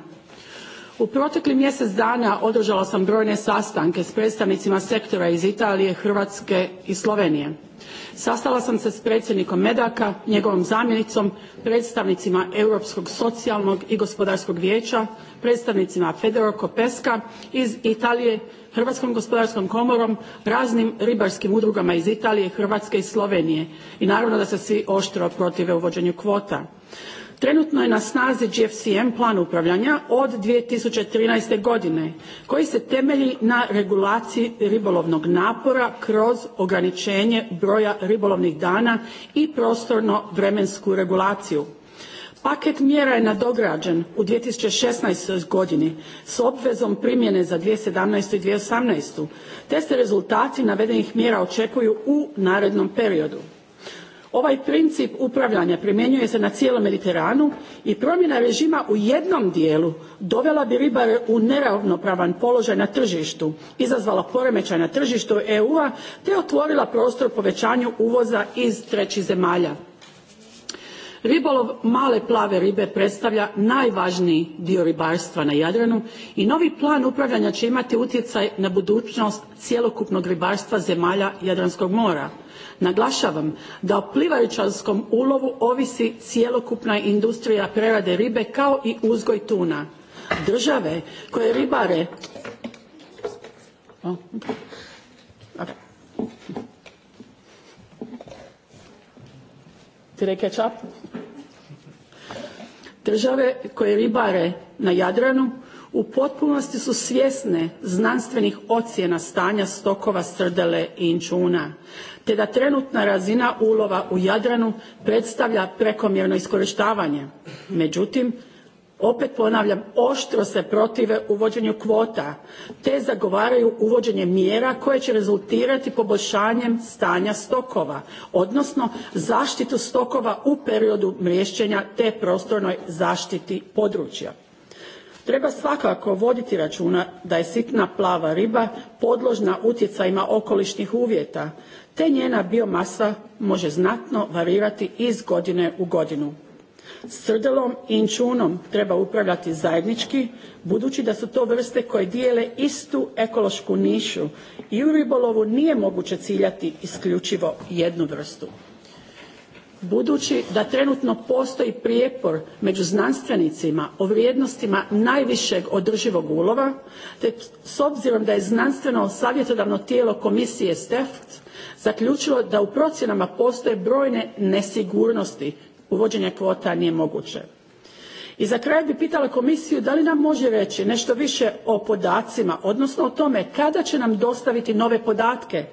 u proteklih mjesec dana održala sam brojne sastanke s predstavnicima sektora iz italije hrvatske i slovenije sastala sam se s predsjednikom medaka njegovom zamjenicom predstavnicima europskog socijalnog i gospodarskog vijeća predstavnicima Pesca iz italije hrvatskom gospodarskom komorom raznim ribarskim udrugama iz italije hrvatske i slovenije i naravno da se svi oštro protive uvođenju kvota. Trenutno je na snazi GFCM plan upravljanja od 2013. godine koji se temelji na regulaciji ribolovnog napora kroz ograničenje broja ribolovnih dana i prostorno vremensku regulaciju. Paket mjera je nadograđen u 2016. godini s obvezom primjene za 2017. i 2018. te se rezultati navedenih mjera očekuju u narednom periodu. Ovaj princip upravljanja primjenjuje se na cijelom Mediteranu i promjena režima u jednom dijelu dovela bi ribare u neravnopravan položaj na tržištu, izazvala poremećaj na tržištu EU-a te otvorila prostor povećanju uvoza iz trećih zemalja. Ribolov male plave ribe predstavlja najvažniji dio ribarstva na Jadranu i novi plan upravljanja će imati utjecaj na budućnost cjelokupnog ribarstva zemalja Jadranskog mora. Naglašavam da o plivarianskom ulovu ovisi cjelokupna industrija prerade ribe kao i uzgoj tuna. Države koje ribare Države koje ribare na Jadranu u potpunosti su svjesne znanstvenih ocjena stanja stokova srdele i inčuna te da trenutna razina ulova u Jadranu predstavlja prekomjerno iskorištavanje. Međutim, opet ponavljam, oštro se protive uvođenju kvota te zagovaraju uvođenje mjera koje će rezultirati poboljšanjem stanja stokova, odnosno zaštitu stokova u periodu mriješćenja te prostornoj zaštiti područja. Treba svakako voditi računa da je sitna plava riba podložna utjecajima okolišnih uvjeta, te njena biomasa može znatno varirati iz godine u godinu. Srdelom i inćunom treba upravljati zajednički budući da su to vrste koje dijele istu ekološku nišu i u ribolovu nije moguće ciljati isključivo jednu vrstu budući da trenutno postoji prijepor među znanstvenicima o vrijednostima najvišeg održivog ulova te s obzirom da je znanstveno savjetodavno tijelo komisije STEFT zaključilo da u procjenama postoje brojne nesigurnosti uvođenje kvota nije moguće. I za kraj bih pitala komisiju da li nam može reći nešto više o podacima, odnosno o tome kada će nam dostaviti nove podatke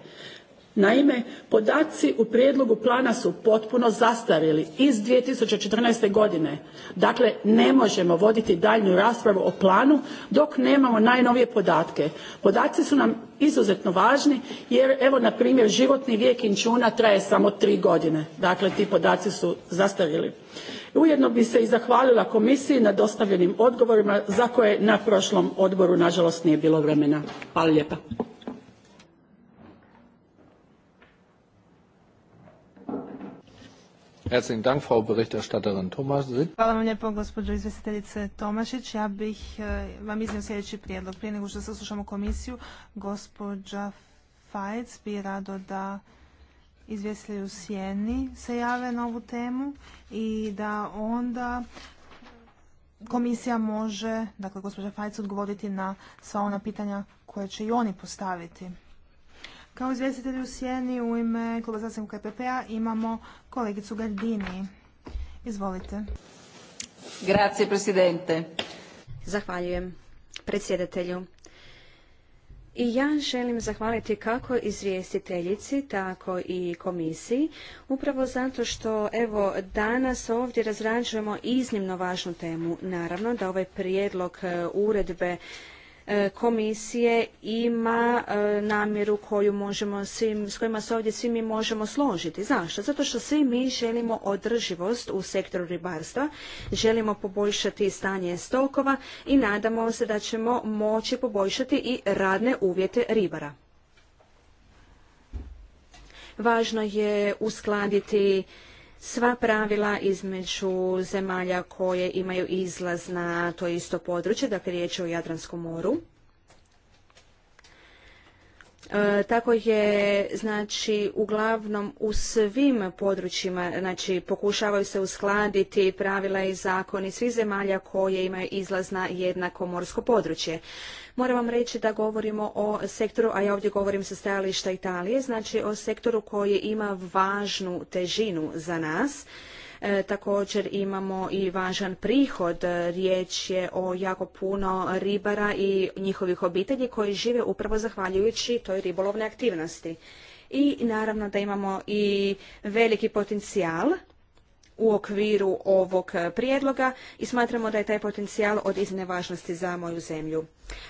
Naime, podaci u prijedlogu plana su potpuno zastarjeli iz 2014. godine. Dakle, ne možemo voditi daljnju raspravu o planu dok nemamo najnovije podatke. Podaci su nam izuzetno važni jer evo na primjer životni vijek inčuna traje samo tri godine. Dakle, ti podaci su zastarjeli. Ujedno bi se i zahvalila komisiji na dostavljenim odgovorima za koje na prošlom odboru nažalost nije bilo vremena. Hvala lijepa. Hvala vam lijepo, gospođo izvjestiteljice Tomašić. Ja bih eh, vam iznio sljedeći prijedlog. Prije nego što saslušamo komisiju, gospođa Fajec bi rado da izvjestitelj u Sjeni se jave na ovu temu i da onda komisija može, dakle gospođa Fajc, odgovoriti na sva ona pitanja koje će i oni postaviti. Kao izvjestitelji u Sjeni u ime Kluba zastupnika KPP-a imamo kolegicu Gardini. Izvolite. Grazie, presidente. Zahvaljujem predsjedatelju. I ja želim zahvaliti kako izvjestiteljici, tako i komisiji, upravo zato što evo danas ovdje razrađujemo iznimno važnu temu. Naravno da ovaj prijedlog e, uredbe E, komisije ima e, namjeru koju možemo svim, s kojima se ovdje svi mi možemo složiti. Zašto? Zato što svi mi želimo održivost u sektoru ribarstva, želimo poboljšati stanje stokova i nadamo se da ćemo moći poboljšati i radne uvjete ribara. Važno je uskladiti sva pravila između zemalja koje imaju izlaz na to isto područje, dakle riječ je o Jadranskom moru. E, tako je znači uglavnom u svim područjima znači pokušavaju se uskladiti pravila i zakoni svih zemalja koje imaju izlaz na jednako morsko područje Moram vam reći da govorimo o sektoru, a ja ovdje govorim sa stajališta Italije, znači o sektoru koji ima važnu težinu za nas. E, također imamo i važan prihod, e, riječ je o jako puno ribara i njihovih obitelji koji žive upravo zahvaljujući toj ribolovne aktivnosti. I naravno da imamo i veliki potencijal u okviru ovog prijedloga i smatramo da je taj potencijal od iznimne važnosti za moju zemlju.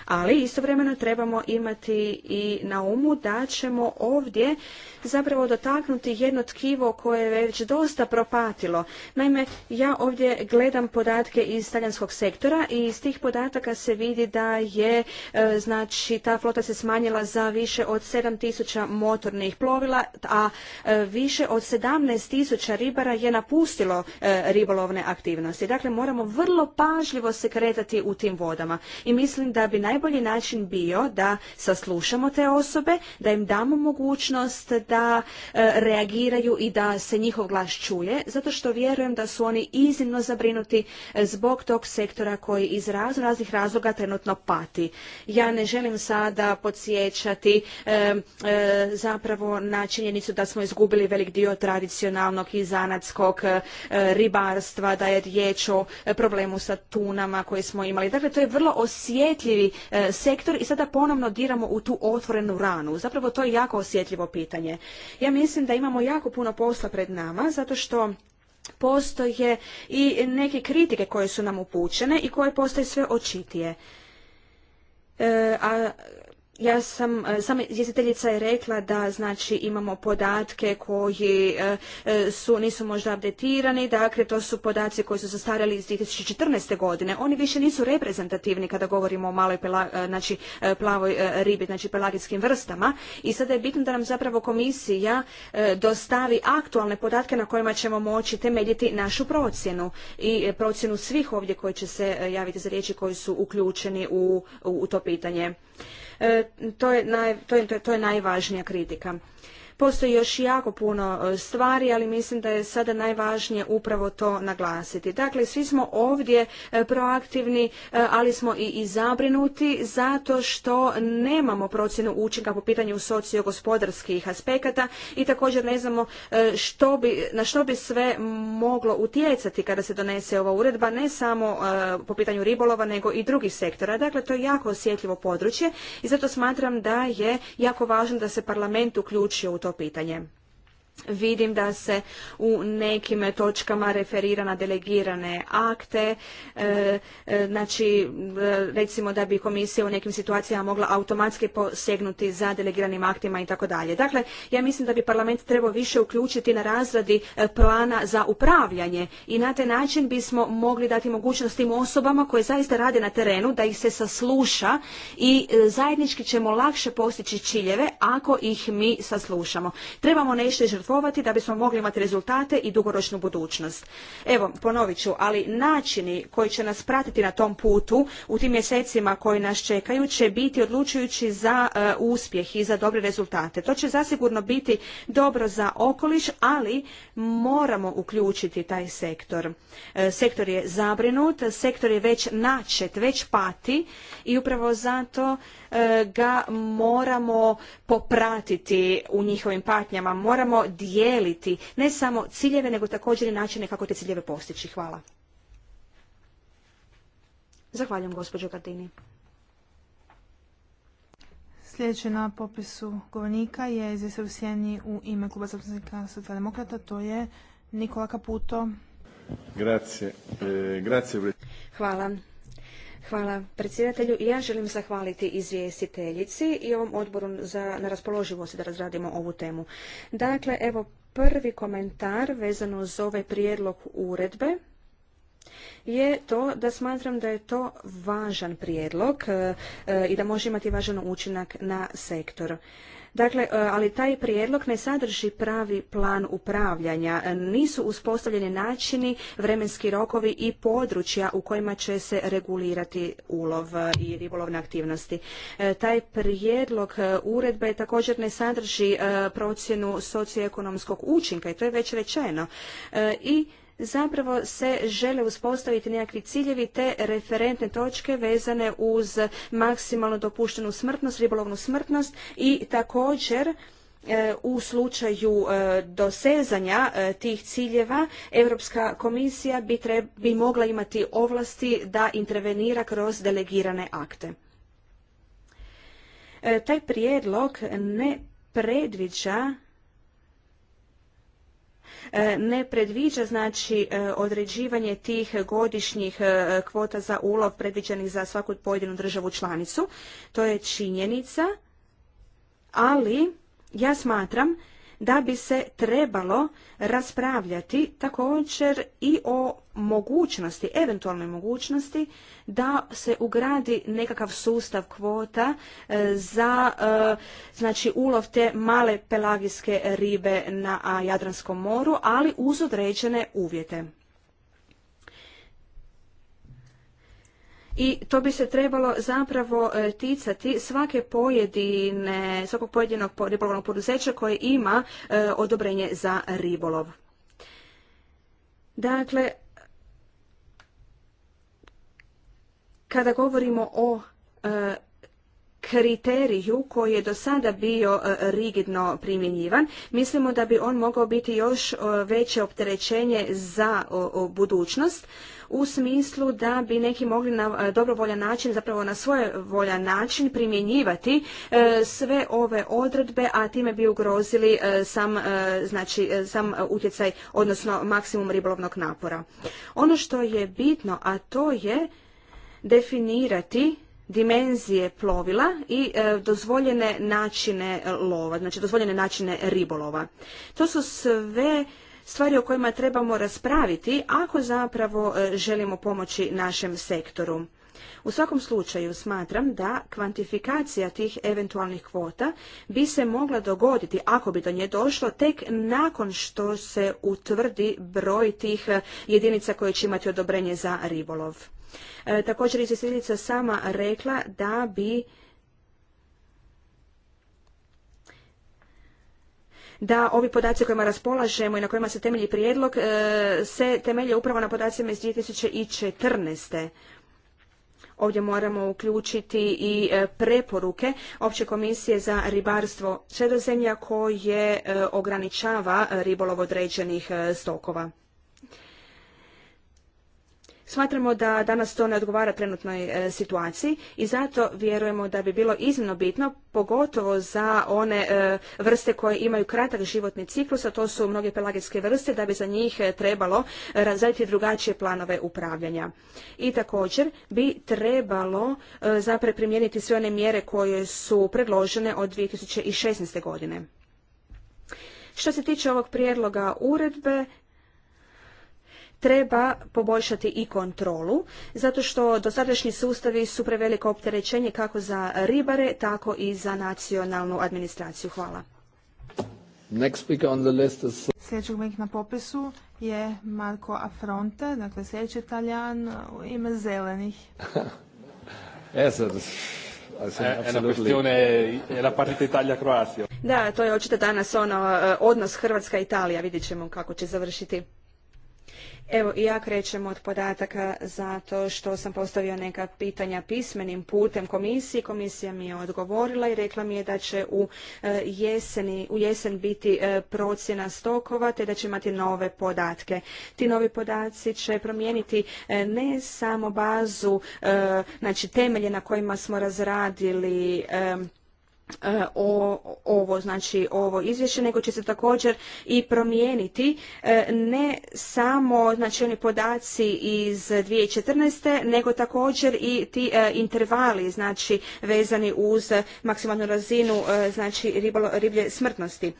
Ali istovremeno trebamo imati i na umu da ćemo ovdje zapravo dotaknuti jedno tkivo koje je već dosta propatilo. Naime, ja ovdje gledam podatke iz talijanskog sektora i iz tih podataka se vidi da je e, znači ta flota se smanjila za više od 7000 motornih plovila, a e, više od 17000 ribara je napustilo e, ribolovne aktivnosti. Dakle, moramo vrlo pažljivo se kretati u tim vodama i mislim da bi bi najbolji način bio da saslušamo te osobe, da im damo mogućnost da e, reagiraju i da se njihov glas čuje, zato što vjerujem da su oni iznimno zabrinuti e, zbog tog sektora koji iz raznih razloga trenutno pati. Ja ne želim sada podsjećati e, zapravo na činjenicu da smo izgubili velik dio tradicionalnog i zanatskog ribarstva, da je riječ o problemu sa tunama koje smo imali. Dakle, to je vrlo osjetljiv E, sektor i sada ponovno diramo u tu otvorenu ranu. Zapravo to je jako osjetljivo pitanje. Ja mislim da imamo jako puno posla pred nama zato što postoje i neke kritike koje su nam upućene i koje postoje sve očitije. E, a ja sam, e, sama izvjestiteljica je rekla da znači imamo podatke koji e, e, su, nisu možda updatirani, dakle to su podaci koji su zastarjeli iz 2014. godine. Oni više nisu reprezentativni kada govorimo o maloj znači, plavoj ribi, znači pelagijskim vrstama i sada je bitno da nam zapravo komisija dostavi aktualne podatke na kojima ćemo moći temeljiti našu procjenu i procjenu svih ovdje koji će se javiti za riječi koji su uključeni u to pitanje. E, to je, to je, to je najvažnija kritika. Postoji još jako puno e, stvari, ali mislim da je sada najvažnije upravo to naglasiti. Dakle, svi smo ovdje e, proaktivni, e, ali smo i, zabrinuti zato što nemamo procjenu učinka po pitanju sociogospodarskih aspekata i također ne znamo što bi, na što bi sve moglo utjecati kada se donese ova uredba, ne samo po pitanju ribolova, nego i drugih sektora. Dakle, to je jako osjetljivo područje i zato smatram da je jako važno da se parlament uključi u to pitanje. Vidim da se u nekim točkama referira na delegirane akte, e, e, znači e, recimo da bi komisija u nekim situacijama mogla automatski posegnuti za delegiranim aktima i tako dalje. Dakle, ja mislim da bi parlament trebao više uključiti na razradi plana za upravljanje i na taj način bismo mogli dati mogućnost tim osobama koje zaista rade na terenu da ih se sasluša i zajednički ćemo lakše postići ciljeve ako ih mi saslušamo. Trebamo nešto žrtvovati da bismo mogli imati rezultate i dugoročnu budućnost. Evo, ponovit ću, ali načini koji će nas pratiti na tom putu u tim mjesecima koji nas čekaju će biti odlučujući za e, uspjeh i za dobre rezultate. To će zasigurno biti dobro za okoliš, ali moramo uključiti taj sektor. E, sektor je zabrinut, sektor je već načet, već pati i upravo zato E, ga moramo popratiti u njihovim patnjama, moramo dijeliti ne samo ciljeve, nego također i načine kako te ciljeve postići. Hvala. Zahvaljujem gospođo Gardini. sljedeće na popisu govornika je izvjestor u sjeni u ime Kluba zastupnika socijaldemokrata, to je Nikola Caputo. Grazie. E, grazie. Hvala. Hvala predsjedatelju. Ja želim zahvaliti izvjestiteljici i ovom odboru za na raspoloživosti da razradimo ovu temu. Dakle, evo prvi komentar vezano uz ovaj prijedlog uredbe je to da smatram da je to važan prijedlog e, e, i da može imati važan učinak na sektor. Dakle, e, ali taj prijedlog ne sadrži pravi plan upravljanja. E, nisu uspostavljeni načini, vremenski rokovi i područja u kojima će se regulirati ulov e, i ribolovne aktivnosti. taj prijedlog uredbe također ne sadrži procjenu socioekonomskog učinka i to je već rečeno. I zapravo se žele uspostaviti nekakvi ciljevi te referentne točke vezane uz maksimalno dopuštenu smrtnost, ribolovnu smrtnost i također e, u slučaju e, dosezanja e, tih ciljeva Europska komisija bi, bi mogla imati ovlasti da intervenira kroz delegirane akte. Taj prijedlog ne predviđa E, ne predviđa znači e, određivanje tih godišnjih e, kvota za ulov predviđenih za svaku pojedinu državu članicu. To je činjenica, ali ja smatram da bi se trebalo raspravljati također i o mogućnosti, eventualnoj mogućnosti da se ugradi nekakav sustav kvota e, za e, znači ulov te male pelagijske ribe na Jadranskom moru, ali uz određene uvjete. i to bi se trebalo zapravo e, ticati svake pojedine, svakog pojedinog ribolovnog poduzeća koje ima e, odobrenje za ribolov. Dakle, kada govorimo o e, kriteriju koji je do sada bio rigidno primjenjivan. Mislimo da bi on mogao biti još veće opterećenje za budućnost u smislu da bi neki mogli na e, dobrovoljan način, zapravo na svojevoljan voljan način primjenjivati e, sve ove odredbe, a time bi ugrozili e, sam, znači, sam utjecaj, odnosno maksimum ribolovnog napora. Ono što je bitno, a to je definirati dimenzije plovila i dozvoljene načine lova, znači dozvoljene načine ribolova. To su sve stvari o kojima trebamo raspraviti ako zapravo e, želimo pomoći našem sektoru. U svakom slučaju smatram da kvantifikacija tih eventualnih kvota bi se mogla dogoditi ako bi do nje došlo tek nakon što se utvrdi broj tih e, jedinica koje će imati odobrenje za ribolov. E, također je sama rekla da bi da ovi podaci kojima raspolažemo i na kojima se temelji prijedlog e, se temelje upravo na podacima iz 2014. Ovdje moramo uključiti i e, preporuke Opće komisije za ribarstvo sredozemlja koje e, ograničava ribolov određenih stokova. Smatramo da danas to ne odgovara trenutnoj e, situaciji i zato vjerujemo da bi bilo iznimno bitno, pogotovo za one e, vrste koje imaju kratak životni ciklus, a to su mnoge pelagijske vrste, da bi za njih e, trebalo razraditi drugačije planove upravljanja. I također bi trebalo zapravo primijeniti sve one mjere koje su predložene od 2016. godine. Što se tiče ovog prijedloga uredbe, treba poboljšati i kontrolu, zato što dosadašnji sustavi su preveliko opterećenje kako za ribare, tako i za nacionalnu administraciju. Hvala. Next na popisu je Marko Afronte, dakle sljedeći Italijan u ime zelenih. E, e, da, to je očito danas ono e, odnos Hrvatska-Italija, vidjet ćemo kako će završiti. Evo, ja krećem od podataka zato što sam postavio neka pitanja pismenim putem komisiji. Komisija mi je odgovorila i rekla mi je da će u, e, jeseni, u jesen biti e, procjena stokova te da će imati nove podatke. Ti novi podaci će promijeniti e, ne samo bazu, znači temelje na kojima smo razradili E, ovo, znači ovo izvješće, nego će se također i promijeniti e, ne samo znači oni podaci iz 2014. nego također i ti e, intervali znači vezani uz maksimalnu razinu znači ribolo, riblje smrtnosti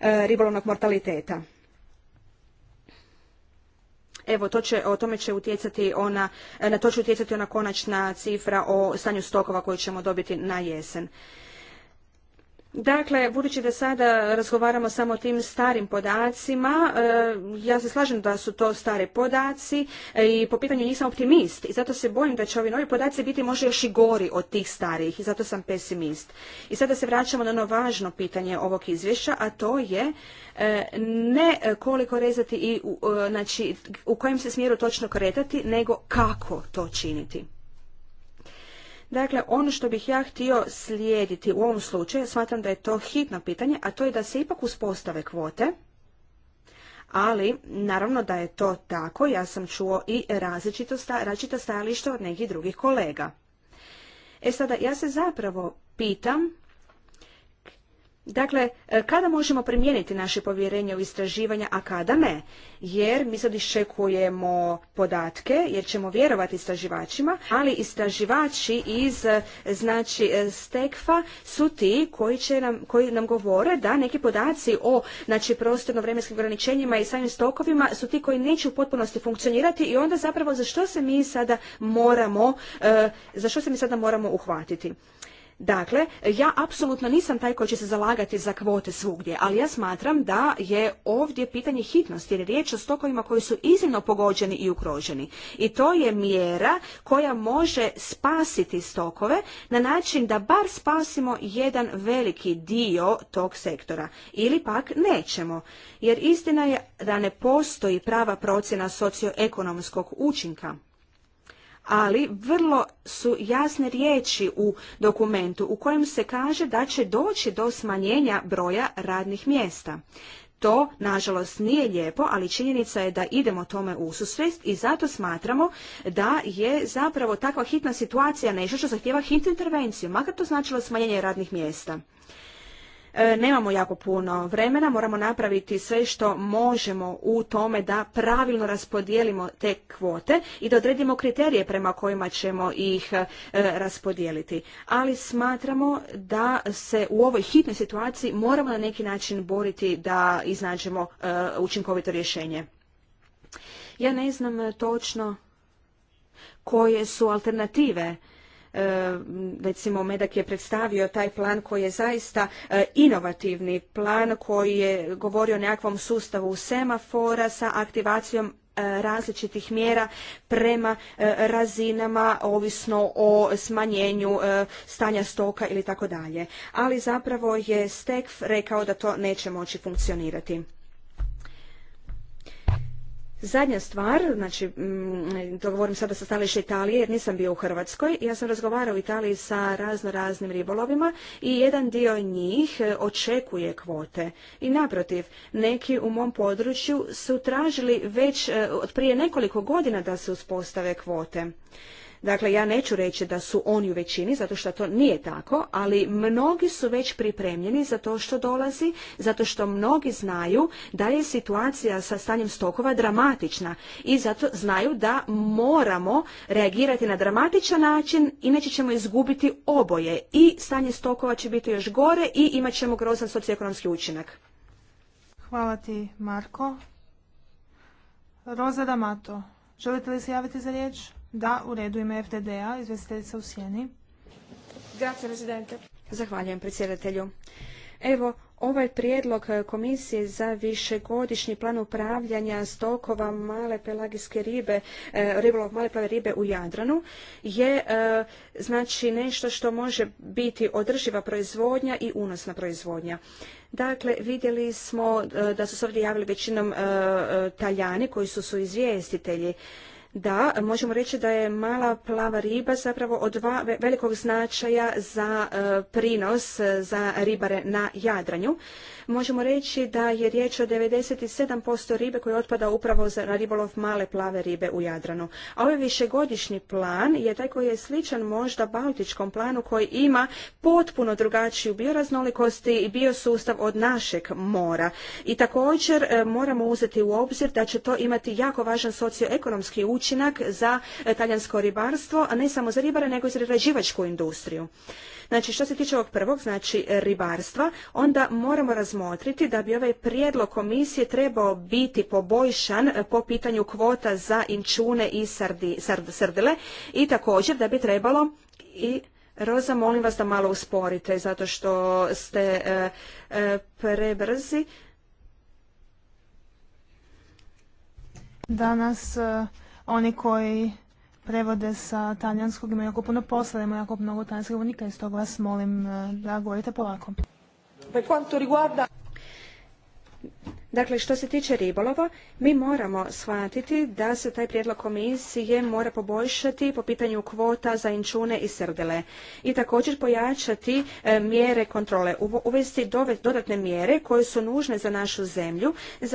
ribolovnog mortaliteta. Evo, to će, o tome će utjecati ona, na to će utjecati ona konačna cifra o stanju stokova koju ćemo dobiti na jesen. Dakle, budući da sada razgovaramo samo o tim starim podacima, e, ja se slažem da su to stare podaci e, i po pitanju nisam optimist i zato se bojim da će ovi novi podaci biti možda još i gori od tih starih i zato sam pesimist. I sada se vraćamo na ono važno pitanje ovog izvješća, a to je e, ne koliko rezati i znači, u kojem se smjeru točno kretati, nego kako to činiti. Dakle, ono što bih ja htio slijediti u ovom slučaju, smatram da je to hitno pitanje, a to je da se ipak uspostave kvote, ali naravno da je to tako, ja sam čuo i različito različita stajališta od nekih drugih kolega. E sada, ja se zapravo pitam Dakle, e, kada možemo primijeniti naše povjerenje u istraživanja, a kada ne? Jer mi sad iščekujemo podatke, jer ćemo vjerovati istraživačima, ali istraživači iz e, znači, e, stekfa su ti koji, će nam, koji nam govore da neki podaci o znači, prostorno-vremenskim ograničenjima i samim stokovima su ti koji neće u potpunosti funkcionirati i onda zapravo za što se mi sada moramo, za što se mi sada moramo uhvatiti. Dakle, ja apsolutno nisam taj koji će se zalagati za kvote svugdje, ali ja smatram da je ovdje pitanje hitnosti jer je riječ o stokovima koji su iznimno pogođeni i ugroženi. I to je mjera koja može spasiti stokove na način da bar spasimo jedan veliki dio tog sektora ili pak nećemo. Jer istina je da ne postoji prava procjena socioekonomskog učinka ali vrlo su jasne riječi u dokumentu u kojem se kaže da će doći do smanjenja broja radnih mjesta. To, nažalost, nije lijepo, ali činjenica je da idemo tome u susvest i zato smatramo da je zapravo takva hitna situacija nešto što zahtjeva hitnu intervenciju, makar to značilo smanjenje radnih mjesta. E, nemamo jako puno vremena, moramo napraviti sve što možemo u tome da pravilno raspodijelimo te kvote i da odredimo kriterije prema kojima ćemo ih e, raspodijeliti. Ali smatramo da se u ovoj hitnoj situaciji moramo na neki način boriti da iznađemo e, učinkovito rješenje. Ja ne znam točno koje su alternative E, recimo Medak je predstavio taj plan koji je zaista e, inovativni plan koji je govorio o nekakvom sustavu semafora sa aktivacijom e, različitih mjera prema razinama ovisno o smanjenju stanja stoka ili tako dalje. Ali zapravo je Stekf rekao da to neće moći funkcionirati. Zadnja stvar, znači, mm, to govorim sada sa stanovišta Italije jer nisam bio u Hrvatskoj, ja sam razgovarao u Italiji sa razno raznim ribolovima i jedan dio njih e, očekuje kvote. I naprotiv, neki u mom području su tražili već e, od prije nekoliko godina da se uspostave kvote. Dakle, ja neću reći da su oni u većini, zato što to nije tako, ali mnogi su već pripremljeni za to što dolazi, zato što mnogi znaju da je situacija sa stanjem stokova dramatična i zato znaju da moramo reagirati na dramatičan način, inače ćemo izgubiti oboje i stanje stokova će biti još gore i imat ćemo grozan socioekonomski učinak. Hvala ti, Marko. Roza D'Amato, želite li se javiti za riječ? Da, u redu ime FDD-a, u Sjeni. Grazie, Zahvaljujem predsjedatelju. Evo, ovaj prijedlog komisije za višegodišnji plan upravljanja stokova male pelagijske ribe, e, ribolov male plave ribe u Jadranu je e, znači nešto što može biti održiva proizvodnja i unosna proizvodnja. Dakle, vidjeli smo e, da su se ovdje javili većinom Taljani koji su su izvjestitelji da, možemo reći da je mala plava riba zapravo od dva velikog značaja za e, prinos e, za ribare na Jadranju. Možemo reći da je riječ o 97% ribe koji otpada upravo za ribolov male plave ribe u Jadranu. A ovaj višegodišnji plan je taj koji je sličan možda baltičkom planu koji ima potpuno drugačiju bioraznolikost i biosustav od našeg mora. I također e, moramo uzeti u obzir da će to imati jako važan socioekonomski učinak učinak za e, talijansko ribarstvo, a ne samo za ribare, nego i za prerađivačku industriju. Znači, što se tiče ovog prvog, znači ribarstva, onda moramo razmotriti da bi ovaj prijedlog komisije trebao biti poboljšan e, po pitanju kvota za inčune i srdele i također da bi trebalo i Roza, molim vas da malo usporite, zato što ste e, prebrzi. Danas oni koji prevode sa talijanskog imaju jako puno posla, imaju jako mnogo talijanskih govornika i stoga vas molim eh, da govorite polako. Per quanto riguarda Dakle, što se tiče ribolova, mi moramo shvatiti da se taj prijedlog komisije mora poboljšati po pitanju kvota za inčune i srdele i također pojačati e, mjere kontrole, uvesti dodatne mjere koje su nužne za našu zemlju,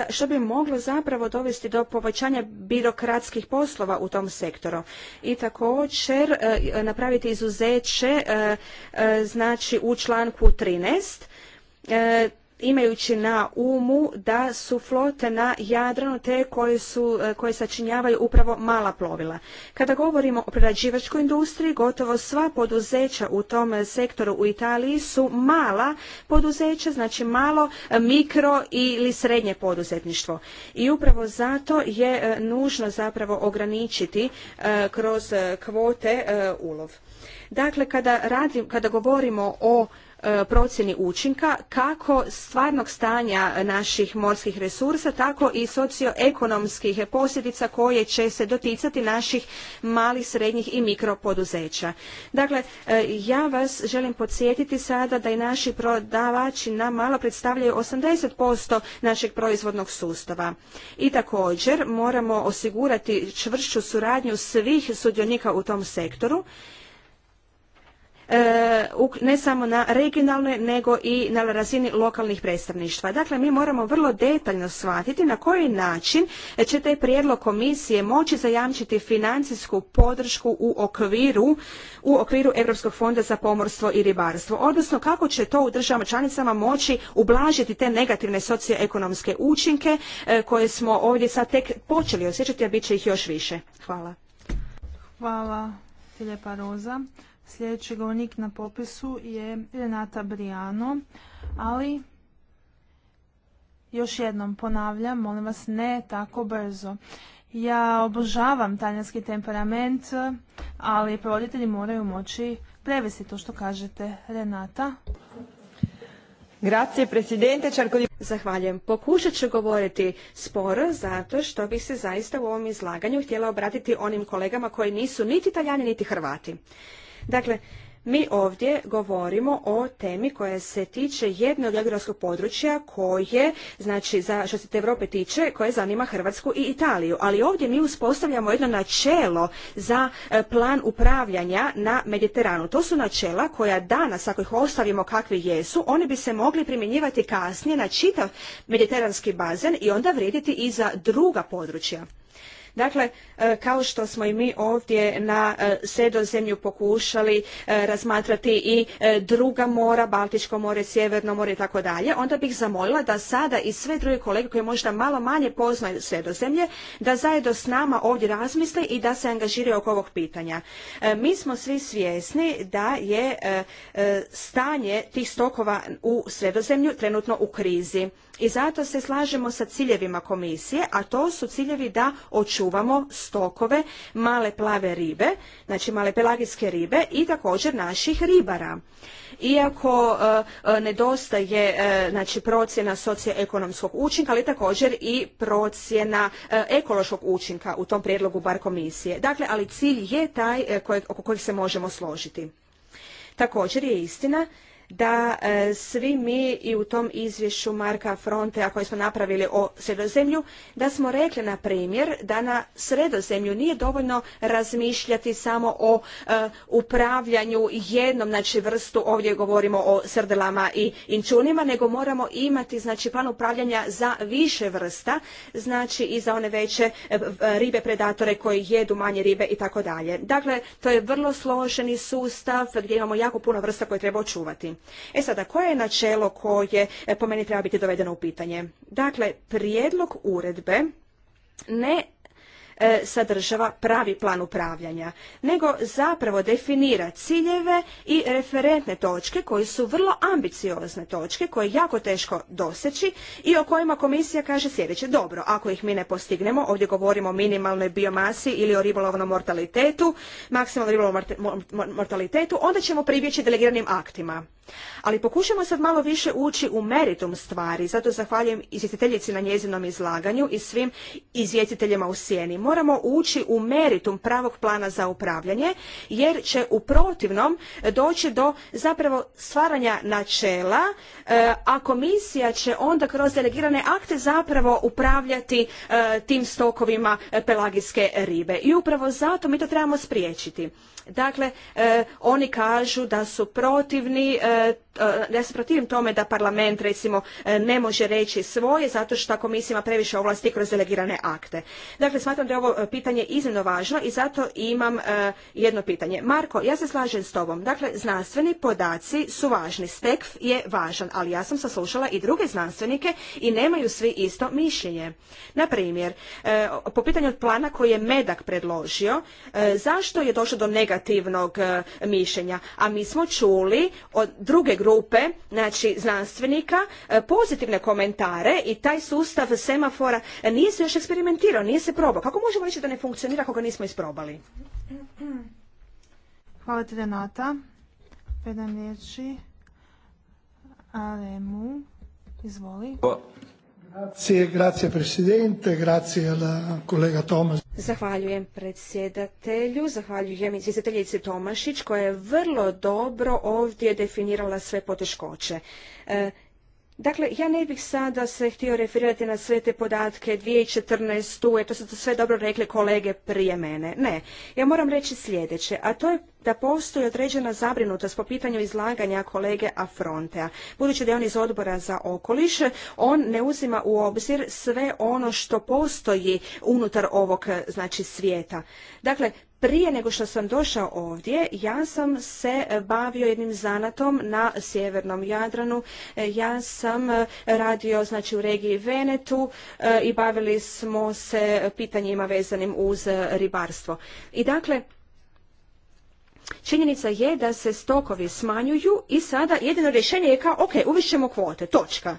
što bi moglo zapravo dovesti do povećanja birokratskih poslova u tom sektoru. I također e, napraviti izuzeće e, znači u članku 13 imajući na umu da su flote na Jadranu te koje, su, e, koje sačinjavaju upravo mala plovila. Kada govorimo o prerađivačkoj industriji, gotovo sva poduzeća u tom sektoru u Italiji su mala poduzeća, znači malo e, mikro ili srednje poduzetništvo. I upravo zato je e, nužno zapravo ograničiti kroz kvote ulov. Dakle, kada, kada govorimo o E, procjeni učinka kako stvarnog stanja naših morskih resursa, tako i socioekonomskih posljedica koje će se doticati naših malih, srednjih i mikropoduzeća. Dakle, e, ja vas želim podsjetiti sada da i naši prodavači na malo predstavljaju 80% našeg proizvodnog sustava. I također moramo osigurati čvršću suradnju svih sudionika u tom sektoru E, ne samo na regionalnoj nego i na razini lokalnih predstavništva. Dakle, mi moramo vrlo detaljno shvatiti na koji način će taj prijedlog komisije moći zajamčiti financijsku podršku u okviru u okviru Europskog fonda za pomorstvo i ribarstvo, odnosno kako će to u državama članicama moći ublažiti te negativne socioekonomske učinke e, koje smo ovdje sad tek počeli osjećati, a bit će ih još više. Hvala. Hvala, Filipa Roza. Sljedeći govornik na popisu je Renata Brijano, ali još jednom ponavljam, molim vas ne tako brzo. Ja obožavam talijanski temperament, ali provoditelji moraju moći prevesti to što kažete. Renata. Grazie, presidente. Zahvaljujem. Pokušat ću govoriti sporo zato što bih se zaista u ovom izlaganju htjela obratiti onim kolegama koji nisu niti Talijani niti Hrvati. Dakle, mi ovdje govorimo o temi koja se tiče jednog geografskog područja koje, znači za što se te Europe tiče, koje zanima Hrvatsku i Italiju. Ali ovdje mi uspostavljamo jedno načelo za e, plan upravljanja na Mediteranu. To su načela koja danas, ako ih ostavimo kakvi jesu, oni bi se mogli primjenjivati kasnije na čitav mediteranski bazen i onda vrijediti i za druga područja. Dakle, e, kao što smo i mi ovdje na e, sredozemlju pokušali e, razmatrati i druga mora, Baltičko more, Sjeverno more i tako dalje, onda bih zamolila da sada i sve druge kolege koje možda malo manje poznaju sredozemlje, da zajedno s nama ovdje razmisle i da se angažiraju oko ovog pitanja. Mi smo svi svjesni da je stanje tih stokova u sredozemlju trenutno u krizi i zato se slažemo sa ciljevima komisije, a to su ciljevi da očuvamo stokove male plave ribe, znači male pelagijske ribe i također naših ribara. Iako e, e, nedostaje e, znači procjena socioekonomskog učinka, ali također i procjena ekološkog učinka u tom prijedlogu bar komisije. Dakle, ali cilj je taj oko kojeg se možemo složiti. Također je istina da e, svi mi i u tom izvješću Marka Fronte koji smo napravili o sredozemlju, da smo rekli na primjer da na sredozemlju nije dovoljno razmišljati samo o e, upravljanju jednom znači vrstu, ovdje govorimo o srdelama i inčunima, nego moramo imati znači plan upravljanja za više vrsta, znači i za one veće e, ribe predatore koji jedu manje ribe i tako dalje. Dakle, to je vrlo složeni sustav gdje imamo jako puno vrsta koje treba očuvati. E sada, koje je načelo koje e, po meni treba biti dovedeno u pitanje? Dakle, prijedlog uredbe ne E, sadržava pravi plan upravljanja, nego zapravo definira ciljeve i referentne točke koje su vrlo ambiciozne točke koje je jako teško doseći i o kojima komisija kaže sljedeće. Dobro, ako ih mi ne postignemo, ovdje govorimo o minimalnoj biomasi ili o ribolovnom mortalitetu, maksimalnom ribolovnom mortalitetu, onda ćemo pribjeći delegiranim aktima. Ali pokušamo sad malo više ući u meritum stvari, zato zahvaljujem izvjestiteljici na njezinom izlaganju i svim izvjestiteljima u sjeni. Moramo ući u meritum pravog plana za upravljanje jer će u protivnom doći do zapravo stvaranja načela, e, a komisija će onda kroz delegirane akte zapravo upravljati e, tim stokovima e, pelagijske ribe. I upravo zato mi to trebamo spriječiti. Dakle, oni kažu da su protivni, da se protivim tome da parlament recimo ne može reći svoje zato što komisija ima previše ovlasti kroz delegirane akte. Dakle, smatram da ovo e, pitanje iznimno važno i zato imam e, jedno pitanje. Marko, ja se slažem s tobom. Dakle, znanstveni podaci su važni. STEKF je važan, ali ja sam saslušala i druge znanstvenike i nemaju svi isto mišljenje. Na primjer, e, po pitanju plana koji je Medak predložio, zašto je došlo do negativnog mišljenja? A mi smo čuli od druge grupe, znači znanstvenika, pozitivne komentare i taj sustav semafora nije se još eksperimentirao, nije se probao. Kako možemo reći da ne funkcionira ako ga nismo isprobali. Hvala ti Renata. riječi Izvoli. Grazie, grazie presidente, grazie collega Tomas. Zahvaljujem predsjedatelju, zahvaljujem izvjestiteljici Tomašić koja je vrlo dobro ovdje definirala sve poteškoće. E, Dakle, ja ne bih sada se htio referirati na sve te podatke 2014. Eto su to sve dobro rekli kolege prije mene. Ne, ja moram reći sljedeće, a to je da postoji određena zabrinutost po pitanju izlaganja kolege Afrontea. Budući da je on iz odbora za okoliš, on ne uzima u obzir sve ono što postoji unutar ovog znači, svijeta. Dakle, prije nego što sam došao ovdje, ja sam se bavio jednim zanatom na sjevernom Jadranu. Ja sam radio znači, u regiji Venetu eh, i bavili smo se pitanjima vezanim uz ribarstvo. I dakle, Činjenica je da se stokovi smanjuju i sada jedino rješenje je kao, ok, uvišćemo kvote, točka.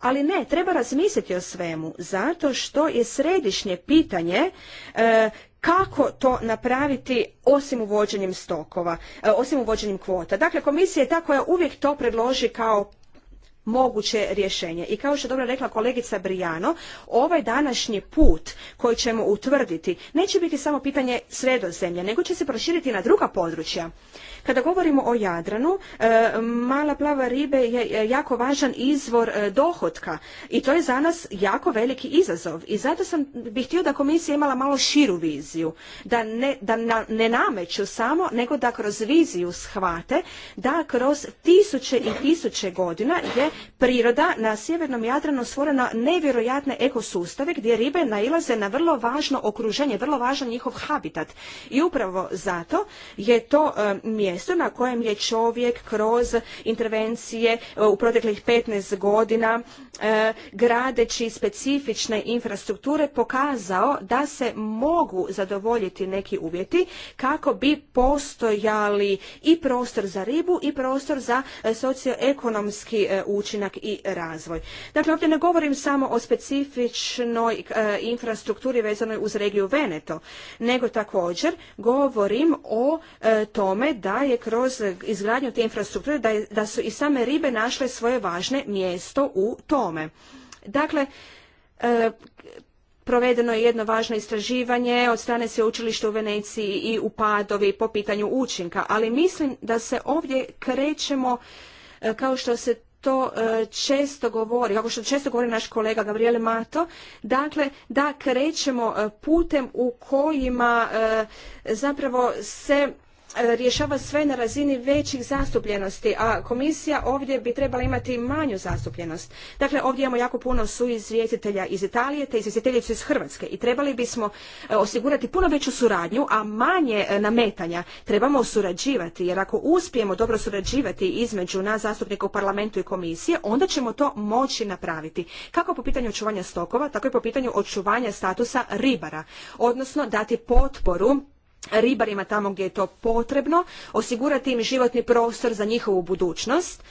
Ali ne, treba razmisliti o svemu, zato što je središnje pitanje eh, kako to napraviti osim uvođenjem stokova, e, osim uvođenjem kvota. Dakle, komisija je ta koja uvijek to predloži kao moguće rješenje. I kao što je dobro rekla kolegica Brijano, ovaj današnji put koji ćemo utvrditi neće biti samo pitanje sredozemlja, nego će se proširiti na druga područja. Kada govorimo o Jadranu, e, mala plava ribe je e, jako važan izvor dohodka e, dohotka i to je za nas jako veliki izazov. I zato sam bih htio da komisija imala malo širu viziju, da ne, da ne nameću samo, nego da kroz viziju shvate da kroz tisuće i tisuće godina je priroda na sjevernom Jadranu stvorena nevjerojatne ekosustave gdje ribe nailaze na vrlo važno okruženje, vrlo važan njihov habitat. I upravo zato je to e, mjesto na kojem je čovjek kroz intervencije e, u proteklih 15 godina e, gradeći specifične infrastrukture pokazao da se mogu zadovoljiti neki uvjeti kako bi postojali i prostor za ribu i prostor za socioekonomski učinak učinak i razvoj. Dakle, ovdje ne govorim samo o specifičnoj e, infrastrukturi vezanoj uz regiju Veneto, nego također govorim o e, tome da je kroz izgradnju te infrastrukture da, su i same ribe našle svoje važne mjesto u tome. Dakle, e, Provedeno je jedno važno istraživanje od strane sveučilišta u Veneciji i u Padovi po pitanju učinka, ali mislim da se ovdje krećemo kao što se to e, često govori, kako što često govori naš kolega Gabriele Mato, dakle da krećemo e, putem u kojima e, zapravo se rješava sve na razini većih zastupljenosti, a komisija ovdje bi trebala imati manju zastupljenost. Dakle, ovdje imamo jako puno suizvjetitelja iz Italije te izvjetiteljicu iz Hrvatske i trebali bismo e, osigurati puno veću suradnju, a manje e, nametanja. Trebamo surađivati, jer ako uspijemo dobro surađivati između nas zastupnika u parlamentu i komisije, onda ćemo to moći napraviti. Kako po pitanju očuvanja stokova, tako i po pitanju očuvanja statusa ribara, odnosno dati potporu ribarima tamo gdje je to potrebno, osigurati im životni prostor za njihovu budućnost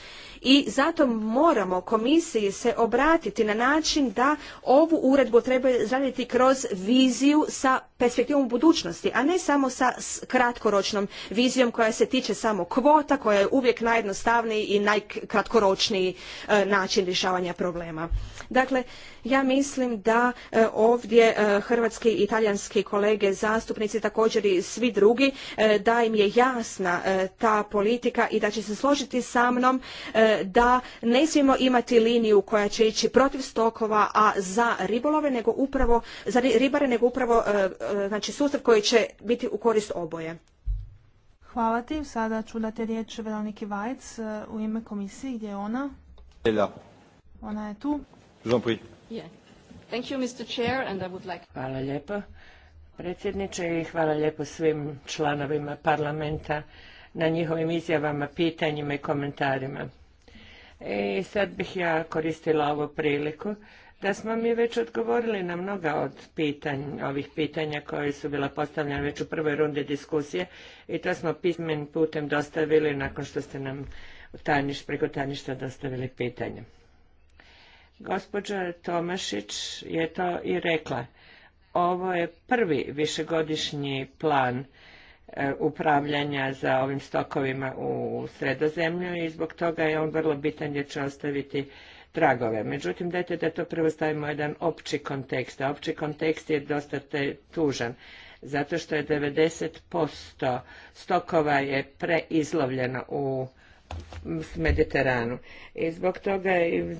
i zato moramo komisiji se obratiti na način da ovu uredbu treba izraditi kroz viziju sa perspektivom budućnosti, a ne samo sa kratkoročnom vizijom koja se tiče samo kvota, koja je uvijek najjednostavniji i najkratkoročniji e, način rješavanja problema. Dakle, ja mislim da e, ovdje e, hrvatski i italijanski kolege zastupnici, također i svi drugi, e, da im je jasna ta politika i da će se složiti sa mnom da ne smijemo imati liniju koja će ići protiv stokova, a za ribolove, nego upravo, za ribare, nego upravo znači sustav koji će biti u korist oboje. Hvala ti. Sada ću dati riječ Veroniki Vajc u ime komisije. Gdje je ona? Ona je tu. Hvala lijepo predsjedniče i hvala lijepo svim članovima parlamenta na njihovim izjavama, pitanjima i komentarima. I e, sad bih ja koristila ovu priliku da smo mi već odgovorili na mnoga od pitanja, ovih pitanja koje su bila postavljena već u prvoj rundi diskusije i to smo pismen putem dostavili nakon što ste nam preko tajništa dostavili pitanje. Gospođa Tomašić je to i rekla. Ovo je prvi višegodišnji plan e, upravljanja za ovim stokovima u sredozemlju i zbog toga je on vrlo bitan jer će ostaviti tragove. Međutim, dajte da to prvo stavimo jedan opći kontekst, a opći kontekst je dosta tužan, zato što je 90% stokova je preizlovljeno u Mediteranu. I zbog toga,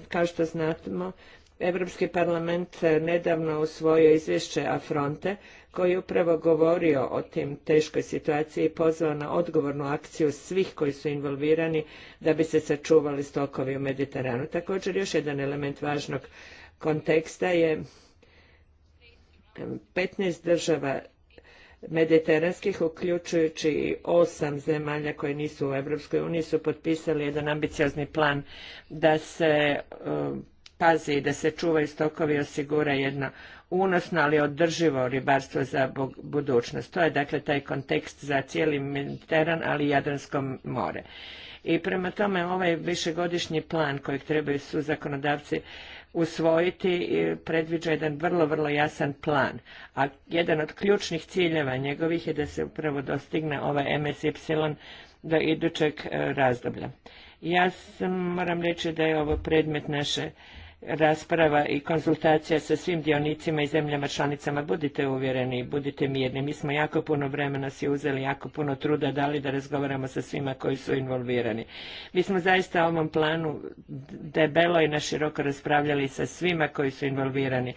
kao što znamo, Europski parlament nedavno usvojio izvješće Afronte koji je upravo govorio o tim teškoj situaciji i pozvao na odgovornu akciju svih koji su involvirani da bi se sačuvali stokovi u Mediteranu. Također još jedan element važnog konteksta je 15 država mediteranskih, uključujući i osam zemalja koje nisu u Europskoj uniji, su potpisali jedan ambiciozni plan da se e, pazi i da se čuvaju stokovi osigura jedno unosno, ali održivo ribarstvo za budućnost. To je dakle taj kontekst za cijeli Mediteran, ali i Jadransko more. I prema tome ovaj višegodišnji plan kojeg trebaju su zakonodavci usvojiti e, predviđa jedan vrlo, vrlo jasan plan. A jedan od ključnih ciljeva njegovih je da se upravo dostigne ovaj MSY do idućeg e, razdoblja. Ja sam, moram reći da je ovo predmet naše rasprava i konzultacija sa svim dionicima i zemljama članicama. Budite uvjereni, budite mirni. Mi smo jako puno vremena si uzeli, jako puno truda dali da razgovaramo sa svima koji su involvirani. Mi smo zaista o ovom planu debelo i na raspravljali sa svima koji su involvirani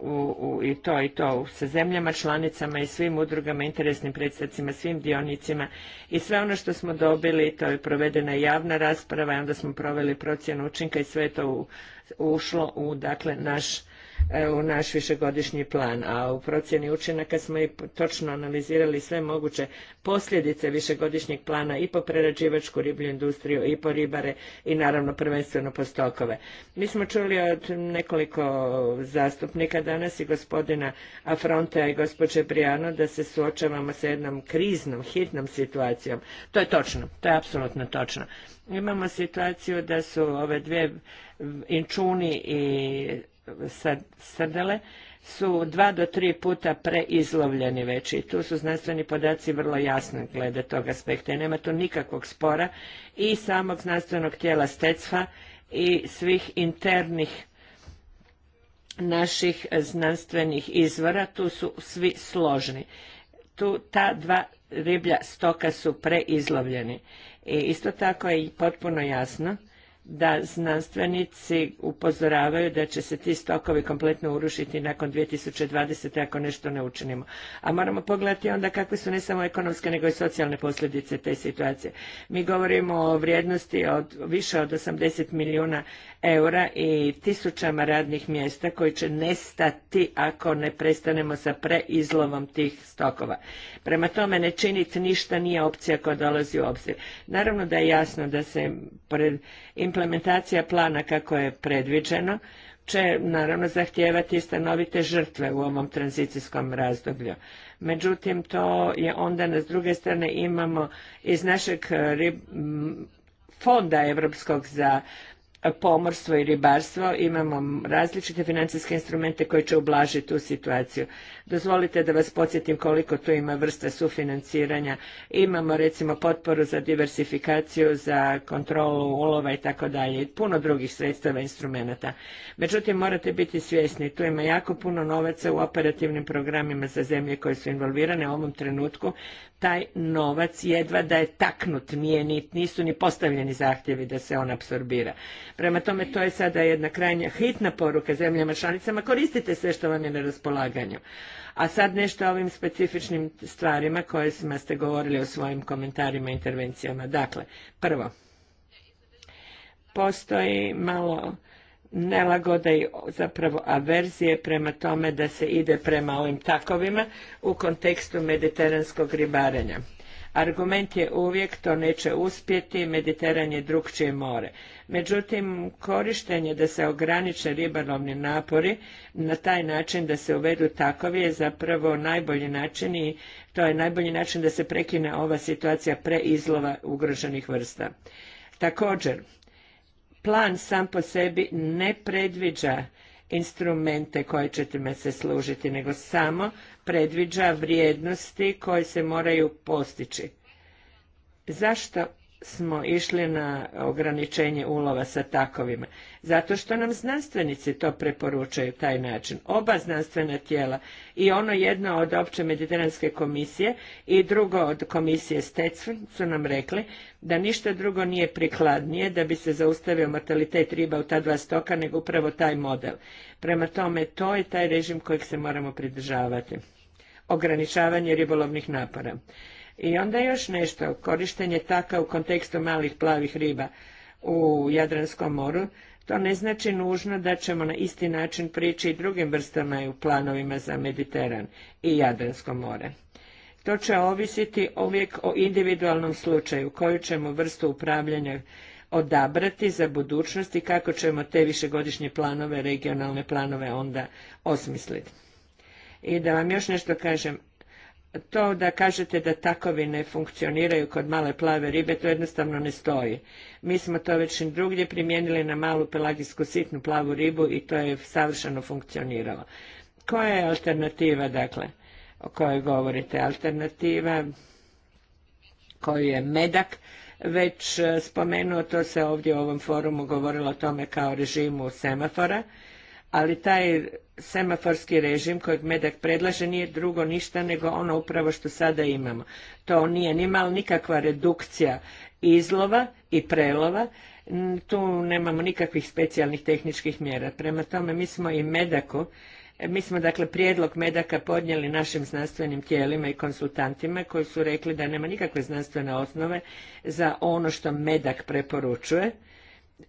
u, i to i to sa zemljama članicama i svim udrugama, interesnim predstavcima, svim dionicima i sve ono što smo dobili, to je provedena javna rasprava i onda smo proveli procjenu učinka i sve je to ušlo u dakle naš E, u naš višegodišnji plan, a u procjeni učinaka smo i točno analizirali sve moguće posljedice višegodišnjeg plana i po prerađivačku riblju industriju i po ribare i naravno prvenstveno po stokove. Mi smo čuli od nekoliko zastupnika danas i gospodina Afronta i gospođe Brijano da se suočavamo sa jednom kriznom, hitnom situacijom. To je točno, to je apsolutno točno. Imamo situaciju da su ove dvije inčuni i srdele su dva do tri puta preizlovljeni već i tu su znanstveni podaci vrlo jasni glede tog aspekta i nema tu nikakvog spora i samog znanstvenog tijela stecfa i svih internih naših znanstvenih izvora, tu su svi složni. Tu ta dva riblja stoka su preizlovljeni. I isto tako je potpuno jasno da znanstvenici upozoravaju da će se ti stokovi kompletno urušiti nakon 2020. ako nešto ne učinimo. A moramo pogledati onda kakve su ne samo ekonomske nego i socijalne posljedice te situacije. Mi govorimo o vrijednosti od više od 80 milijuna eura i tisućama radnih mjesta koji će nestati ako ne prestanemo sa preizlovom tih stokova. Prema tome ne činiti ništa nije opcija koja dolazi u obzir. Naravno da je jasno da se implementacija plana kako je predviđeno će naravno zahtijevati stanovite žrtve u ovom tranzicijskom razdoblju. Međutim, to je onda na s druge strane imamo iz našeg eh, fonda europskog za pomorstvo i ribarstvo imamo različite financijske instrumente koji će ublažiti tu situaciju. Dozvolite da vas podsjetim koliko tu ima vrsta sufinanciranja. Imamo recimo potporu za diversifikaciju, za kontrolu ulova i tako dalje. Puno drugih sredstava, instrumenata. Međutim, morate biti svjesni, tu ima jako puno novaca u operativnim programima za zemlje koje su involvirane u ovom trenutku. Taj novac jedva da je taknut, nije, nisu ni postavljeni zahtjevi da se on apsorbira. Prema tome, to je sada jedna krajnja hitna poruka zemljama članicama, koristite sve što vam je na raspolaganju. A sad nešto o ovim specifičnim stvarima koje ste govorili o svojim komentarima i intervencijama. Dakle, prvo, postoji malo nelagoda i zapravo averzije prema tome da se ide prema ovim takovima u kontekstu mediteranskog ribarenja. Argument je uvijek to neće uspjeti, Mediteran je drugčije more. Međutim, korištenje da se ograniče ribalovni napori na taj način da se uvedu takovi je zapravo najbolji način i to je najbolji način da se prekine ova situacija preizlova ugroženih vrsta. Također, plan sam po sebi ne predviđa instrumente koje ćete se služiti, nego samo predviđa vrijednosti koje se moraju postići. Zašto smo išli na ograničenje ulova sa takovima? Zato što nam znanstvenici to preporučaju taj način. Oba znanstvena tijela i ono jedno od opće mediteranske komisije i drugo od komisije Stetson su nam rekli da ništa drugo nije prikladnije da bi se zaustavio mortalitet riba u ta dva stoka nego upravo taj model. Prema tome to je taj režim kojeg se moramo pridržavati. Ograničavanje ribolovnih napora. I onda još nešto, korištenje taka u kontekstu malih plavih riba u Jadranskom moru, to ne znači nužno da ćemo na isti način prići i drugim vrstama i u planovima za Mediteran i Jadransko more. To će ovisiti uvijek o individualnom slučaju, koju ćemo vrstu upravljanja odabrati za budućnost i kako ćemo te višegodišnje planove, regionalne planove onda osmisliti. I da vam još nešto kažem, to da kažete da takovi ne funkcioniraju kod male plave ribe, to jednostavno ne stoji. Mi smo to već drugdje primijenili na malu pelagijsku sitnu plavu ribu i to je savršeno funkcioniralo. Koja je alternativa, dakle, o kojoj govorite? Alternativa koju je medak već e, spomenuo, to se ovdje u ovom forumu govorilo o tome kao režimu semafora, ali taj semaforski režim kojeg Medak predlaže nije drugo ništa nego ono upravo što sada imamo. To nije ni malo nikakva redukcija izlova i prelova, tu nemamo nikakvih specijalnih tehničkih mjera. Prema tome mi smo i Medaku, e, mi smo dakle prijedlog Medaka podnijeli našim znanstvenim tijelima i konsultantima koji su rekli da nema nikakve znanstvene osnove za ono što Medak preporučuje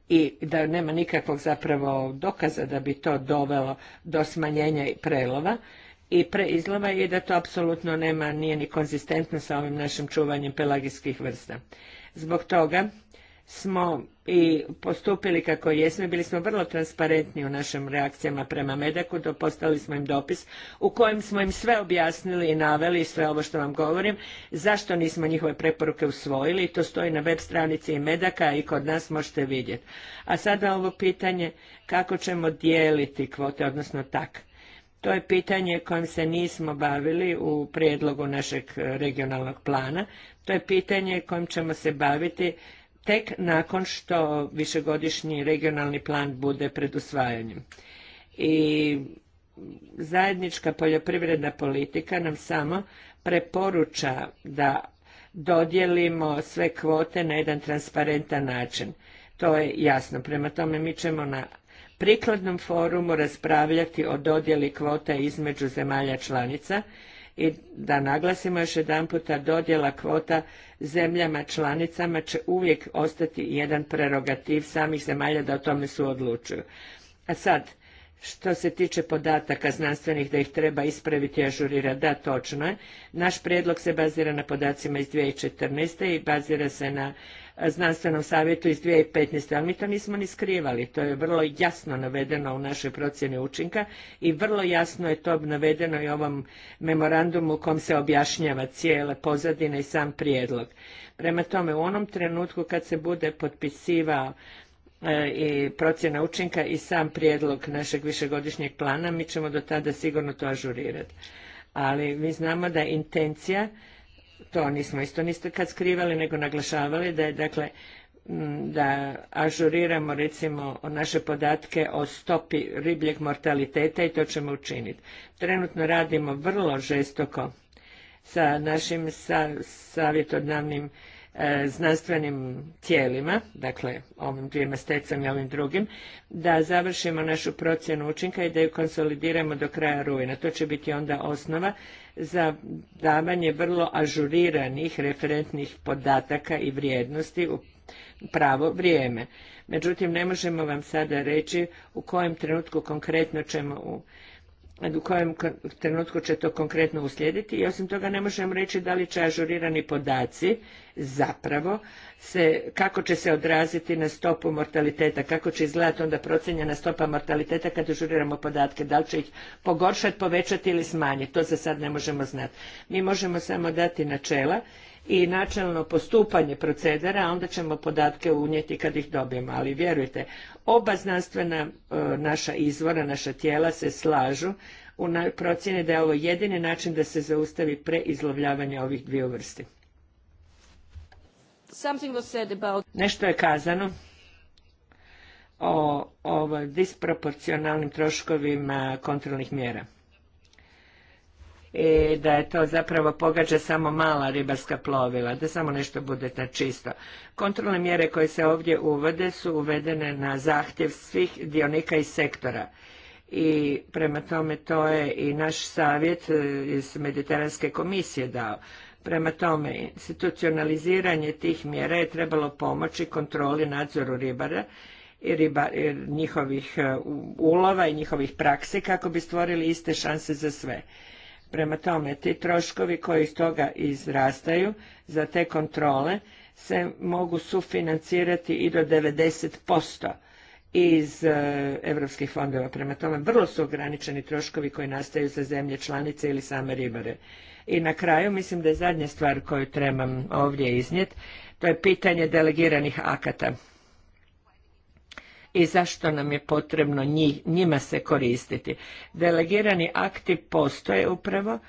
i da nema nikakvog zapravo dokaza da bi to dovelo do smanjenja prelova i preizlova i da to apsolutno nema, nije ni konzistentno sa ovim našim čuvanjem pelagijskih vrsta. Zbog toga smo i postupili kako jesmo, bili smo vrlo transparentni u našim reakcijama prema Medaku, postali smo im dopis u kojem smo im sve objasnili i naveli sve ovo što vam govorim, zašto nismo njihove preporuke usvojili i to stoji na web stranici i Medaka i kod nas možete vidjeti. A sada ovo pitanje kako ćemo dijeliti kvote, odnosno tak. To je pitanje kojim se nismo bavili u prijedlogu našeg regionalnog plana. To je pitanje kojim ćemo se baviti tek nakon što višegodišnji regionalni plan bude pred usvajanjem. I zajednička poljoprivredna politika nam samo preporuča da dodijelimo sve kvote na jedan transparentan način. To je jasno. Prema tome mi ćemo na prikladnom forumu raspravljati o dodjeli kvota između zemalja članica i da naglasimo još jedanputa dodjela kvota zemljama članicama će uvijek ostati jedan prerogativ samih zemalja da o tome su odlučuju. A sad, što se tiče podataka znanstvenih da ih treba ispraviti i ažurirati, da, točno je. Naš prijedlog se bazira na podacima iz 2014. i bazira se na znanstvenom savjetu iz 2015. Ali mi to nismo ni skrivali. To je vrlo jasno navedeno u našoj procjeni učinka i vrlo jasno je to navedeno i ovom memorandumu u kom se objašnjava cijela pozadina i sam prijedlog. Prema tome, u onom trenutku kad se bude potpisivao e, i procjena učinka i sam prijedlog našeg višegodišnjeg plana, mi ćemo do tada sigurno to ažurirati. Ali mi znamo da intencija to nismo isto niste kad skrivali, nego naglašavali da je dakle da ažuriramo recimo naše podatke o stopi ribljeg mortaliteta i to ćemo učiniti. Trenutno radimo vrlo žestoko sa našim savjetodavnim e, znanstvenim tijelima, dakle ovim dvijema stecom i ovim drugim, da završimo našu procjenu učinka i da ju konsolidiramo do kraja rujna. To će biti onda osnova za davanje vrlo ažuriranih referentnih podataka i vrijednosti u pravo vrijeme. Međutim, ne možemo vam sada reći u kojem trenutku konkretno ćemo u kojem trenutku će to konkretno uslijediti i osim toga ne možemo reći da li će ažurirani podaci zapravo se, kako će se odraziti na stopu mortaliteta, kako će izgledati onda procjenjena stopa mortaliteta kad ažuriramo podatke, da li će ih pogoršati, povećati ili smanjiti, to za sad ne možemo znati. Mi možemo samo dati načela i načelno postupanje procedera, onda ćemo podatke unijeti kad ih dobijemo. Ali vjerujte, oba znanstvena e, naša izvora, naša tijela se slažu u procjeni da je ovo jedini način da se zaustavi preizlovljavanje ovih dviju vrsti. Nešto je kazano o disproporcionalnim troškovima kontrolnih mjera i da je to zapravo pogađa samo mala ribarska plovila, da samo nešto bude ta čisto. Kontrolne mjere koje se ovdje uvode su uvedene na zahtjev svih dionika i sektora i prema tome to je i naš savjet e, iz Mediteranske komisije dao. Prema tome, institucionaliziranje tih mjera je trebalo pomoći kontroli nadzoru ribara i e, njihovih e, ulova i njihovih praksi kako bi stvorili iste šanse za sve. Prema tome, ti troškovi koji iz toga izrastaju za te kontrole se mogu sufinancirati i do 90% iz europskih fondova. Prema tome, vrlo su ograničeni troškovi koji nastaju za zemlje članice ili same ribare. I na kraju, mislim da je zadnja stvar koju trebam ovdje iznijeti, to je pitanje delegiranih akata i zašto nam je potrebno njima se koristiti. Delegirani akti postoje upravo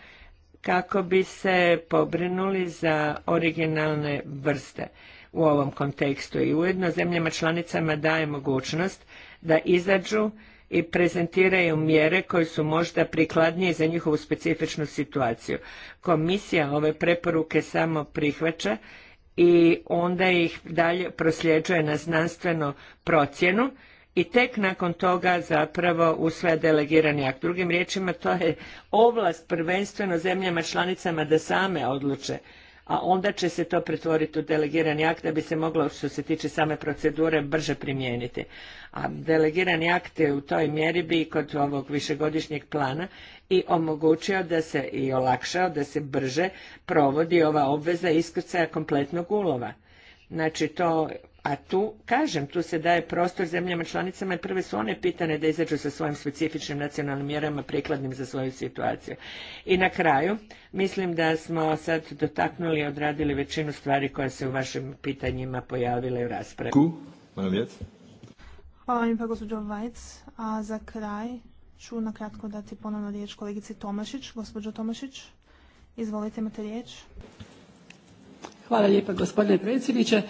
kako bi se pobrinuli za originalne vrste u ovom kontekstu i ujedno zemljama članicama daje mogućnost da izađu i prezentiraju mjere koje su možda prikladnije za njihovu specifičnu situaciju. Komisija ove preporuke samo prihvaća i onda ih dalje prosljeđuje na znanstvenu procjenu i tek nakon toga zapravo usvaja delegirani akt. Drugim riječima to je ovlast prvenstveno zemljama članicama da same odluče a onda će se to pretvoriti u delegirani akt da bi se moglo što se tiče same procedure brže primijeniti. A delegirani akt je u toj mjeri bi kod ovog višegodišnjeg plana i omogućio da se i olakšao da se brže provodi ova obveza iskrcaja kompletnog ulova. Znači to a tu, kažem, tu se daje prostor zemljama članicama i prve su one pitane da izađu sa svojim specifičnim nacionalnim mjerama prikladnim za svoju situaciju. I na kraju, mislim da smo sad dotaknuli i odradili većinu stvari koja se u vašim pitanjima pojavile u raspravi. Hvala vam gospođo Vajc. A za kraj ću na kratko dati ponovno riječ kolegici Tomašić. Gospođo Tomašić, izvolite imate riječ. Hvala lijepa gospodine predsjedniče.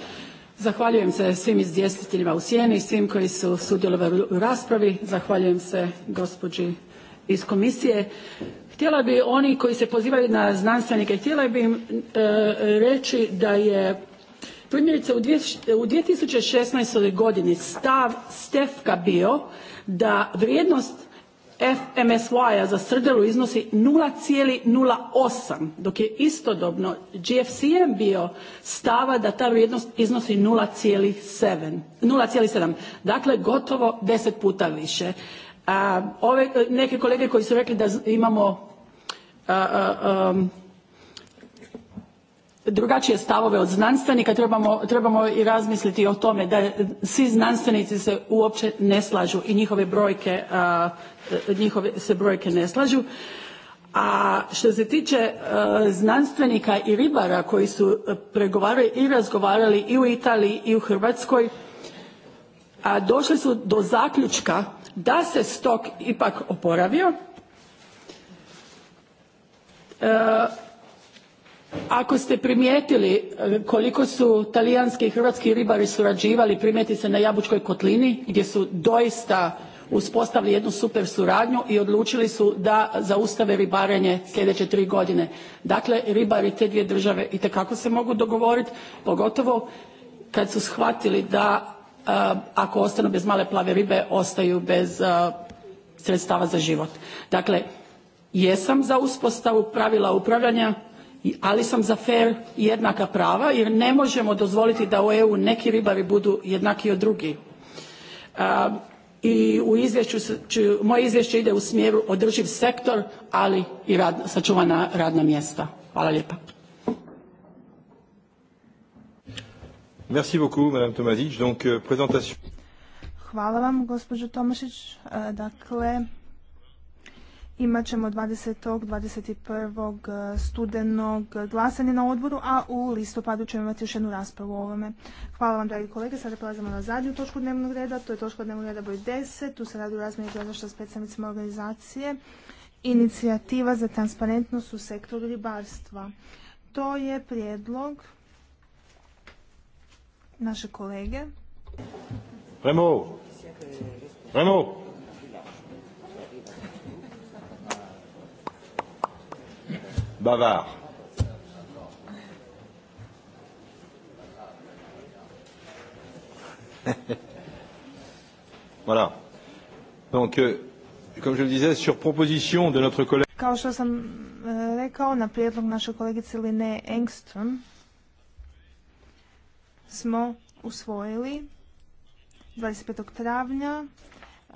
Zahvaljujem se svim izvjestiteljima u sjeni, svim koji su sudjelovali u raspravi. Zahvaljujem se gospođi iz komisije. Htjela bi oni koji se pozivaju na znanstvenike, htjela bi im e, reći da je primjerice u 2016. godini stav Stefka bio da vrijednost FMSY a za srdelu iznosi 0,08 dok je istodobno GFCM bio stava da ta vrijednost iznosi 0,7 dakle gotovo deset puta više. ove, neke kolege koji su rekli da imamo drugačije stavove od znanstvenika trebamo, i razmisliti o tome da svi znanstvenici se uopće ne slažu i njihove brojke se brojke ne slažu a što se tiče e, znanstvenika i ribara koji su pregovarali i razgovarali i u italiji i u hrvatskoj a došli su do zaključka da se stok ipak oporavio e, ako ste primijetili e, koliko su talijanski i hrvatski ribari surađivali primijeti se na jabučkoj kotlini gdje su doista uspostavili jednu super suradnju i odlučili su da zaustave ribarenje sljedeće tri godine. Dakle, ribari te dvije države itekako se mogu dogovoriti, pogotovo kad su shvatili da e, ako ostanu bez male plave ribe ostaju bez e, sredstava za život. Dakle, jesam za uspostavu pravila upravljanja ali sam za fer i jednaka prava jer ne možemo dozvoliti da u eu neki ribari budu jednakiji od drugih i u izvješću moje izvješće ide u smjeru održiv sektor ali i sačuvana radna mjesta. Hvala lijepa. Euh, Hvala vam, e, Dakle, imat ćemo 20. 21. E, studenog glasanje na odboru, a u listopadu ćemo imati još jednu raspravu o ovome. Hvala vam, dragi kolege. Sada prelazimo na zadnju točku dnevnog reda. To je točka dnevnog reda broj 10. Tu se radi o razmjeri gledišta s predstavnicima organizacije. Inicijativa za transparentnost u sektoru ribarstva. To je prijedlog naše kolege. Remo. Remo. bavard. voilà. Donc, euh, comme je le disais, sur proposition de notre collègue... Kao što sam e, rekao, na prijedlog naše kolegice Line Engström smo usvojili 25. travnja e,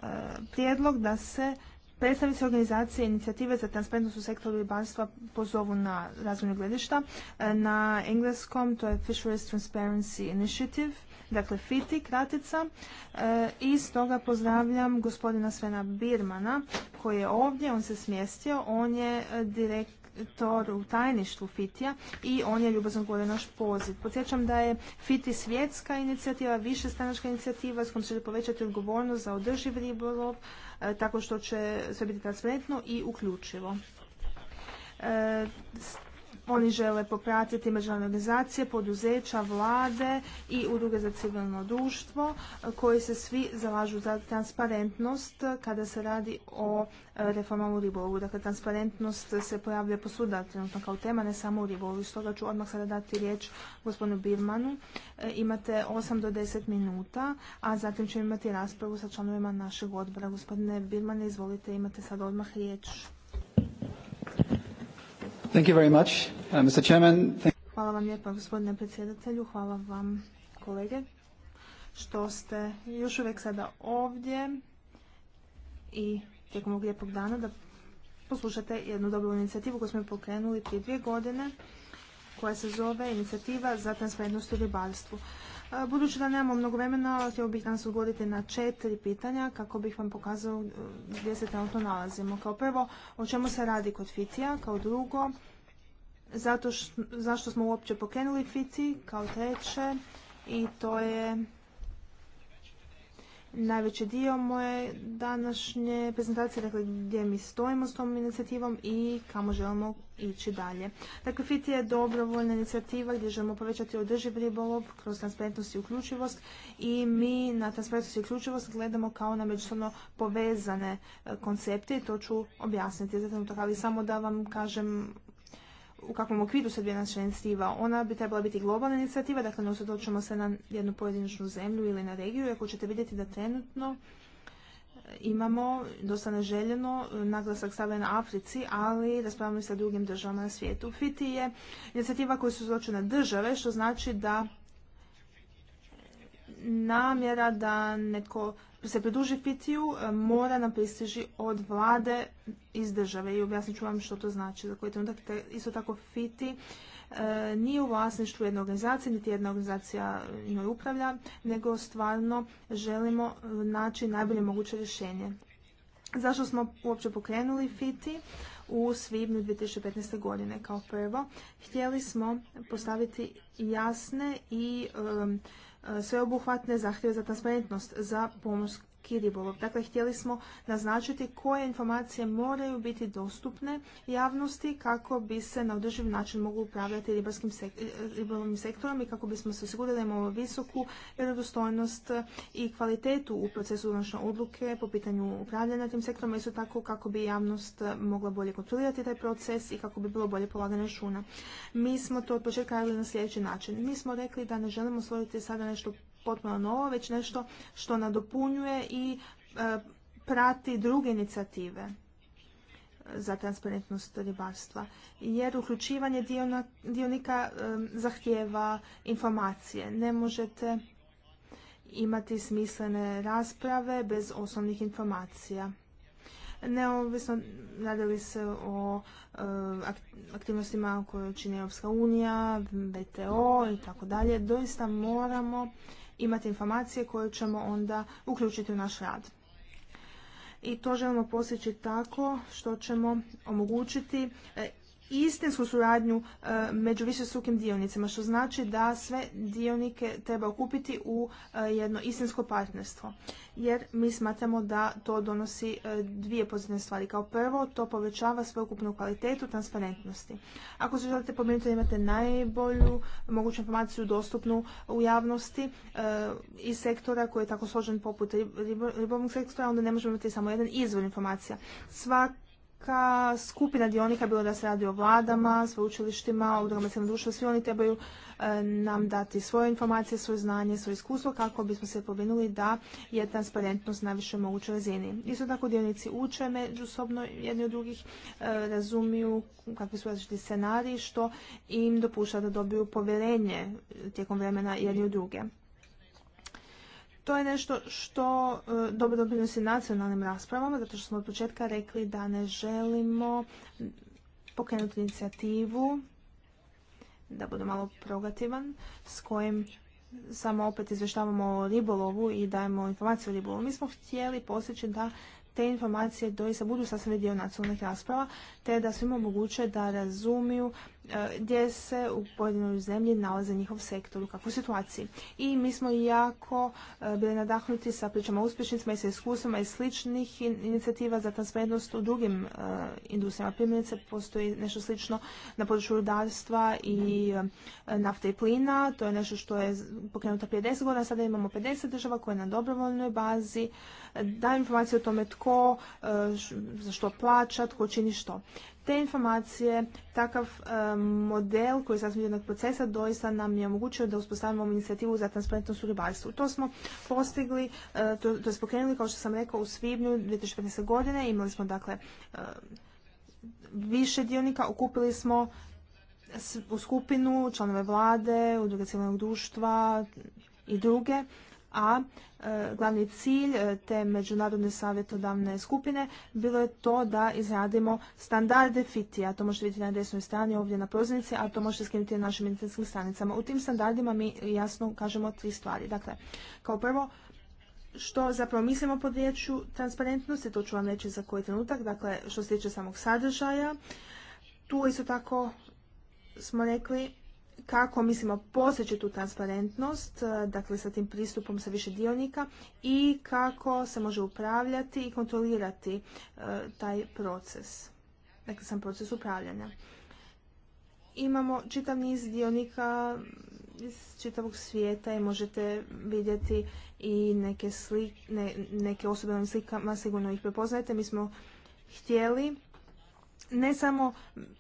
prijedlog da se Predstavnici organizacije inicijative za transparentnost u sektoru ribarstva pozovu na razvojnog gledišta. E, na engleskom to je Fisheries Transparency Initiative, dakle FITI kratica. E, I stoga pozdravljam gospodina Svena Birmana koji je ovdje, on se smjestio, on je e, direktor u tajništvu FITI-a i on je ljubazno govorio naš poziv. Podsjećam da je FITI svjetska inicijativa, višestranačka inicijativa s kojom će povećati odgovornost za održiv ribolov, E, tako što će sve biti transparentno i uključivo e, oni žele popratiti međunarodne organizacije, poduzeća, vlade i udruge za civilno društvo e, koji se svi zalažu za transparentnost kada se radi o e, reformama u ribolovu. Dakle, transparentnost se pojavlja posuda trenutno kao tema, ne samo u ribolovu. Stoga ću odmah sada dati riječ gospodinu Birmanu. E, imate 8 do 10 minuta, a zatim ćemo imati raspravu sa članovima našeg odbora. Gospodine Birmane, izvolite, imate sad odmah riječ. Uh, hvala vam lijepa gospodine predsjedatelju, hvala vam kolege što ste još uvijek sada ovdje i tijekom ovog lijepog dana da poslušate jednu dobru inicijativu koju smo pokrenuli prije dvije godine koja se zove Inicijativa za transparentnost u ribarstvu. Budući da nemamo mnogo vremena, htio bih nas ugoditi na četiri pitanja kako bih vam pokazao e, gdje se trenutno nalazimo. Kao prvo, o čemu se radi kod FITI-a? kao drugo, zašto smo uopće pokrenuli Fiti, kao treće, i to je najveći dio moje današnje prezentacije, dakle gdje mi stojimo s tom inicijativom i kamo želimo ići dalje. Dakle, FIT je dobrovoljna inicijativa gdje želimo povećati održiv ribolov kroz transparentnost i uključivost i mi na transparentnost i uključivost gledamo kao na međusobno povezane e, koncepte i to ću objasniti zato. ali samo da vam kažem u kakvom okviru se odvija naša inicijativa. Ona bi trebala biti globalna inicijativa, dakle ne usredočimo se na jednu pojedinačnu zemlju ili na regiju, ako ćete vidjeti da trenutno e, imamo dosta neželjeno e, naglasak stavljen na Africi, ali raspravljamo i sa drugim državama na svijetu. FITI je inicijativa koja su zločene države, što znači da namjera da netko se fiti Fitiju e, mora nam pristiži od vlade iz države i objasnit ću vam što to znači. Za koji trenutak isto tako Fiti e, nije u vlasništvu jedne organizacije, niti jedna organizacija njoj upravlja, nego stvarno želimo naći najbolje moguće rješenje. Zašto smo uopće pokrenuli FITI? u svibnju 2015. godine kao prvo. Htjeli smo postaviti jasne i e, sveobuhvatne zahtjeve za transparentnost za pomorsko i ribolov. Dakle, htjeli smo naznačiti koje informacije moraju biti dostupne javnosti kako bi se na održiv način moglo upravljati ribarskim e, e, ribolovnim sektorom i kako bismo se osigurali imamo visoku vjerodostojnost i kvalitetu u procesu donošenja odluke po pitanju upravljanja tim sektorom, isto tako kako bi javnost e, mogla bolje kontrolirati taj proces i kako bi bilo bolje polagane računa. Mi smo to od početka radili na sljedeći način. Mi smo rekli da ne želimo stvoriti sada nešto potpuno novo, već nešto što nadopunjuje i e, prati druge inicijative e, za transparentnost ribarstva. Jer uključivanje dionika e, zahtjeva informacije. Ne možete imati smislene rasprave bez osnovnih informacija. Neovisno radili se o aktivnostima koje čini Europska unija, BTO i tako dalje, doista moramo imati informacije koje ćemo onda uključiti u naš rad. I to želimo postići tako što ćemo omogućiti e, istinsku suradnju e, među među sukim dionicama, što znači da sve dionike treba okupiti u e, jedno istinsko partnerstvo. Jer mi smatramo da to donosi e, dvije pozitivne stvari. Kao prvo, to povećava sveukupnu kvalitetu transparentnosti. Ako se želite pobrinuti da imate najbolju moguću informaciju dostupnu u javnosti iz sektora koji je tako složen poput ribovnog sektora, onda ne možemo imati samo jedan izvor informacija. Sva velika skupina dionika, bilo da se radi o vladama, sveučilištima, udrugama civilnog društva, svi oni trebaju e, nam dati svoje informacije, svoje znanje, svoje iskustvo kako bismo se pobrinuli da je transparentnost na višoj mogućoj razini. Isto tako dionici uče međusobno jedni od drugih, e, razumiju kakvi su različiti scenariji, što im dopušta da dobiju povjerenje tijekom vremena jedni od druge. To je nešto što e, dobro doprinosi nacionalnim raspravama, zato što smo od početka rekli da ne želimo pokrenuti inicijativu, da budem malo progativan, s kojim samo opet izvještavamo o ribolovu i dajemo informaciju o ribolovu. Mi smo htjeli posjeći da te informacije doista budu sasvim dio nacionalnih rasprava, te da svima omoguće da razumiju gdje se u pojedinoj zemlji nalaze njihov sektor u kakvoj situaciji. I mi smo jako e, bili nadahnuti sa pričama uspješnicima i sa iskustvima i sličnih inicijativa za transparentnost u drugim e, industrijama. Primjerice postoji nešto slično na području rudarstva i e, nafte i plina. To je nešto što je pokrenuto prije 10 godina. Sada imamo 50 država koje na dobrovoljnoj bazi daju informaciju o tome tko za što plaća, tko čini što te informacije, takav model koji je sasvim jednog procesa doista nam je omogućio da uspostavimo inicijativu za transparentnost u ribarstvu. To smo postigli, e, to, pokrenuli, kao što sam rekao, u svibnju 2015. godine. Imali smo, dakle, e, više dionika, okupili smo u skupinu članove vlade, udruge civilnog društva i druge a e, glavni cilj e, te međunarodne savjetodavne skupine bilo je to da izradimo standarde FITI-a. To možete vidjeti na desnoj strani ovdje na proznici, a to možete skinuti na našim internetskim stranicama. U tim standardima mi jasno kažemo tri stvari. Dakle, kao prvo, što zapravo mislimo pod transparentnost transparentnosti, to ću vam reći za koji trenutak, dakle što se tiče samog sadržaja. Tu isto tako smo rekli kako mislimo poseći tu transparentnost, e, dakle sa tim pristupom sa više dionika i kako se može upravljati i kontrolirati e, taj proces, dakle sam proces upravljanja. Imamo čitav niz dionika iz čitavog svijeta i možete vidjeti i neke, slike neke osobe na slikama, sigurno ih prepoznajete. Mi smo htjeli ne samo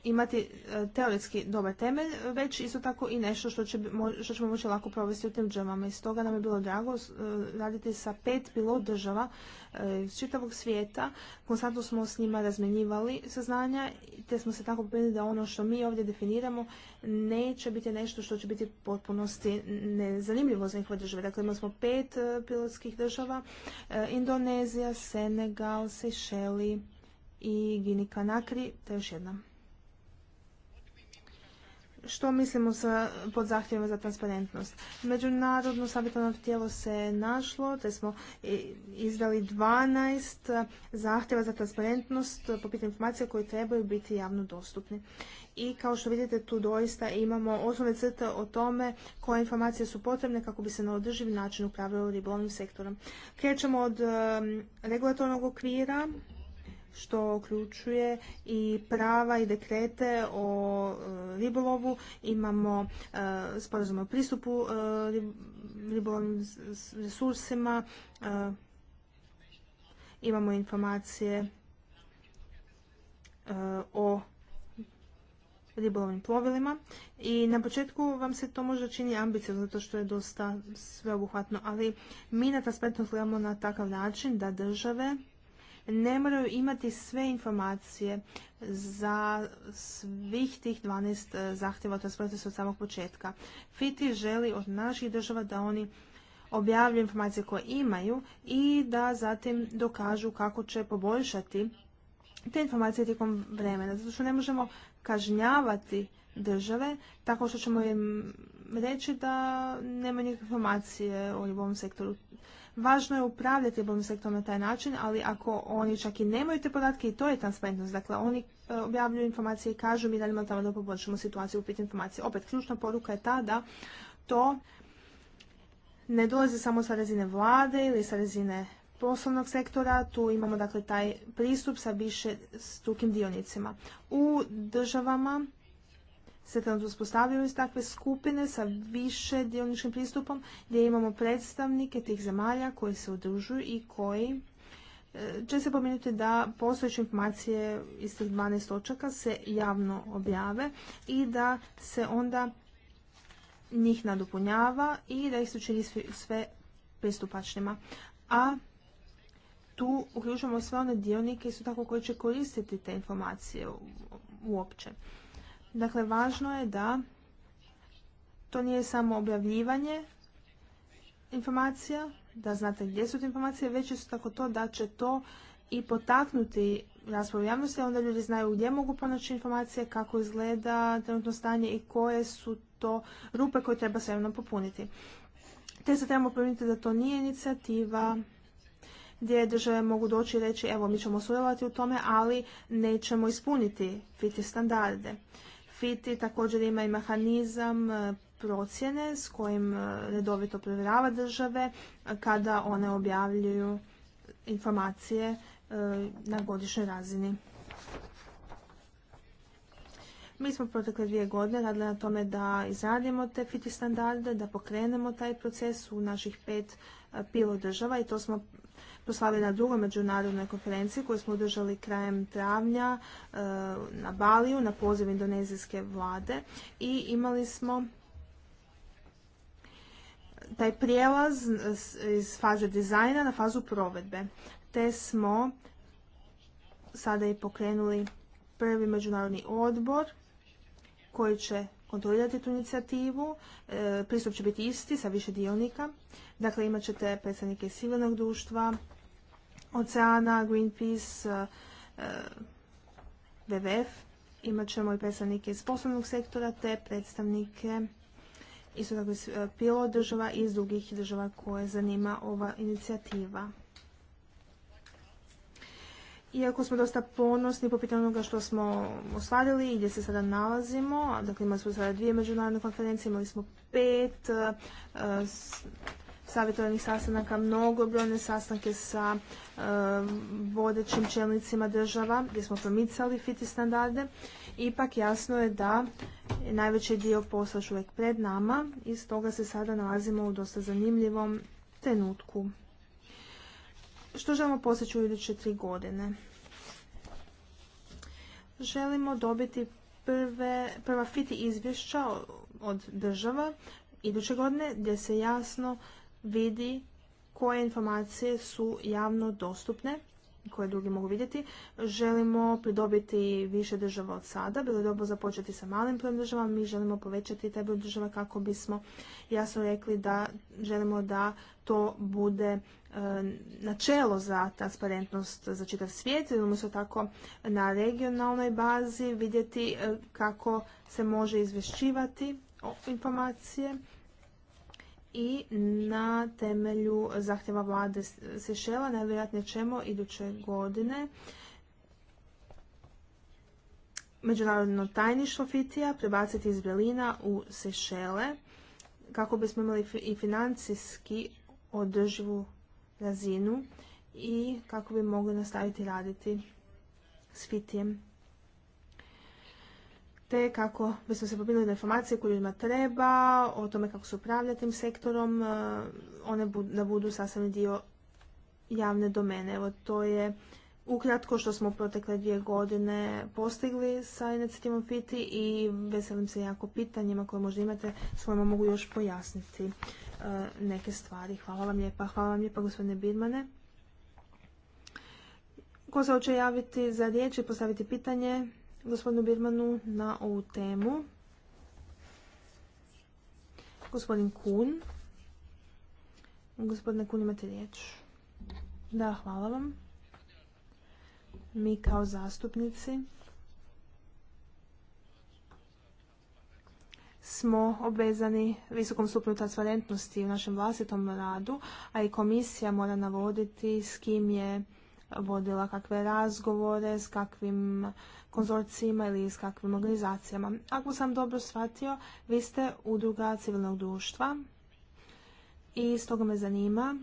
imati e, teoretski dobar temelj, već isto tako i nešto što, će, što ćemo moći lako provesti u tim državama. I stoga nam je bilo drago e, raditi sa pet pilot država e, iz čitavog svijeta. Konstantno smo s njima razmenjivali saznanja, te smo se tako pobjedili da ono što mi ovdje definiramo neće biti nešto što će biti potpunosti nezanimljivo za njihove države. Dakle, imali smo pet pilotskih država, Indonezija, Senegal, Sešeli, i Gini Kanakri, te još jedna. Što mislimo sa, pod zahtjevima za transparentnost? Međunarodno savjetovno tijelo se našlo, te smo izdali 12 zahtjeva za transparentnost po pitanju informacija koje trebaju biti javno dostupni. I kao što vidite tu doista imamo osnovne crte o tome koje informacije su potrebne kako bi se na održiv način upravljalo ribolovnim sektorom. Krećemo od um, regulatornog okvira, što uključuje i prava i dekrete o e, ribolovu. Imamo e, sporazum o pristupu e, ribolovnim resursima, imamo informacije o ribolovnim plovilima i na početku vam se to možda čini ambiciozno zato što je dosta sveobuhvatno, ali mi na transparentnost gledamo na takav način da države ne moraju imati sve informacije za svih tih 12 eh, zahtjeva se od samog početka. FITI želi od naših država da oni objavljuju informacije koje imaju i da zatim dokažu kako će poboljšati te informacije tijekom vremena. Zato što ne možemo kažnjavati države tako što ćemo im reći da nema nikakve informacije o ovom sektoru. Važno je upravljati bolnim sektorom na taj način, ali ako oni čak i nemaju te podatke i to je transparentnost. Dakle, oni e, objavljuju informacije i kažu mi da imamo tamo da poboljšamo situaciju u pitanju informacije. Opet, ključna poruka je ta da to ne dolazi samo sa razine vlade ili sa razine poslovnog sektora, tu imamo dakle taj pristup sa više stukim dionicima. U državama se uspostavljaju iz takve skupine sa više dioničkim pristupom gdje imamo predstavnike tih zemalja koji se udružuju i koji e, će se pomenuti da postojeće informacije iz tih 12 točaka se javno objave i da se onda njih nadopunjava i da ih se sve pristupačnima. A tu uključujemo sve one dionike isto tako koji će koristiti te informacije uopće. Dakle, važno je da to nije samo objavljivanje informacija, da znate gdje su te informacije, već isto tako to da će to i potaknuti raspravu javnosti, onda ljudi znaju gdje mogu pronaći informacije, kako izgleda trenutno stanje i koje su to rupe koje treba mnom popuniti. Te se trebamo primiti da to nije inicijativa gdje države mogu doći i reći evo mi ćemo sudjelovati u tome, ali nećemo ispuniti fiti standarde. Fiti također ima i mehanizam e, procjene s kojim e, redovito provjerava države e, kada one objavljuju informacije na godišnjoj razini. Mi smo protekle dvije godine radili na tome da izradimo te FITI standarde, da pokrenemo taj proces u naših pet pilot država i to smo poslali na drugoj međunarodnoj konferenciji koju smo održali krajem travnja e, na Baliju na poziv indonezijske vlade i imali smo taj prijelaz iz faze dizajna na fazu provedbe. Te smo sada i pokrenuli prvi međunarodni odbor koji će kontrolirati tu inicijativu. E, pristup će biti isti sa više dionika. Dakle, imat ćete predstavnike civilnog društva, oceana, Greenpeace, e, e, WWF. Imat ćemo i predstavnike iz poslovnog sektora te predstavnike isto tako iz e, pilot država iz drugih država koje zanima ova inicijativa. Iako smo dosta ponosni po pitanju onoga što smo ostvarili i gdje se sada nalazimo, dakle imali smo sada dvije međunarodne konferencije, imali smo pet savjetovanih sastanaka, mnogobrojne sastanke sa Um, vodećim čelnicima država gdje smo promicali FITI standarde. Ipak jasno je da najveći dio posla uvijek pred nama i stoga se sada nalazimo u dosta zanimljivom trenutku. Što želimo postići u iduće tri godine? Želimo dobiti prva FITI izvješća od država iduće godine gdje se jasno vidi koje informacije su javno dostupne koje drugi mogu vidjeti. Želimo pridobiti više država od sada. Bilo je dobro započeti sa malim prvim država. Mi želimo povećati taj broj država kako bismo jasno rekli da želimo da to bude e, načelo za transparentnost za čitav svijet. Želimo se tako na regionalnoj bazi vidjeti e, kako se može izvješćivati informacije i na temelju zahtjeva vlade Sešela najvjerojatnije ćemo iduće godine međunarodno tajništvo Fitija prebaciti iz Berlina u Sešele kako bismo imali i financijski održivu razinu i kako bi mogli nastaviti raditi s Fitijem te kako bismo se pobrinuli na informacije koje ljudima treba, o tome kako se upravlja tim sektorom, e, one da budu sasvim dio javne domene. Evo, to je ukratko što smo protekle dvije godine postigli sa inicijativom FITI i veselim se jako pitanjima koje možda imate s kojima mogu još pojasniti e, neke stvari. Hvala vam lijepa. Hvala vam lijepa gospodine Birmane. Ko se hoće javiti za riječ i postaviti pitanje? gospodinu Birmanu na ovu temu. Gospodin Kun. Gospodine Kun, imate riječ. Da, hvala vam. Mi kao zastupnici smo obvezani visokom stupnju transparentnosti u našem vlastitom radu, a i komisija mora navoditi s kim je vodila kakve razgovore s kakvim konzorcijima ili s kakvim organizacijama. Ako sam dobro shvatio, vi ste udruga civilnog društva i stoga me zanima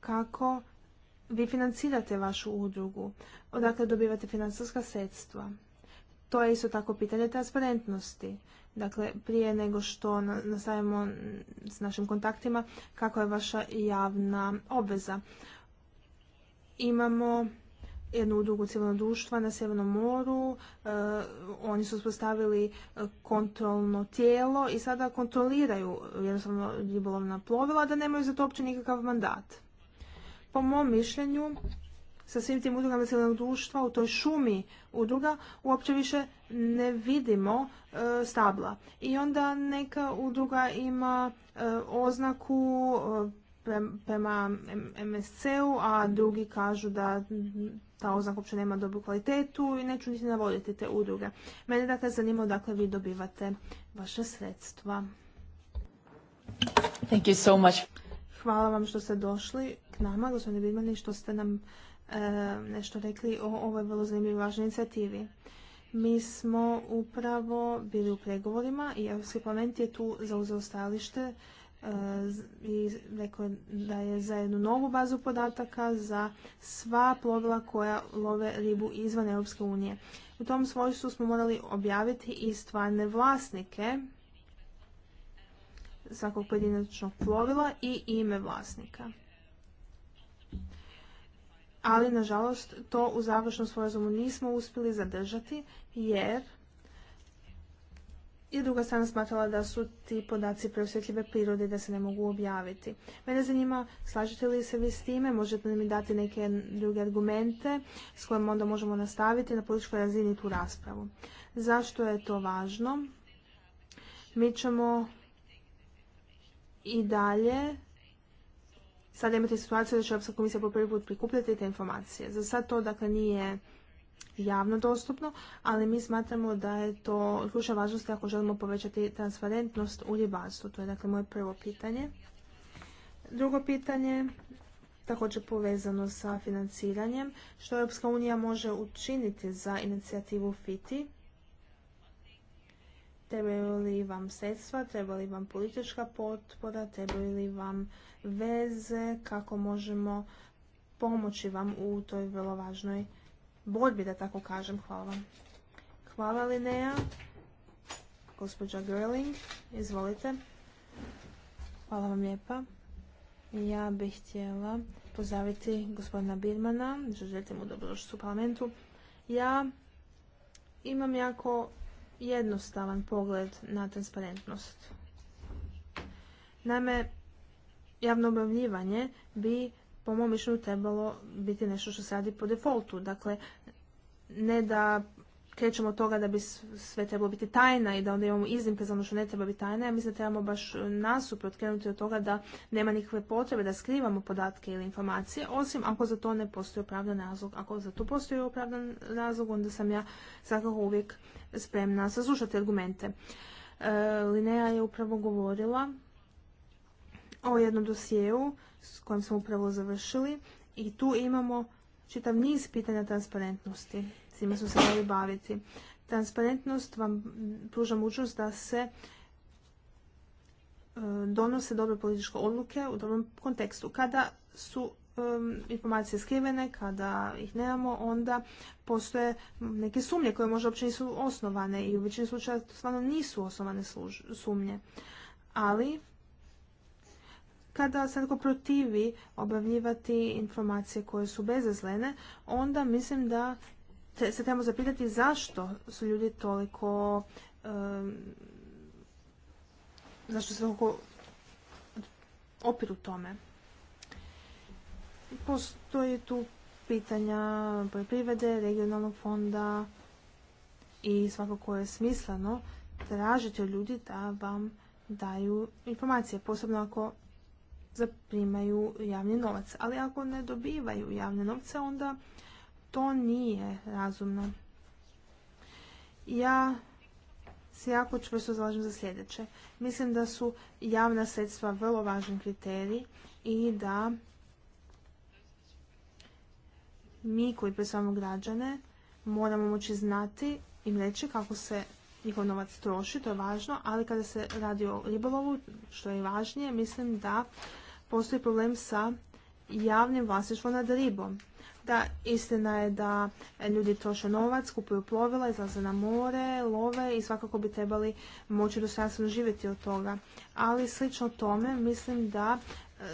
kako vi financirate vašu udrugu, odakle dobivate financijska sredstva. To je isto tako pitanje transparentnosti. Dakle, prije nego što nastavimo s našim kontaktima, kako je vaša javna obveza. Imamo jednu udrugu civilnog društva na Sjevernom moru. E, oni su uspostavili e, kontrolno tijelo i sada kontroliraju jednostavno ribolovna plovila da nemaju za to uopće nikakav mandat. Po mom mišljenju, sa svim tim udrugama civilnog društva u toj šumi udruga uopće više ne vidimo e, stabla. I onda neka udruga ima oznaku prema MSC-u, a drugi kažu da ta oznaka uopće nema dobru kvalitetu i neću niti navoditi te udruge. Mene dakle zanima odakle vi dobivate vaše sredstva. Hvala vam što ste došli k nama, gospodine Bidmani, što ste nam e, nešto rekli o ovoj vrlo zanimljivoj važnoj inicijativi. Mi smo upravo bili u pregovorima i Europski parlament je tu zauzeo stajalište E, i da je za jednu novu bazu podataka za sva plovila koja love ribu izvan Europske unije. U tom svojstvu smo morali objaviti i stvarne vlasnike svakog pojedinačnog plovila i ime vlasnika. Ali, nažalost, to u završnom sporazumu nismo uspjeli zadržati jer i druga strana smatrala da su ti podaci preosjetljive prirode da se ne mogu objaviti. Mene zanima, slažete li se vi s time? Možete li mi dati neke druge argumente s kojima onda možemo nastaviti na političkoj razini tu raspravu? Zašto je to važno? Mi ćemo i dalje sada imate situaciju da će Europska komisija po prvi put prikupljati te informacije. Za sad to dakle nije javno dostupno, ali mi smatramo da je to ključna važnost ako želimo povećati transparentnost u ribarstvu. To je dakle moje prvo pitanje. Drugo pitanje, također povezano sa financiranjem, što Europska unija može učiniti za inicijativu FITI, Trebaju li vam sredstva, treba li vam politička potpora, trebaju li vam veze, kako možemo pomoći vam u toj vrlo važnoj borbi, da tako kažem. Hvala vam. Hvala Linea. Gospođa Gerling, izvolite. Hvala vam lijepa. Ja bih htjela pozdraviti gospodina Birmana, želite mu dobrodošću u parlamentu. Ja imam jako jednostavan pogled na transparentnost. Naime, javno objavljivanje bi po mom mišljenju trebalo biti nešto što se radi po defaultu. Dakle, ne da krećemo od toga da bi sve trebalo biti tajna i da onda imamo iznimke za ono što ne treba biti tajna. Ja mislim da trebamo baš e, nasuprot krenuti od toga da nema nikakve potrebe da skrivamo podatke ili informacije, osim ako za to ne postoji opravdan razlog. Ako za to postoji opravdan razlog, onda sam ja svakako uvijek spremna saslušati argumente. E, Linea je upravo govorila o jednom dosjeu s kojim smo upravo završili i tu imamo čitav niz pitanja transparentnosti. S njima smo se morali baviti. Transparentnost vam pruža mogućnost da se e, donose dobre političke odluke u dobrom kontekstu. Kada su e, informacije skrivene, kada ih nemamo, onda postoje neke sumnje koje možda uopće nisu osnovane i u većini slučaja stvarno nisu osnovane sumnje. Ali kada se tako protivi objavljivati informacije koje su bezazlene, onda mislim da se trebamo zapitati zašto su ljudi toliko zašto se toliko opiru tome. Postoji tu pitanja poljoprivrede, regionalnog fonda i svakako je smisleno tražite ljudi da vam daju informacije, posebno ako zaprimaju javni novac. Ali ako ne dobivaju javne novce, onda to nije razumno. Ja se jako čvrsto zalažem za sljedeće. Mislim da su javna sredstva vrlo važan kriterij i da mi koji predstavljamo građane moramo moći znati im reći kako se njihov novac troši, to je važno, ali kada se radi o ribolovu, što je važnije, mislim da postoji problem sa javnim vlasništvom nad ribom. Da, istina je da ljudi troše novac, kupuju plovila, izlaze na more, love i svakako bi trebali moći dostojanstveno živjeti od toga. Ali slično tome mislim da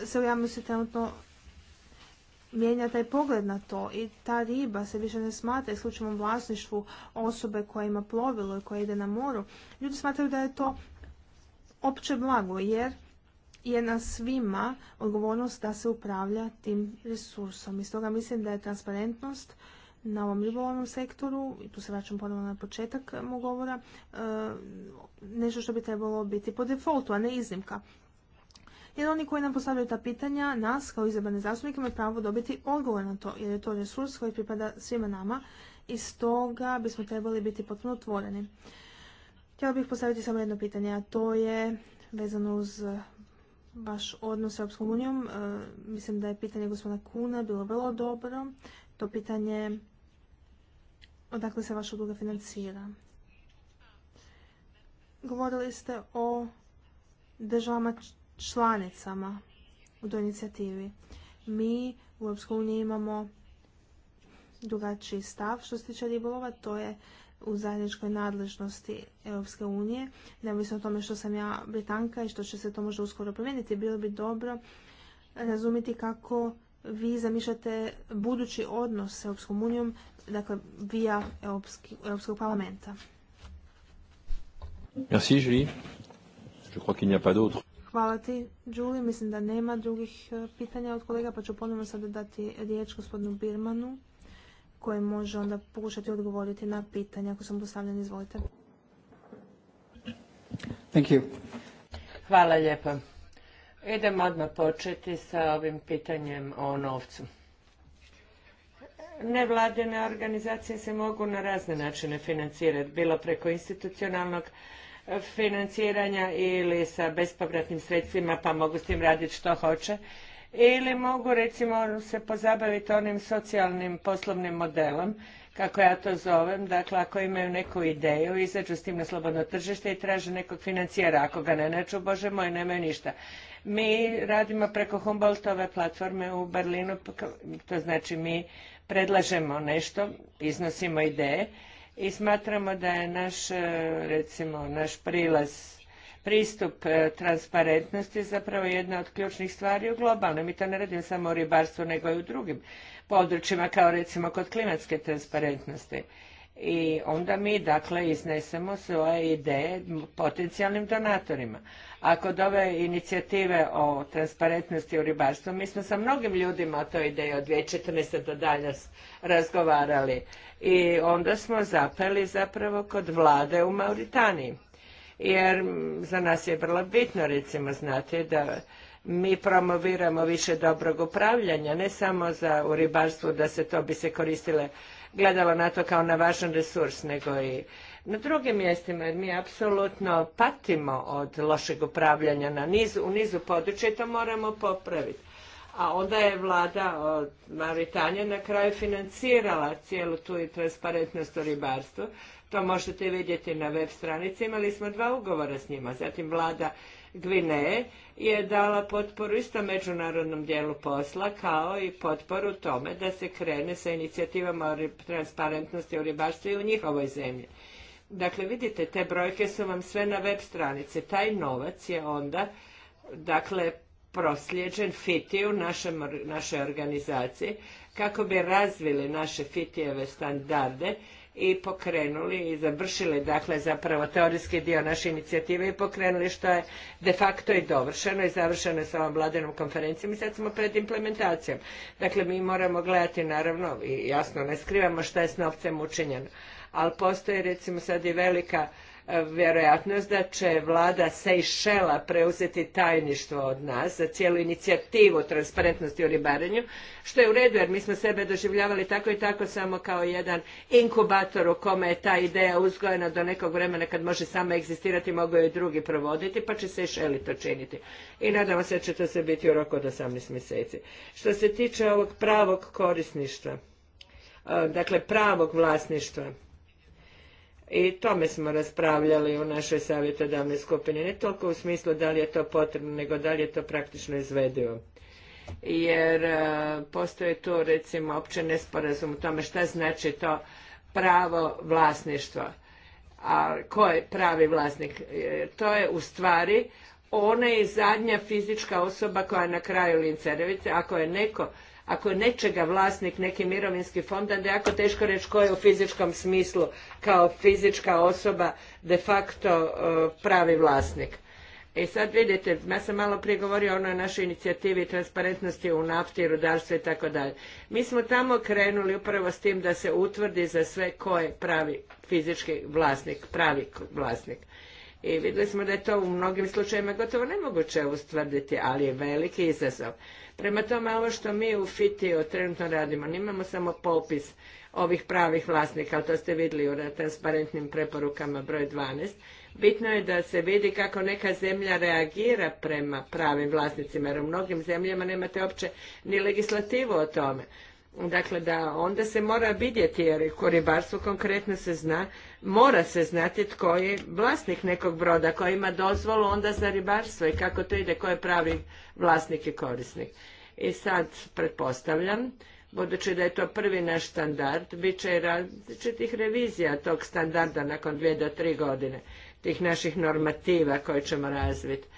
e, se u javnosti trenutno mijenja taj pogled na to i ta riba se više ne smatra slučajnom vlasništvu osobe koja ima plovilo i koja ide na moru. Ljudi smatraju da je to opće blago jer je na svima odgovornost da se upravlja tim resursom. I stoga mislim da je transparentnost na ovom ribolovnom sektoru, i tu se vraćam ponovno na početak mog govora, e, nešto što bi trebalo biti po defaultu, a ne iznimka. Jer oni koji nam postavljaju ta pitanja, nas kao izabrane zastupnike imaju pravo dobiti odgovor na to, jer je to resurs koji pripada svima nama i stoga bismo trebali biti potpuno otvoreni. Htjela bih postaviti samo jedno pitanje, a to je vezano uz vaš odnos s Europskom unijom. E, mislim da je pitanje gospodina Kuna bilo vrlo dobro. To pitanje odakle se vaša udruga financira. Govorili ste o državama članicama u toj inicijativi. Mi u Europskoj uniji imamo drugačiji stav što se tiče ribolova. To je u zajedničkoj nadležnosti Europske unije, neovisno o tome što sam ja Britanka i što će se to možda uskoro promijeniti, bilo bi dobro razumjeti kako vi zamišljate budući odnos s Europskom unijom, dakle via Europskog parlamenta. Merci Julie. Je crois qu'il n'y a pas Hvala ti, Julie. Mislim da nema drugih eh, pitanja od kolega, pa ću ponovno sada dati riječ gospodinu Birmanu koji može onda pokušati odgovoriti na pitanje ako sam postavljen. Izvolite. Thank you. Hvala lijepo. Idemo odmah početi sa ovim pitanjem o novcu. Nevladine organizacije se mogu na razne načine financirati, bilo preko institucionalnog financiranja ili sa bespovratnim sredstvima pa mogu s tim raditi što hoće ili mogu recimo se pozabaviti onim socijalnim poslovnim modelom kako ja to zovem, dakle ako imaju neku ideju, izađu s tim na slobodno tržište i traže nekog financijera, ako ga ne nađu, bože moj, nemaju ništa. Mi radimo preko Humboldtove platforme u Berlinu, to znači mi predlažemo nešto, iznosimo ideje i smatramo da je naš, recimo, naš prilaz pristup e, transparentnosti je zapravo jedna od ključnih stvari u globalnom. i to ne radim samo u ribarstvu, nego i u drugim područjima, kao recimo kod klimatske transparentnosti. I onda mi, dakle, iznesemo svoje ideje potencijalnim donatorima. A kod ove inicijative o transparentnosti u ribarstvu, mi smo sa mnogim ljudima o toj ideji od 2014. do danas razgovarali. I onda smo zapeli zapravo kod vlade u Mauritaniji jer za nas je vrlo bitno recimo znate, da mi promoviramo više dobrog upravljanja, ne samo za u ribarstvu da se to bi se koristile, gledalo na to kao na važan resurs, nego i na drugim mjestima, jer mi apsolutno patimo od lošeg upravljanja na nizu, u nizu područja i to moramo popraviti. A onda je vlada od Maritanja na kraju financirala cijelu tu i transparentnost u ribarstvu, to možete vidjeti na web stranici. Imali smo dva ugovora s njima. Zatim vlada Gvineje je dala potporu isto međunarodnom dijelu posla kao i potporu tome da se krene sa inicijativama o transparentnosti u ribarstvu i u njihovoj zemlji. Dakle, vidite, te brojke su vam sve na web stranici. Taj novac je onda, dakle, prosljeđen FITI u našoj organizaciji kako bi razvili naše fiti standarde i pokrenuli i završili dakle zapravo teorijski dio naše inicijative i pokrenuli što je de facto i dovršeno i završeno je sa ovom vladinom konferencijom i sad smo pred implementacijom. Dakle, mi moramo gledati naravno i jasno ne skrivamo što je s novcem učinjeno, ali postoji recimo sad i velika vjerojatnost da će vlada šela preuzeti tajništvo od nas za cijelu inicijativu transparentnosti u ribarenju, što je u redu jer mi smo sebe doživljavali tako i tako samo kao jedan inkubator u kome je ta ideja uzgojena do nekog vremena kad može sama egzistirati, mogu je drugi provoditi, pa će Sejšeli to činiti. I nadamo se da će to sve biti u roku od 18 mjeseci. Što se tiče ovog pravog korisništva, e, dakle pravog vlasništva, i tome smo raspravljali u našoj savjetodavnoj skupini. Ne toliko u smislu da li je to potrebno, nego da li je to praktično izvedivo. Jer e, postoji tu recimo opće nesporazum u tome šta znači to pravo vlasništva. A ko je pravi vlasnik? E, to je u stvari ona i zadnja fizička osoba koja je na kraju lince. Ako je neko ako je nečega vlasnik neki mirovinski fond, onda je jako teško reći ko je u fizičkom smislu kao fizička osoba de facto e, pravi vlasnik. E sad vidite, ja sam malo prije govorio o onoj našoj inicijativi transparentnosti u nafti, rudarstvu i tako dalje. Mi smo tamo krenuli upravo s tim da se utvrdi za sve ko je pravi fizički vlasnik, pravi vlasnik i vidjeli smo da je to u mnogim slučajevima gotovo nemoguće ustvrditi, ali je veliki izazov. Prema tome, ovo što mi u FITI-u trenutno radimo, nemamo samo popis ovih pravih vlasnika, ali to ste vidjeli u transparentnim preporukama broj 12, bitno je da se vidi kako neka zemlja reagira prema pravim vlasnicima, jer u mnogim zemljama nemate uopće ni legislativu o tome. Dakle, da onda se mora vidjeti, jer u ribarstvu konkretno se zna mora se znati tko je vlasnik nekog broda, koji ima dozvolu onda za ribarstvo i kako to ide, ko je pravi vlasnik i korisnik. I sad pretpostavljam, budući da je to prvi naš standard, bit će i različitih revizija tog standarda nakon dvije do tri godine, tih naših normativa koje ćemo razviti.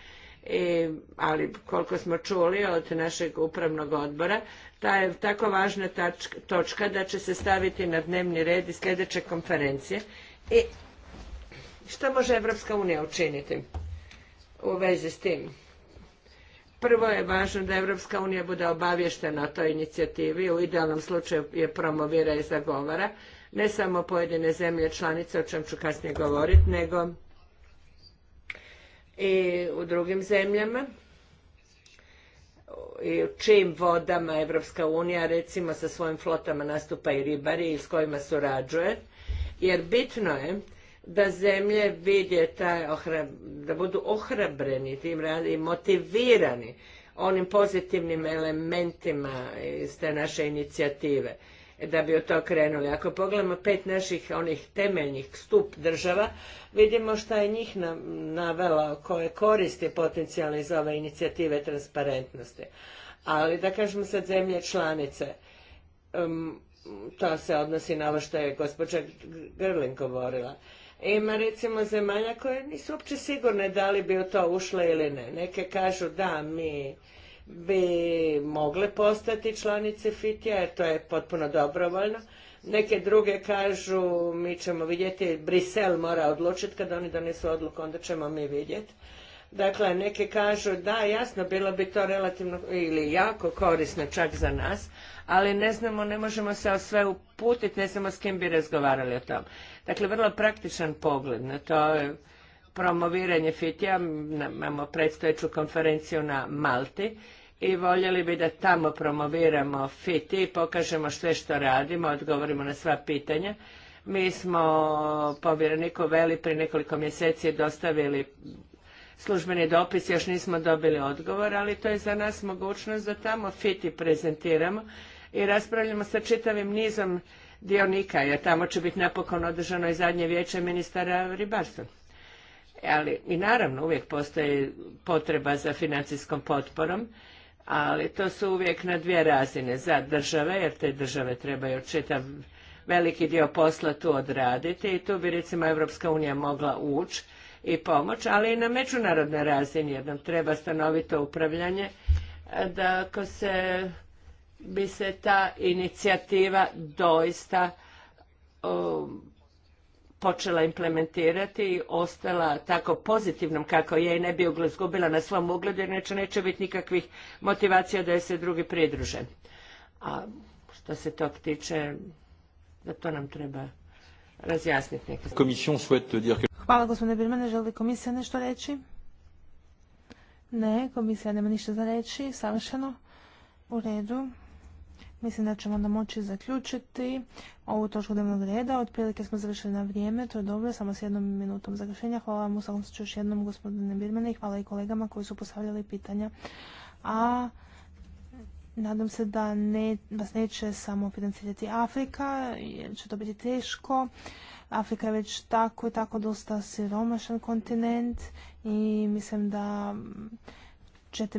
I, ali koliko smo čuli od našeg upravnog odbora, ta je tako važna tačka, točka da će se staviti na dnevni red i sljedeće konferencije i što može Evropska unija učiniti u vezi s tim? Prvo je važno da Evropska unija bude obavještena o toj inicijativi, u idealnom slučaju je promovira i zagovara, ne samo pojedine zemlje članice, o čem ću kasnije govoriti, nego i u drugim zemljama i u čim vodama Evropska unija recimo sa svojim flotama nastupa i ribari i s kojima surađuje jer bitno je da zemlje vidje taj da budu ohrabreni tim i motivirani onim pozitivnim elementima iz te naše inicijative da bi u to krenuli. Ako pogledamo pet naših onih temeljnih stup država, vidimo šta je njih navela koje koristi potencijalno iz ove inicijative transparentnosti. Ali da kažemo sad zemlje članice, um, to se odnosi na ovo što je gospođa Grlin govorila. Ima recimo zemalja koje nisu uopće sigurne da li bi u to ušle ili ne. Neke kažu da mi bi mogle postati članice fit a jer to je potpuno dobrovoljno. Neke druge kažu mi ćemo vidjeti, Brisel mora odlučiti, kad oni donesu odluku onda ćemo mi vidjeti. Dakle, neke kažu da jasno bilo bi to relativno ili jako korisno čak za nas, ali ne znamo, ne možemo se o sve uputiti, ne znamo s kim bi razgovarali o tom. Dakle, vrlo praktičan pogled na to promoviranje fit imamo predstojeću konferenciju na Malti i voljeli bi da tamo promoviramo FITI, pokažemo sve što radimo, odgovorimo na sva pitanja. Mi smo povjereniku Veli prije nekoliko mjeseci dostavili službeni dopis, još nismo dobili odgovor, ali to je za nas mogućnost da tamo FITI prezentiramo i raspravljamo sa čitavim nizom dionika, jer tamo će biti napokon održano i zadnje vijeće ministara ribarstva. Ali i naravno uvijek postoji potreba za financijskom potporom, ali to su uvijek na dvije razine za države, jer te države trebaju čitav veliki dio posla tu odraditi i tu bi recimo Europska unija mogla ući i pomoć, ali i na međunarodnoj razini jer nam treba stanovito upravljanje da ako se bi se ta inicijativa doista počela implementirati i ostala tako pozitivnom kako je i ne bi izgubila na svom ugledu jer neće, neće biti nikakvih motivacija da se drugi pridruže. A što se tog tiče, da to nam treba razjasniti Hvala gospodine Birmane, želi komisija nešto reći? Ne, komisija nema ništa za reći, savršeno. U redu. Mislim da ćemo onda moći zaključiti ovu točku dnevnog reda. Otprilike smo završili na vrijeme, to je dobro, samo s jednom minutom završenja. Hvala vam u svakom slučaju još jednom gospodine Birmane i hvala i kolegama koji su postavljali pitanja. A nadam se da vas neće samo financirati Afrika, jer će to biti teško. Afrika je već tako i tako dosta siromašan kontinent i mislim da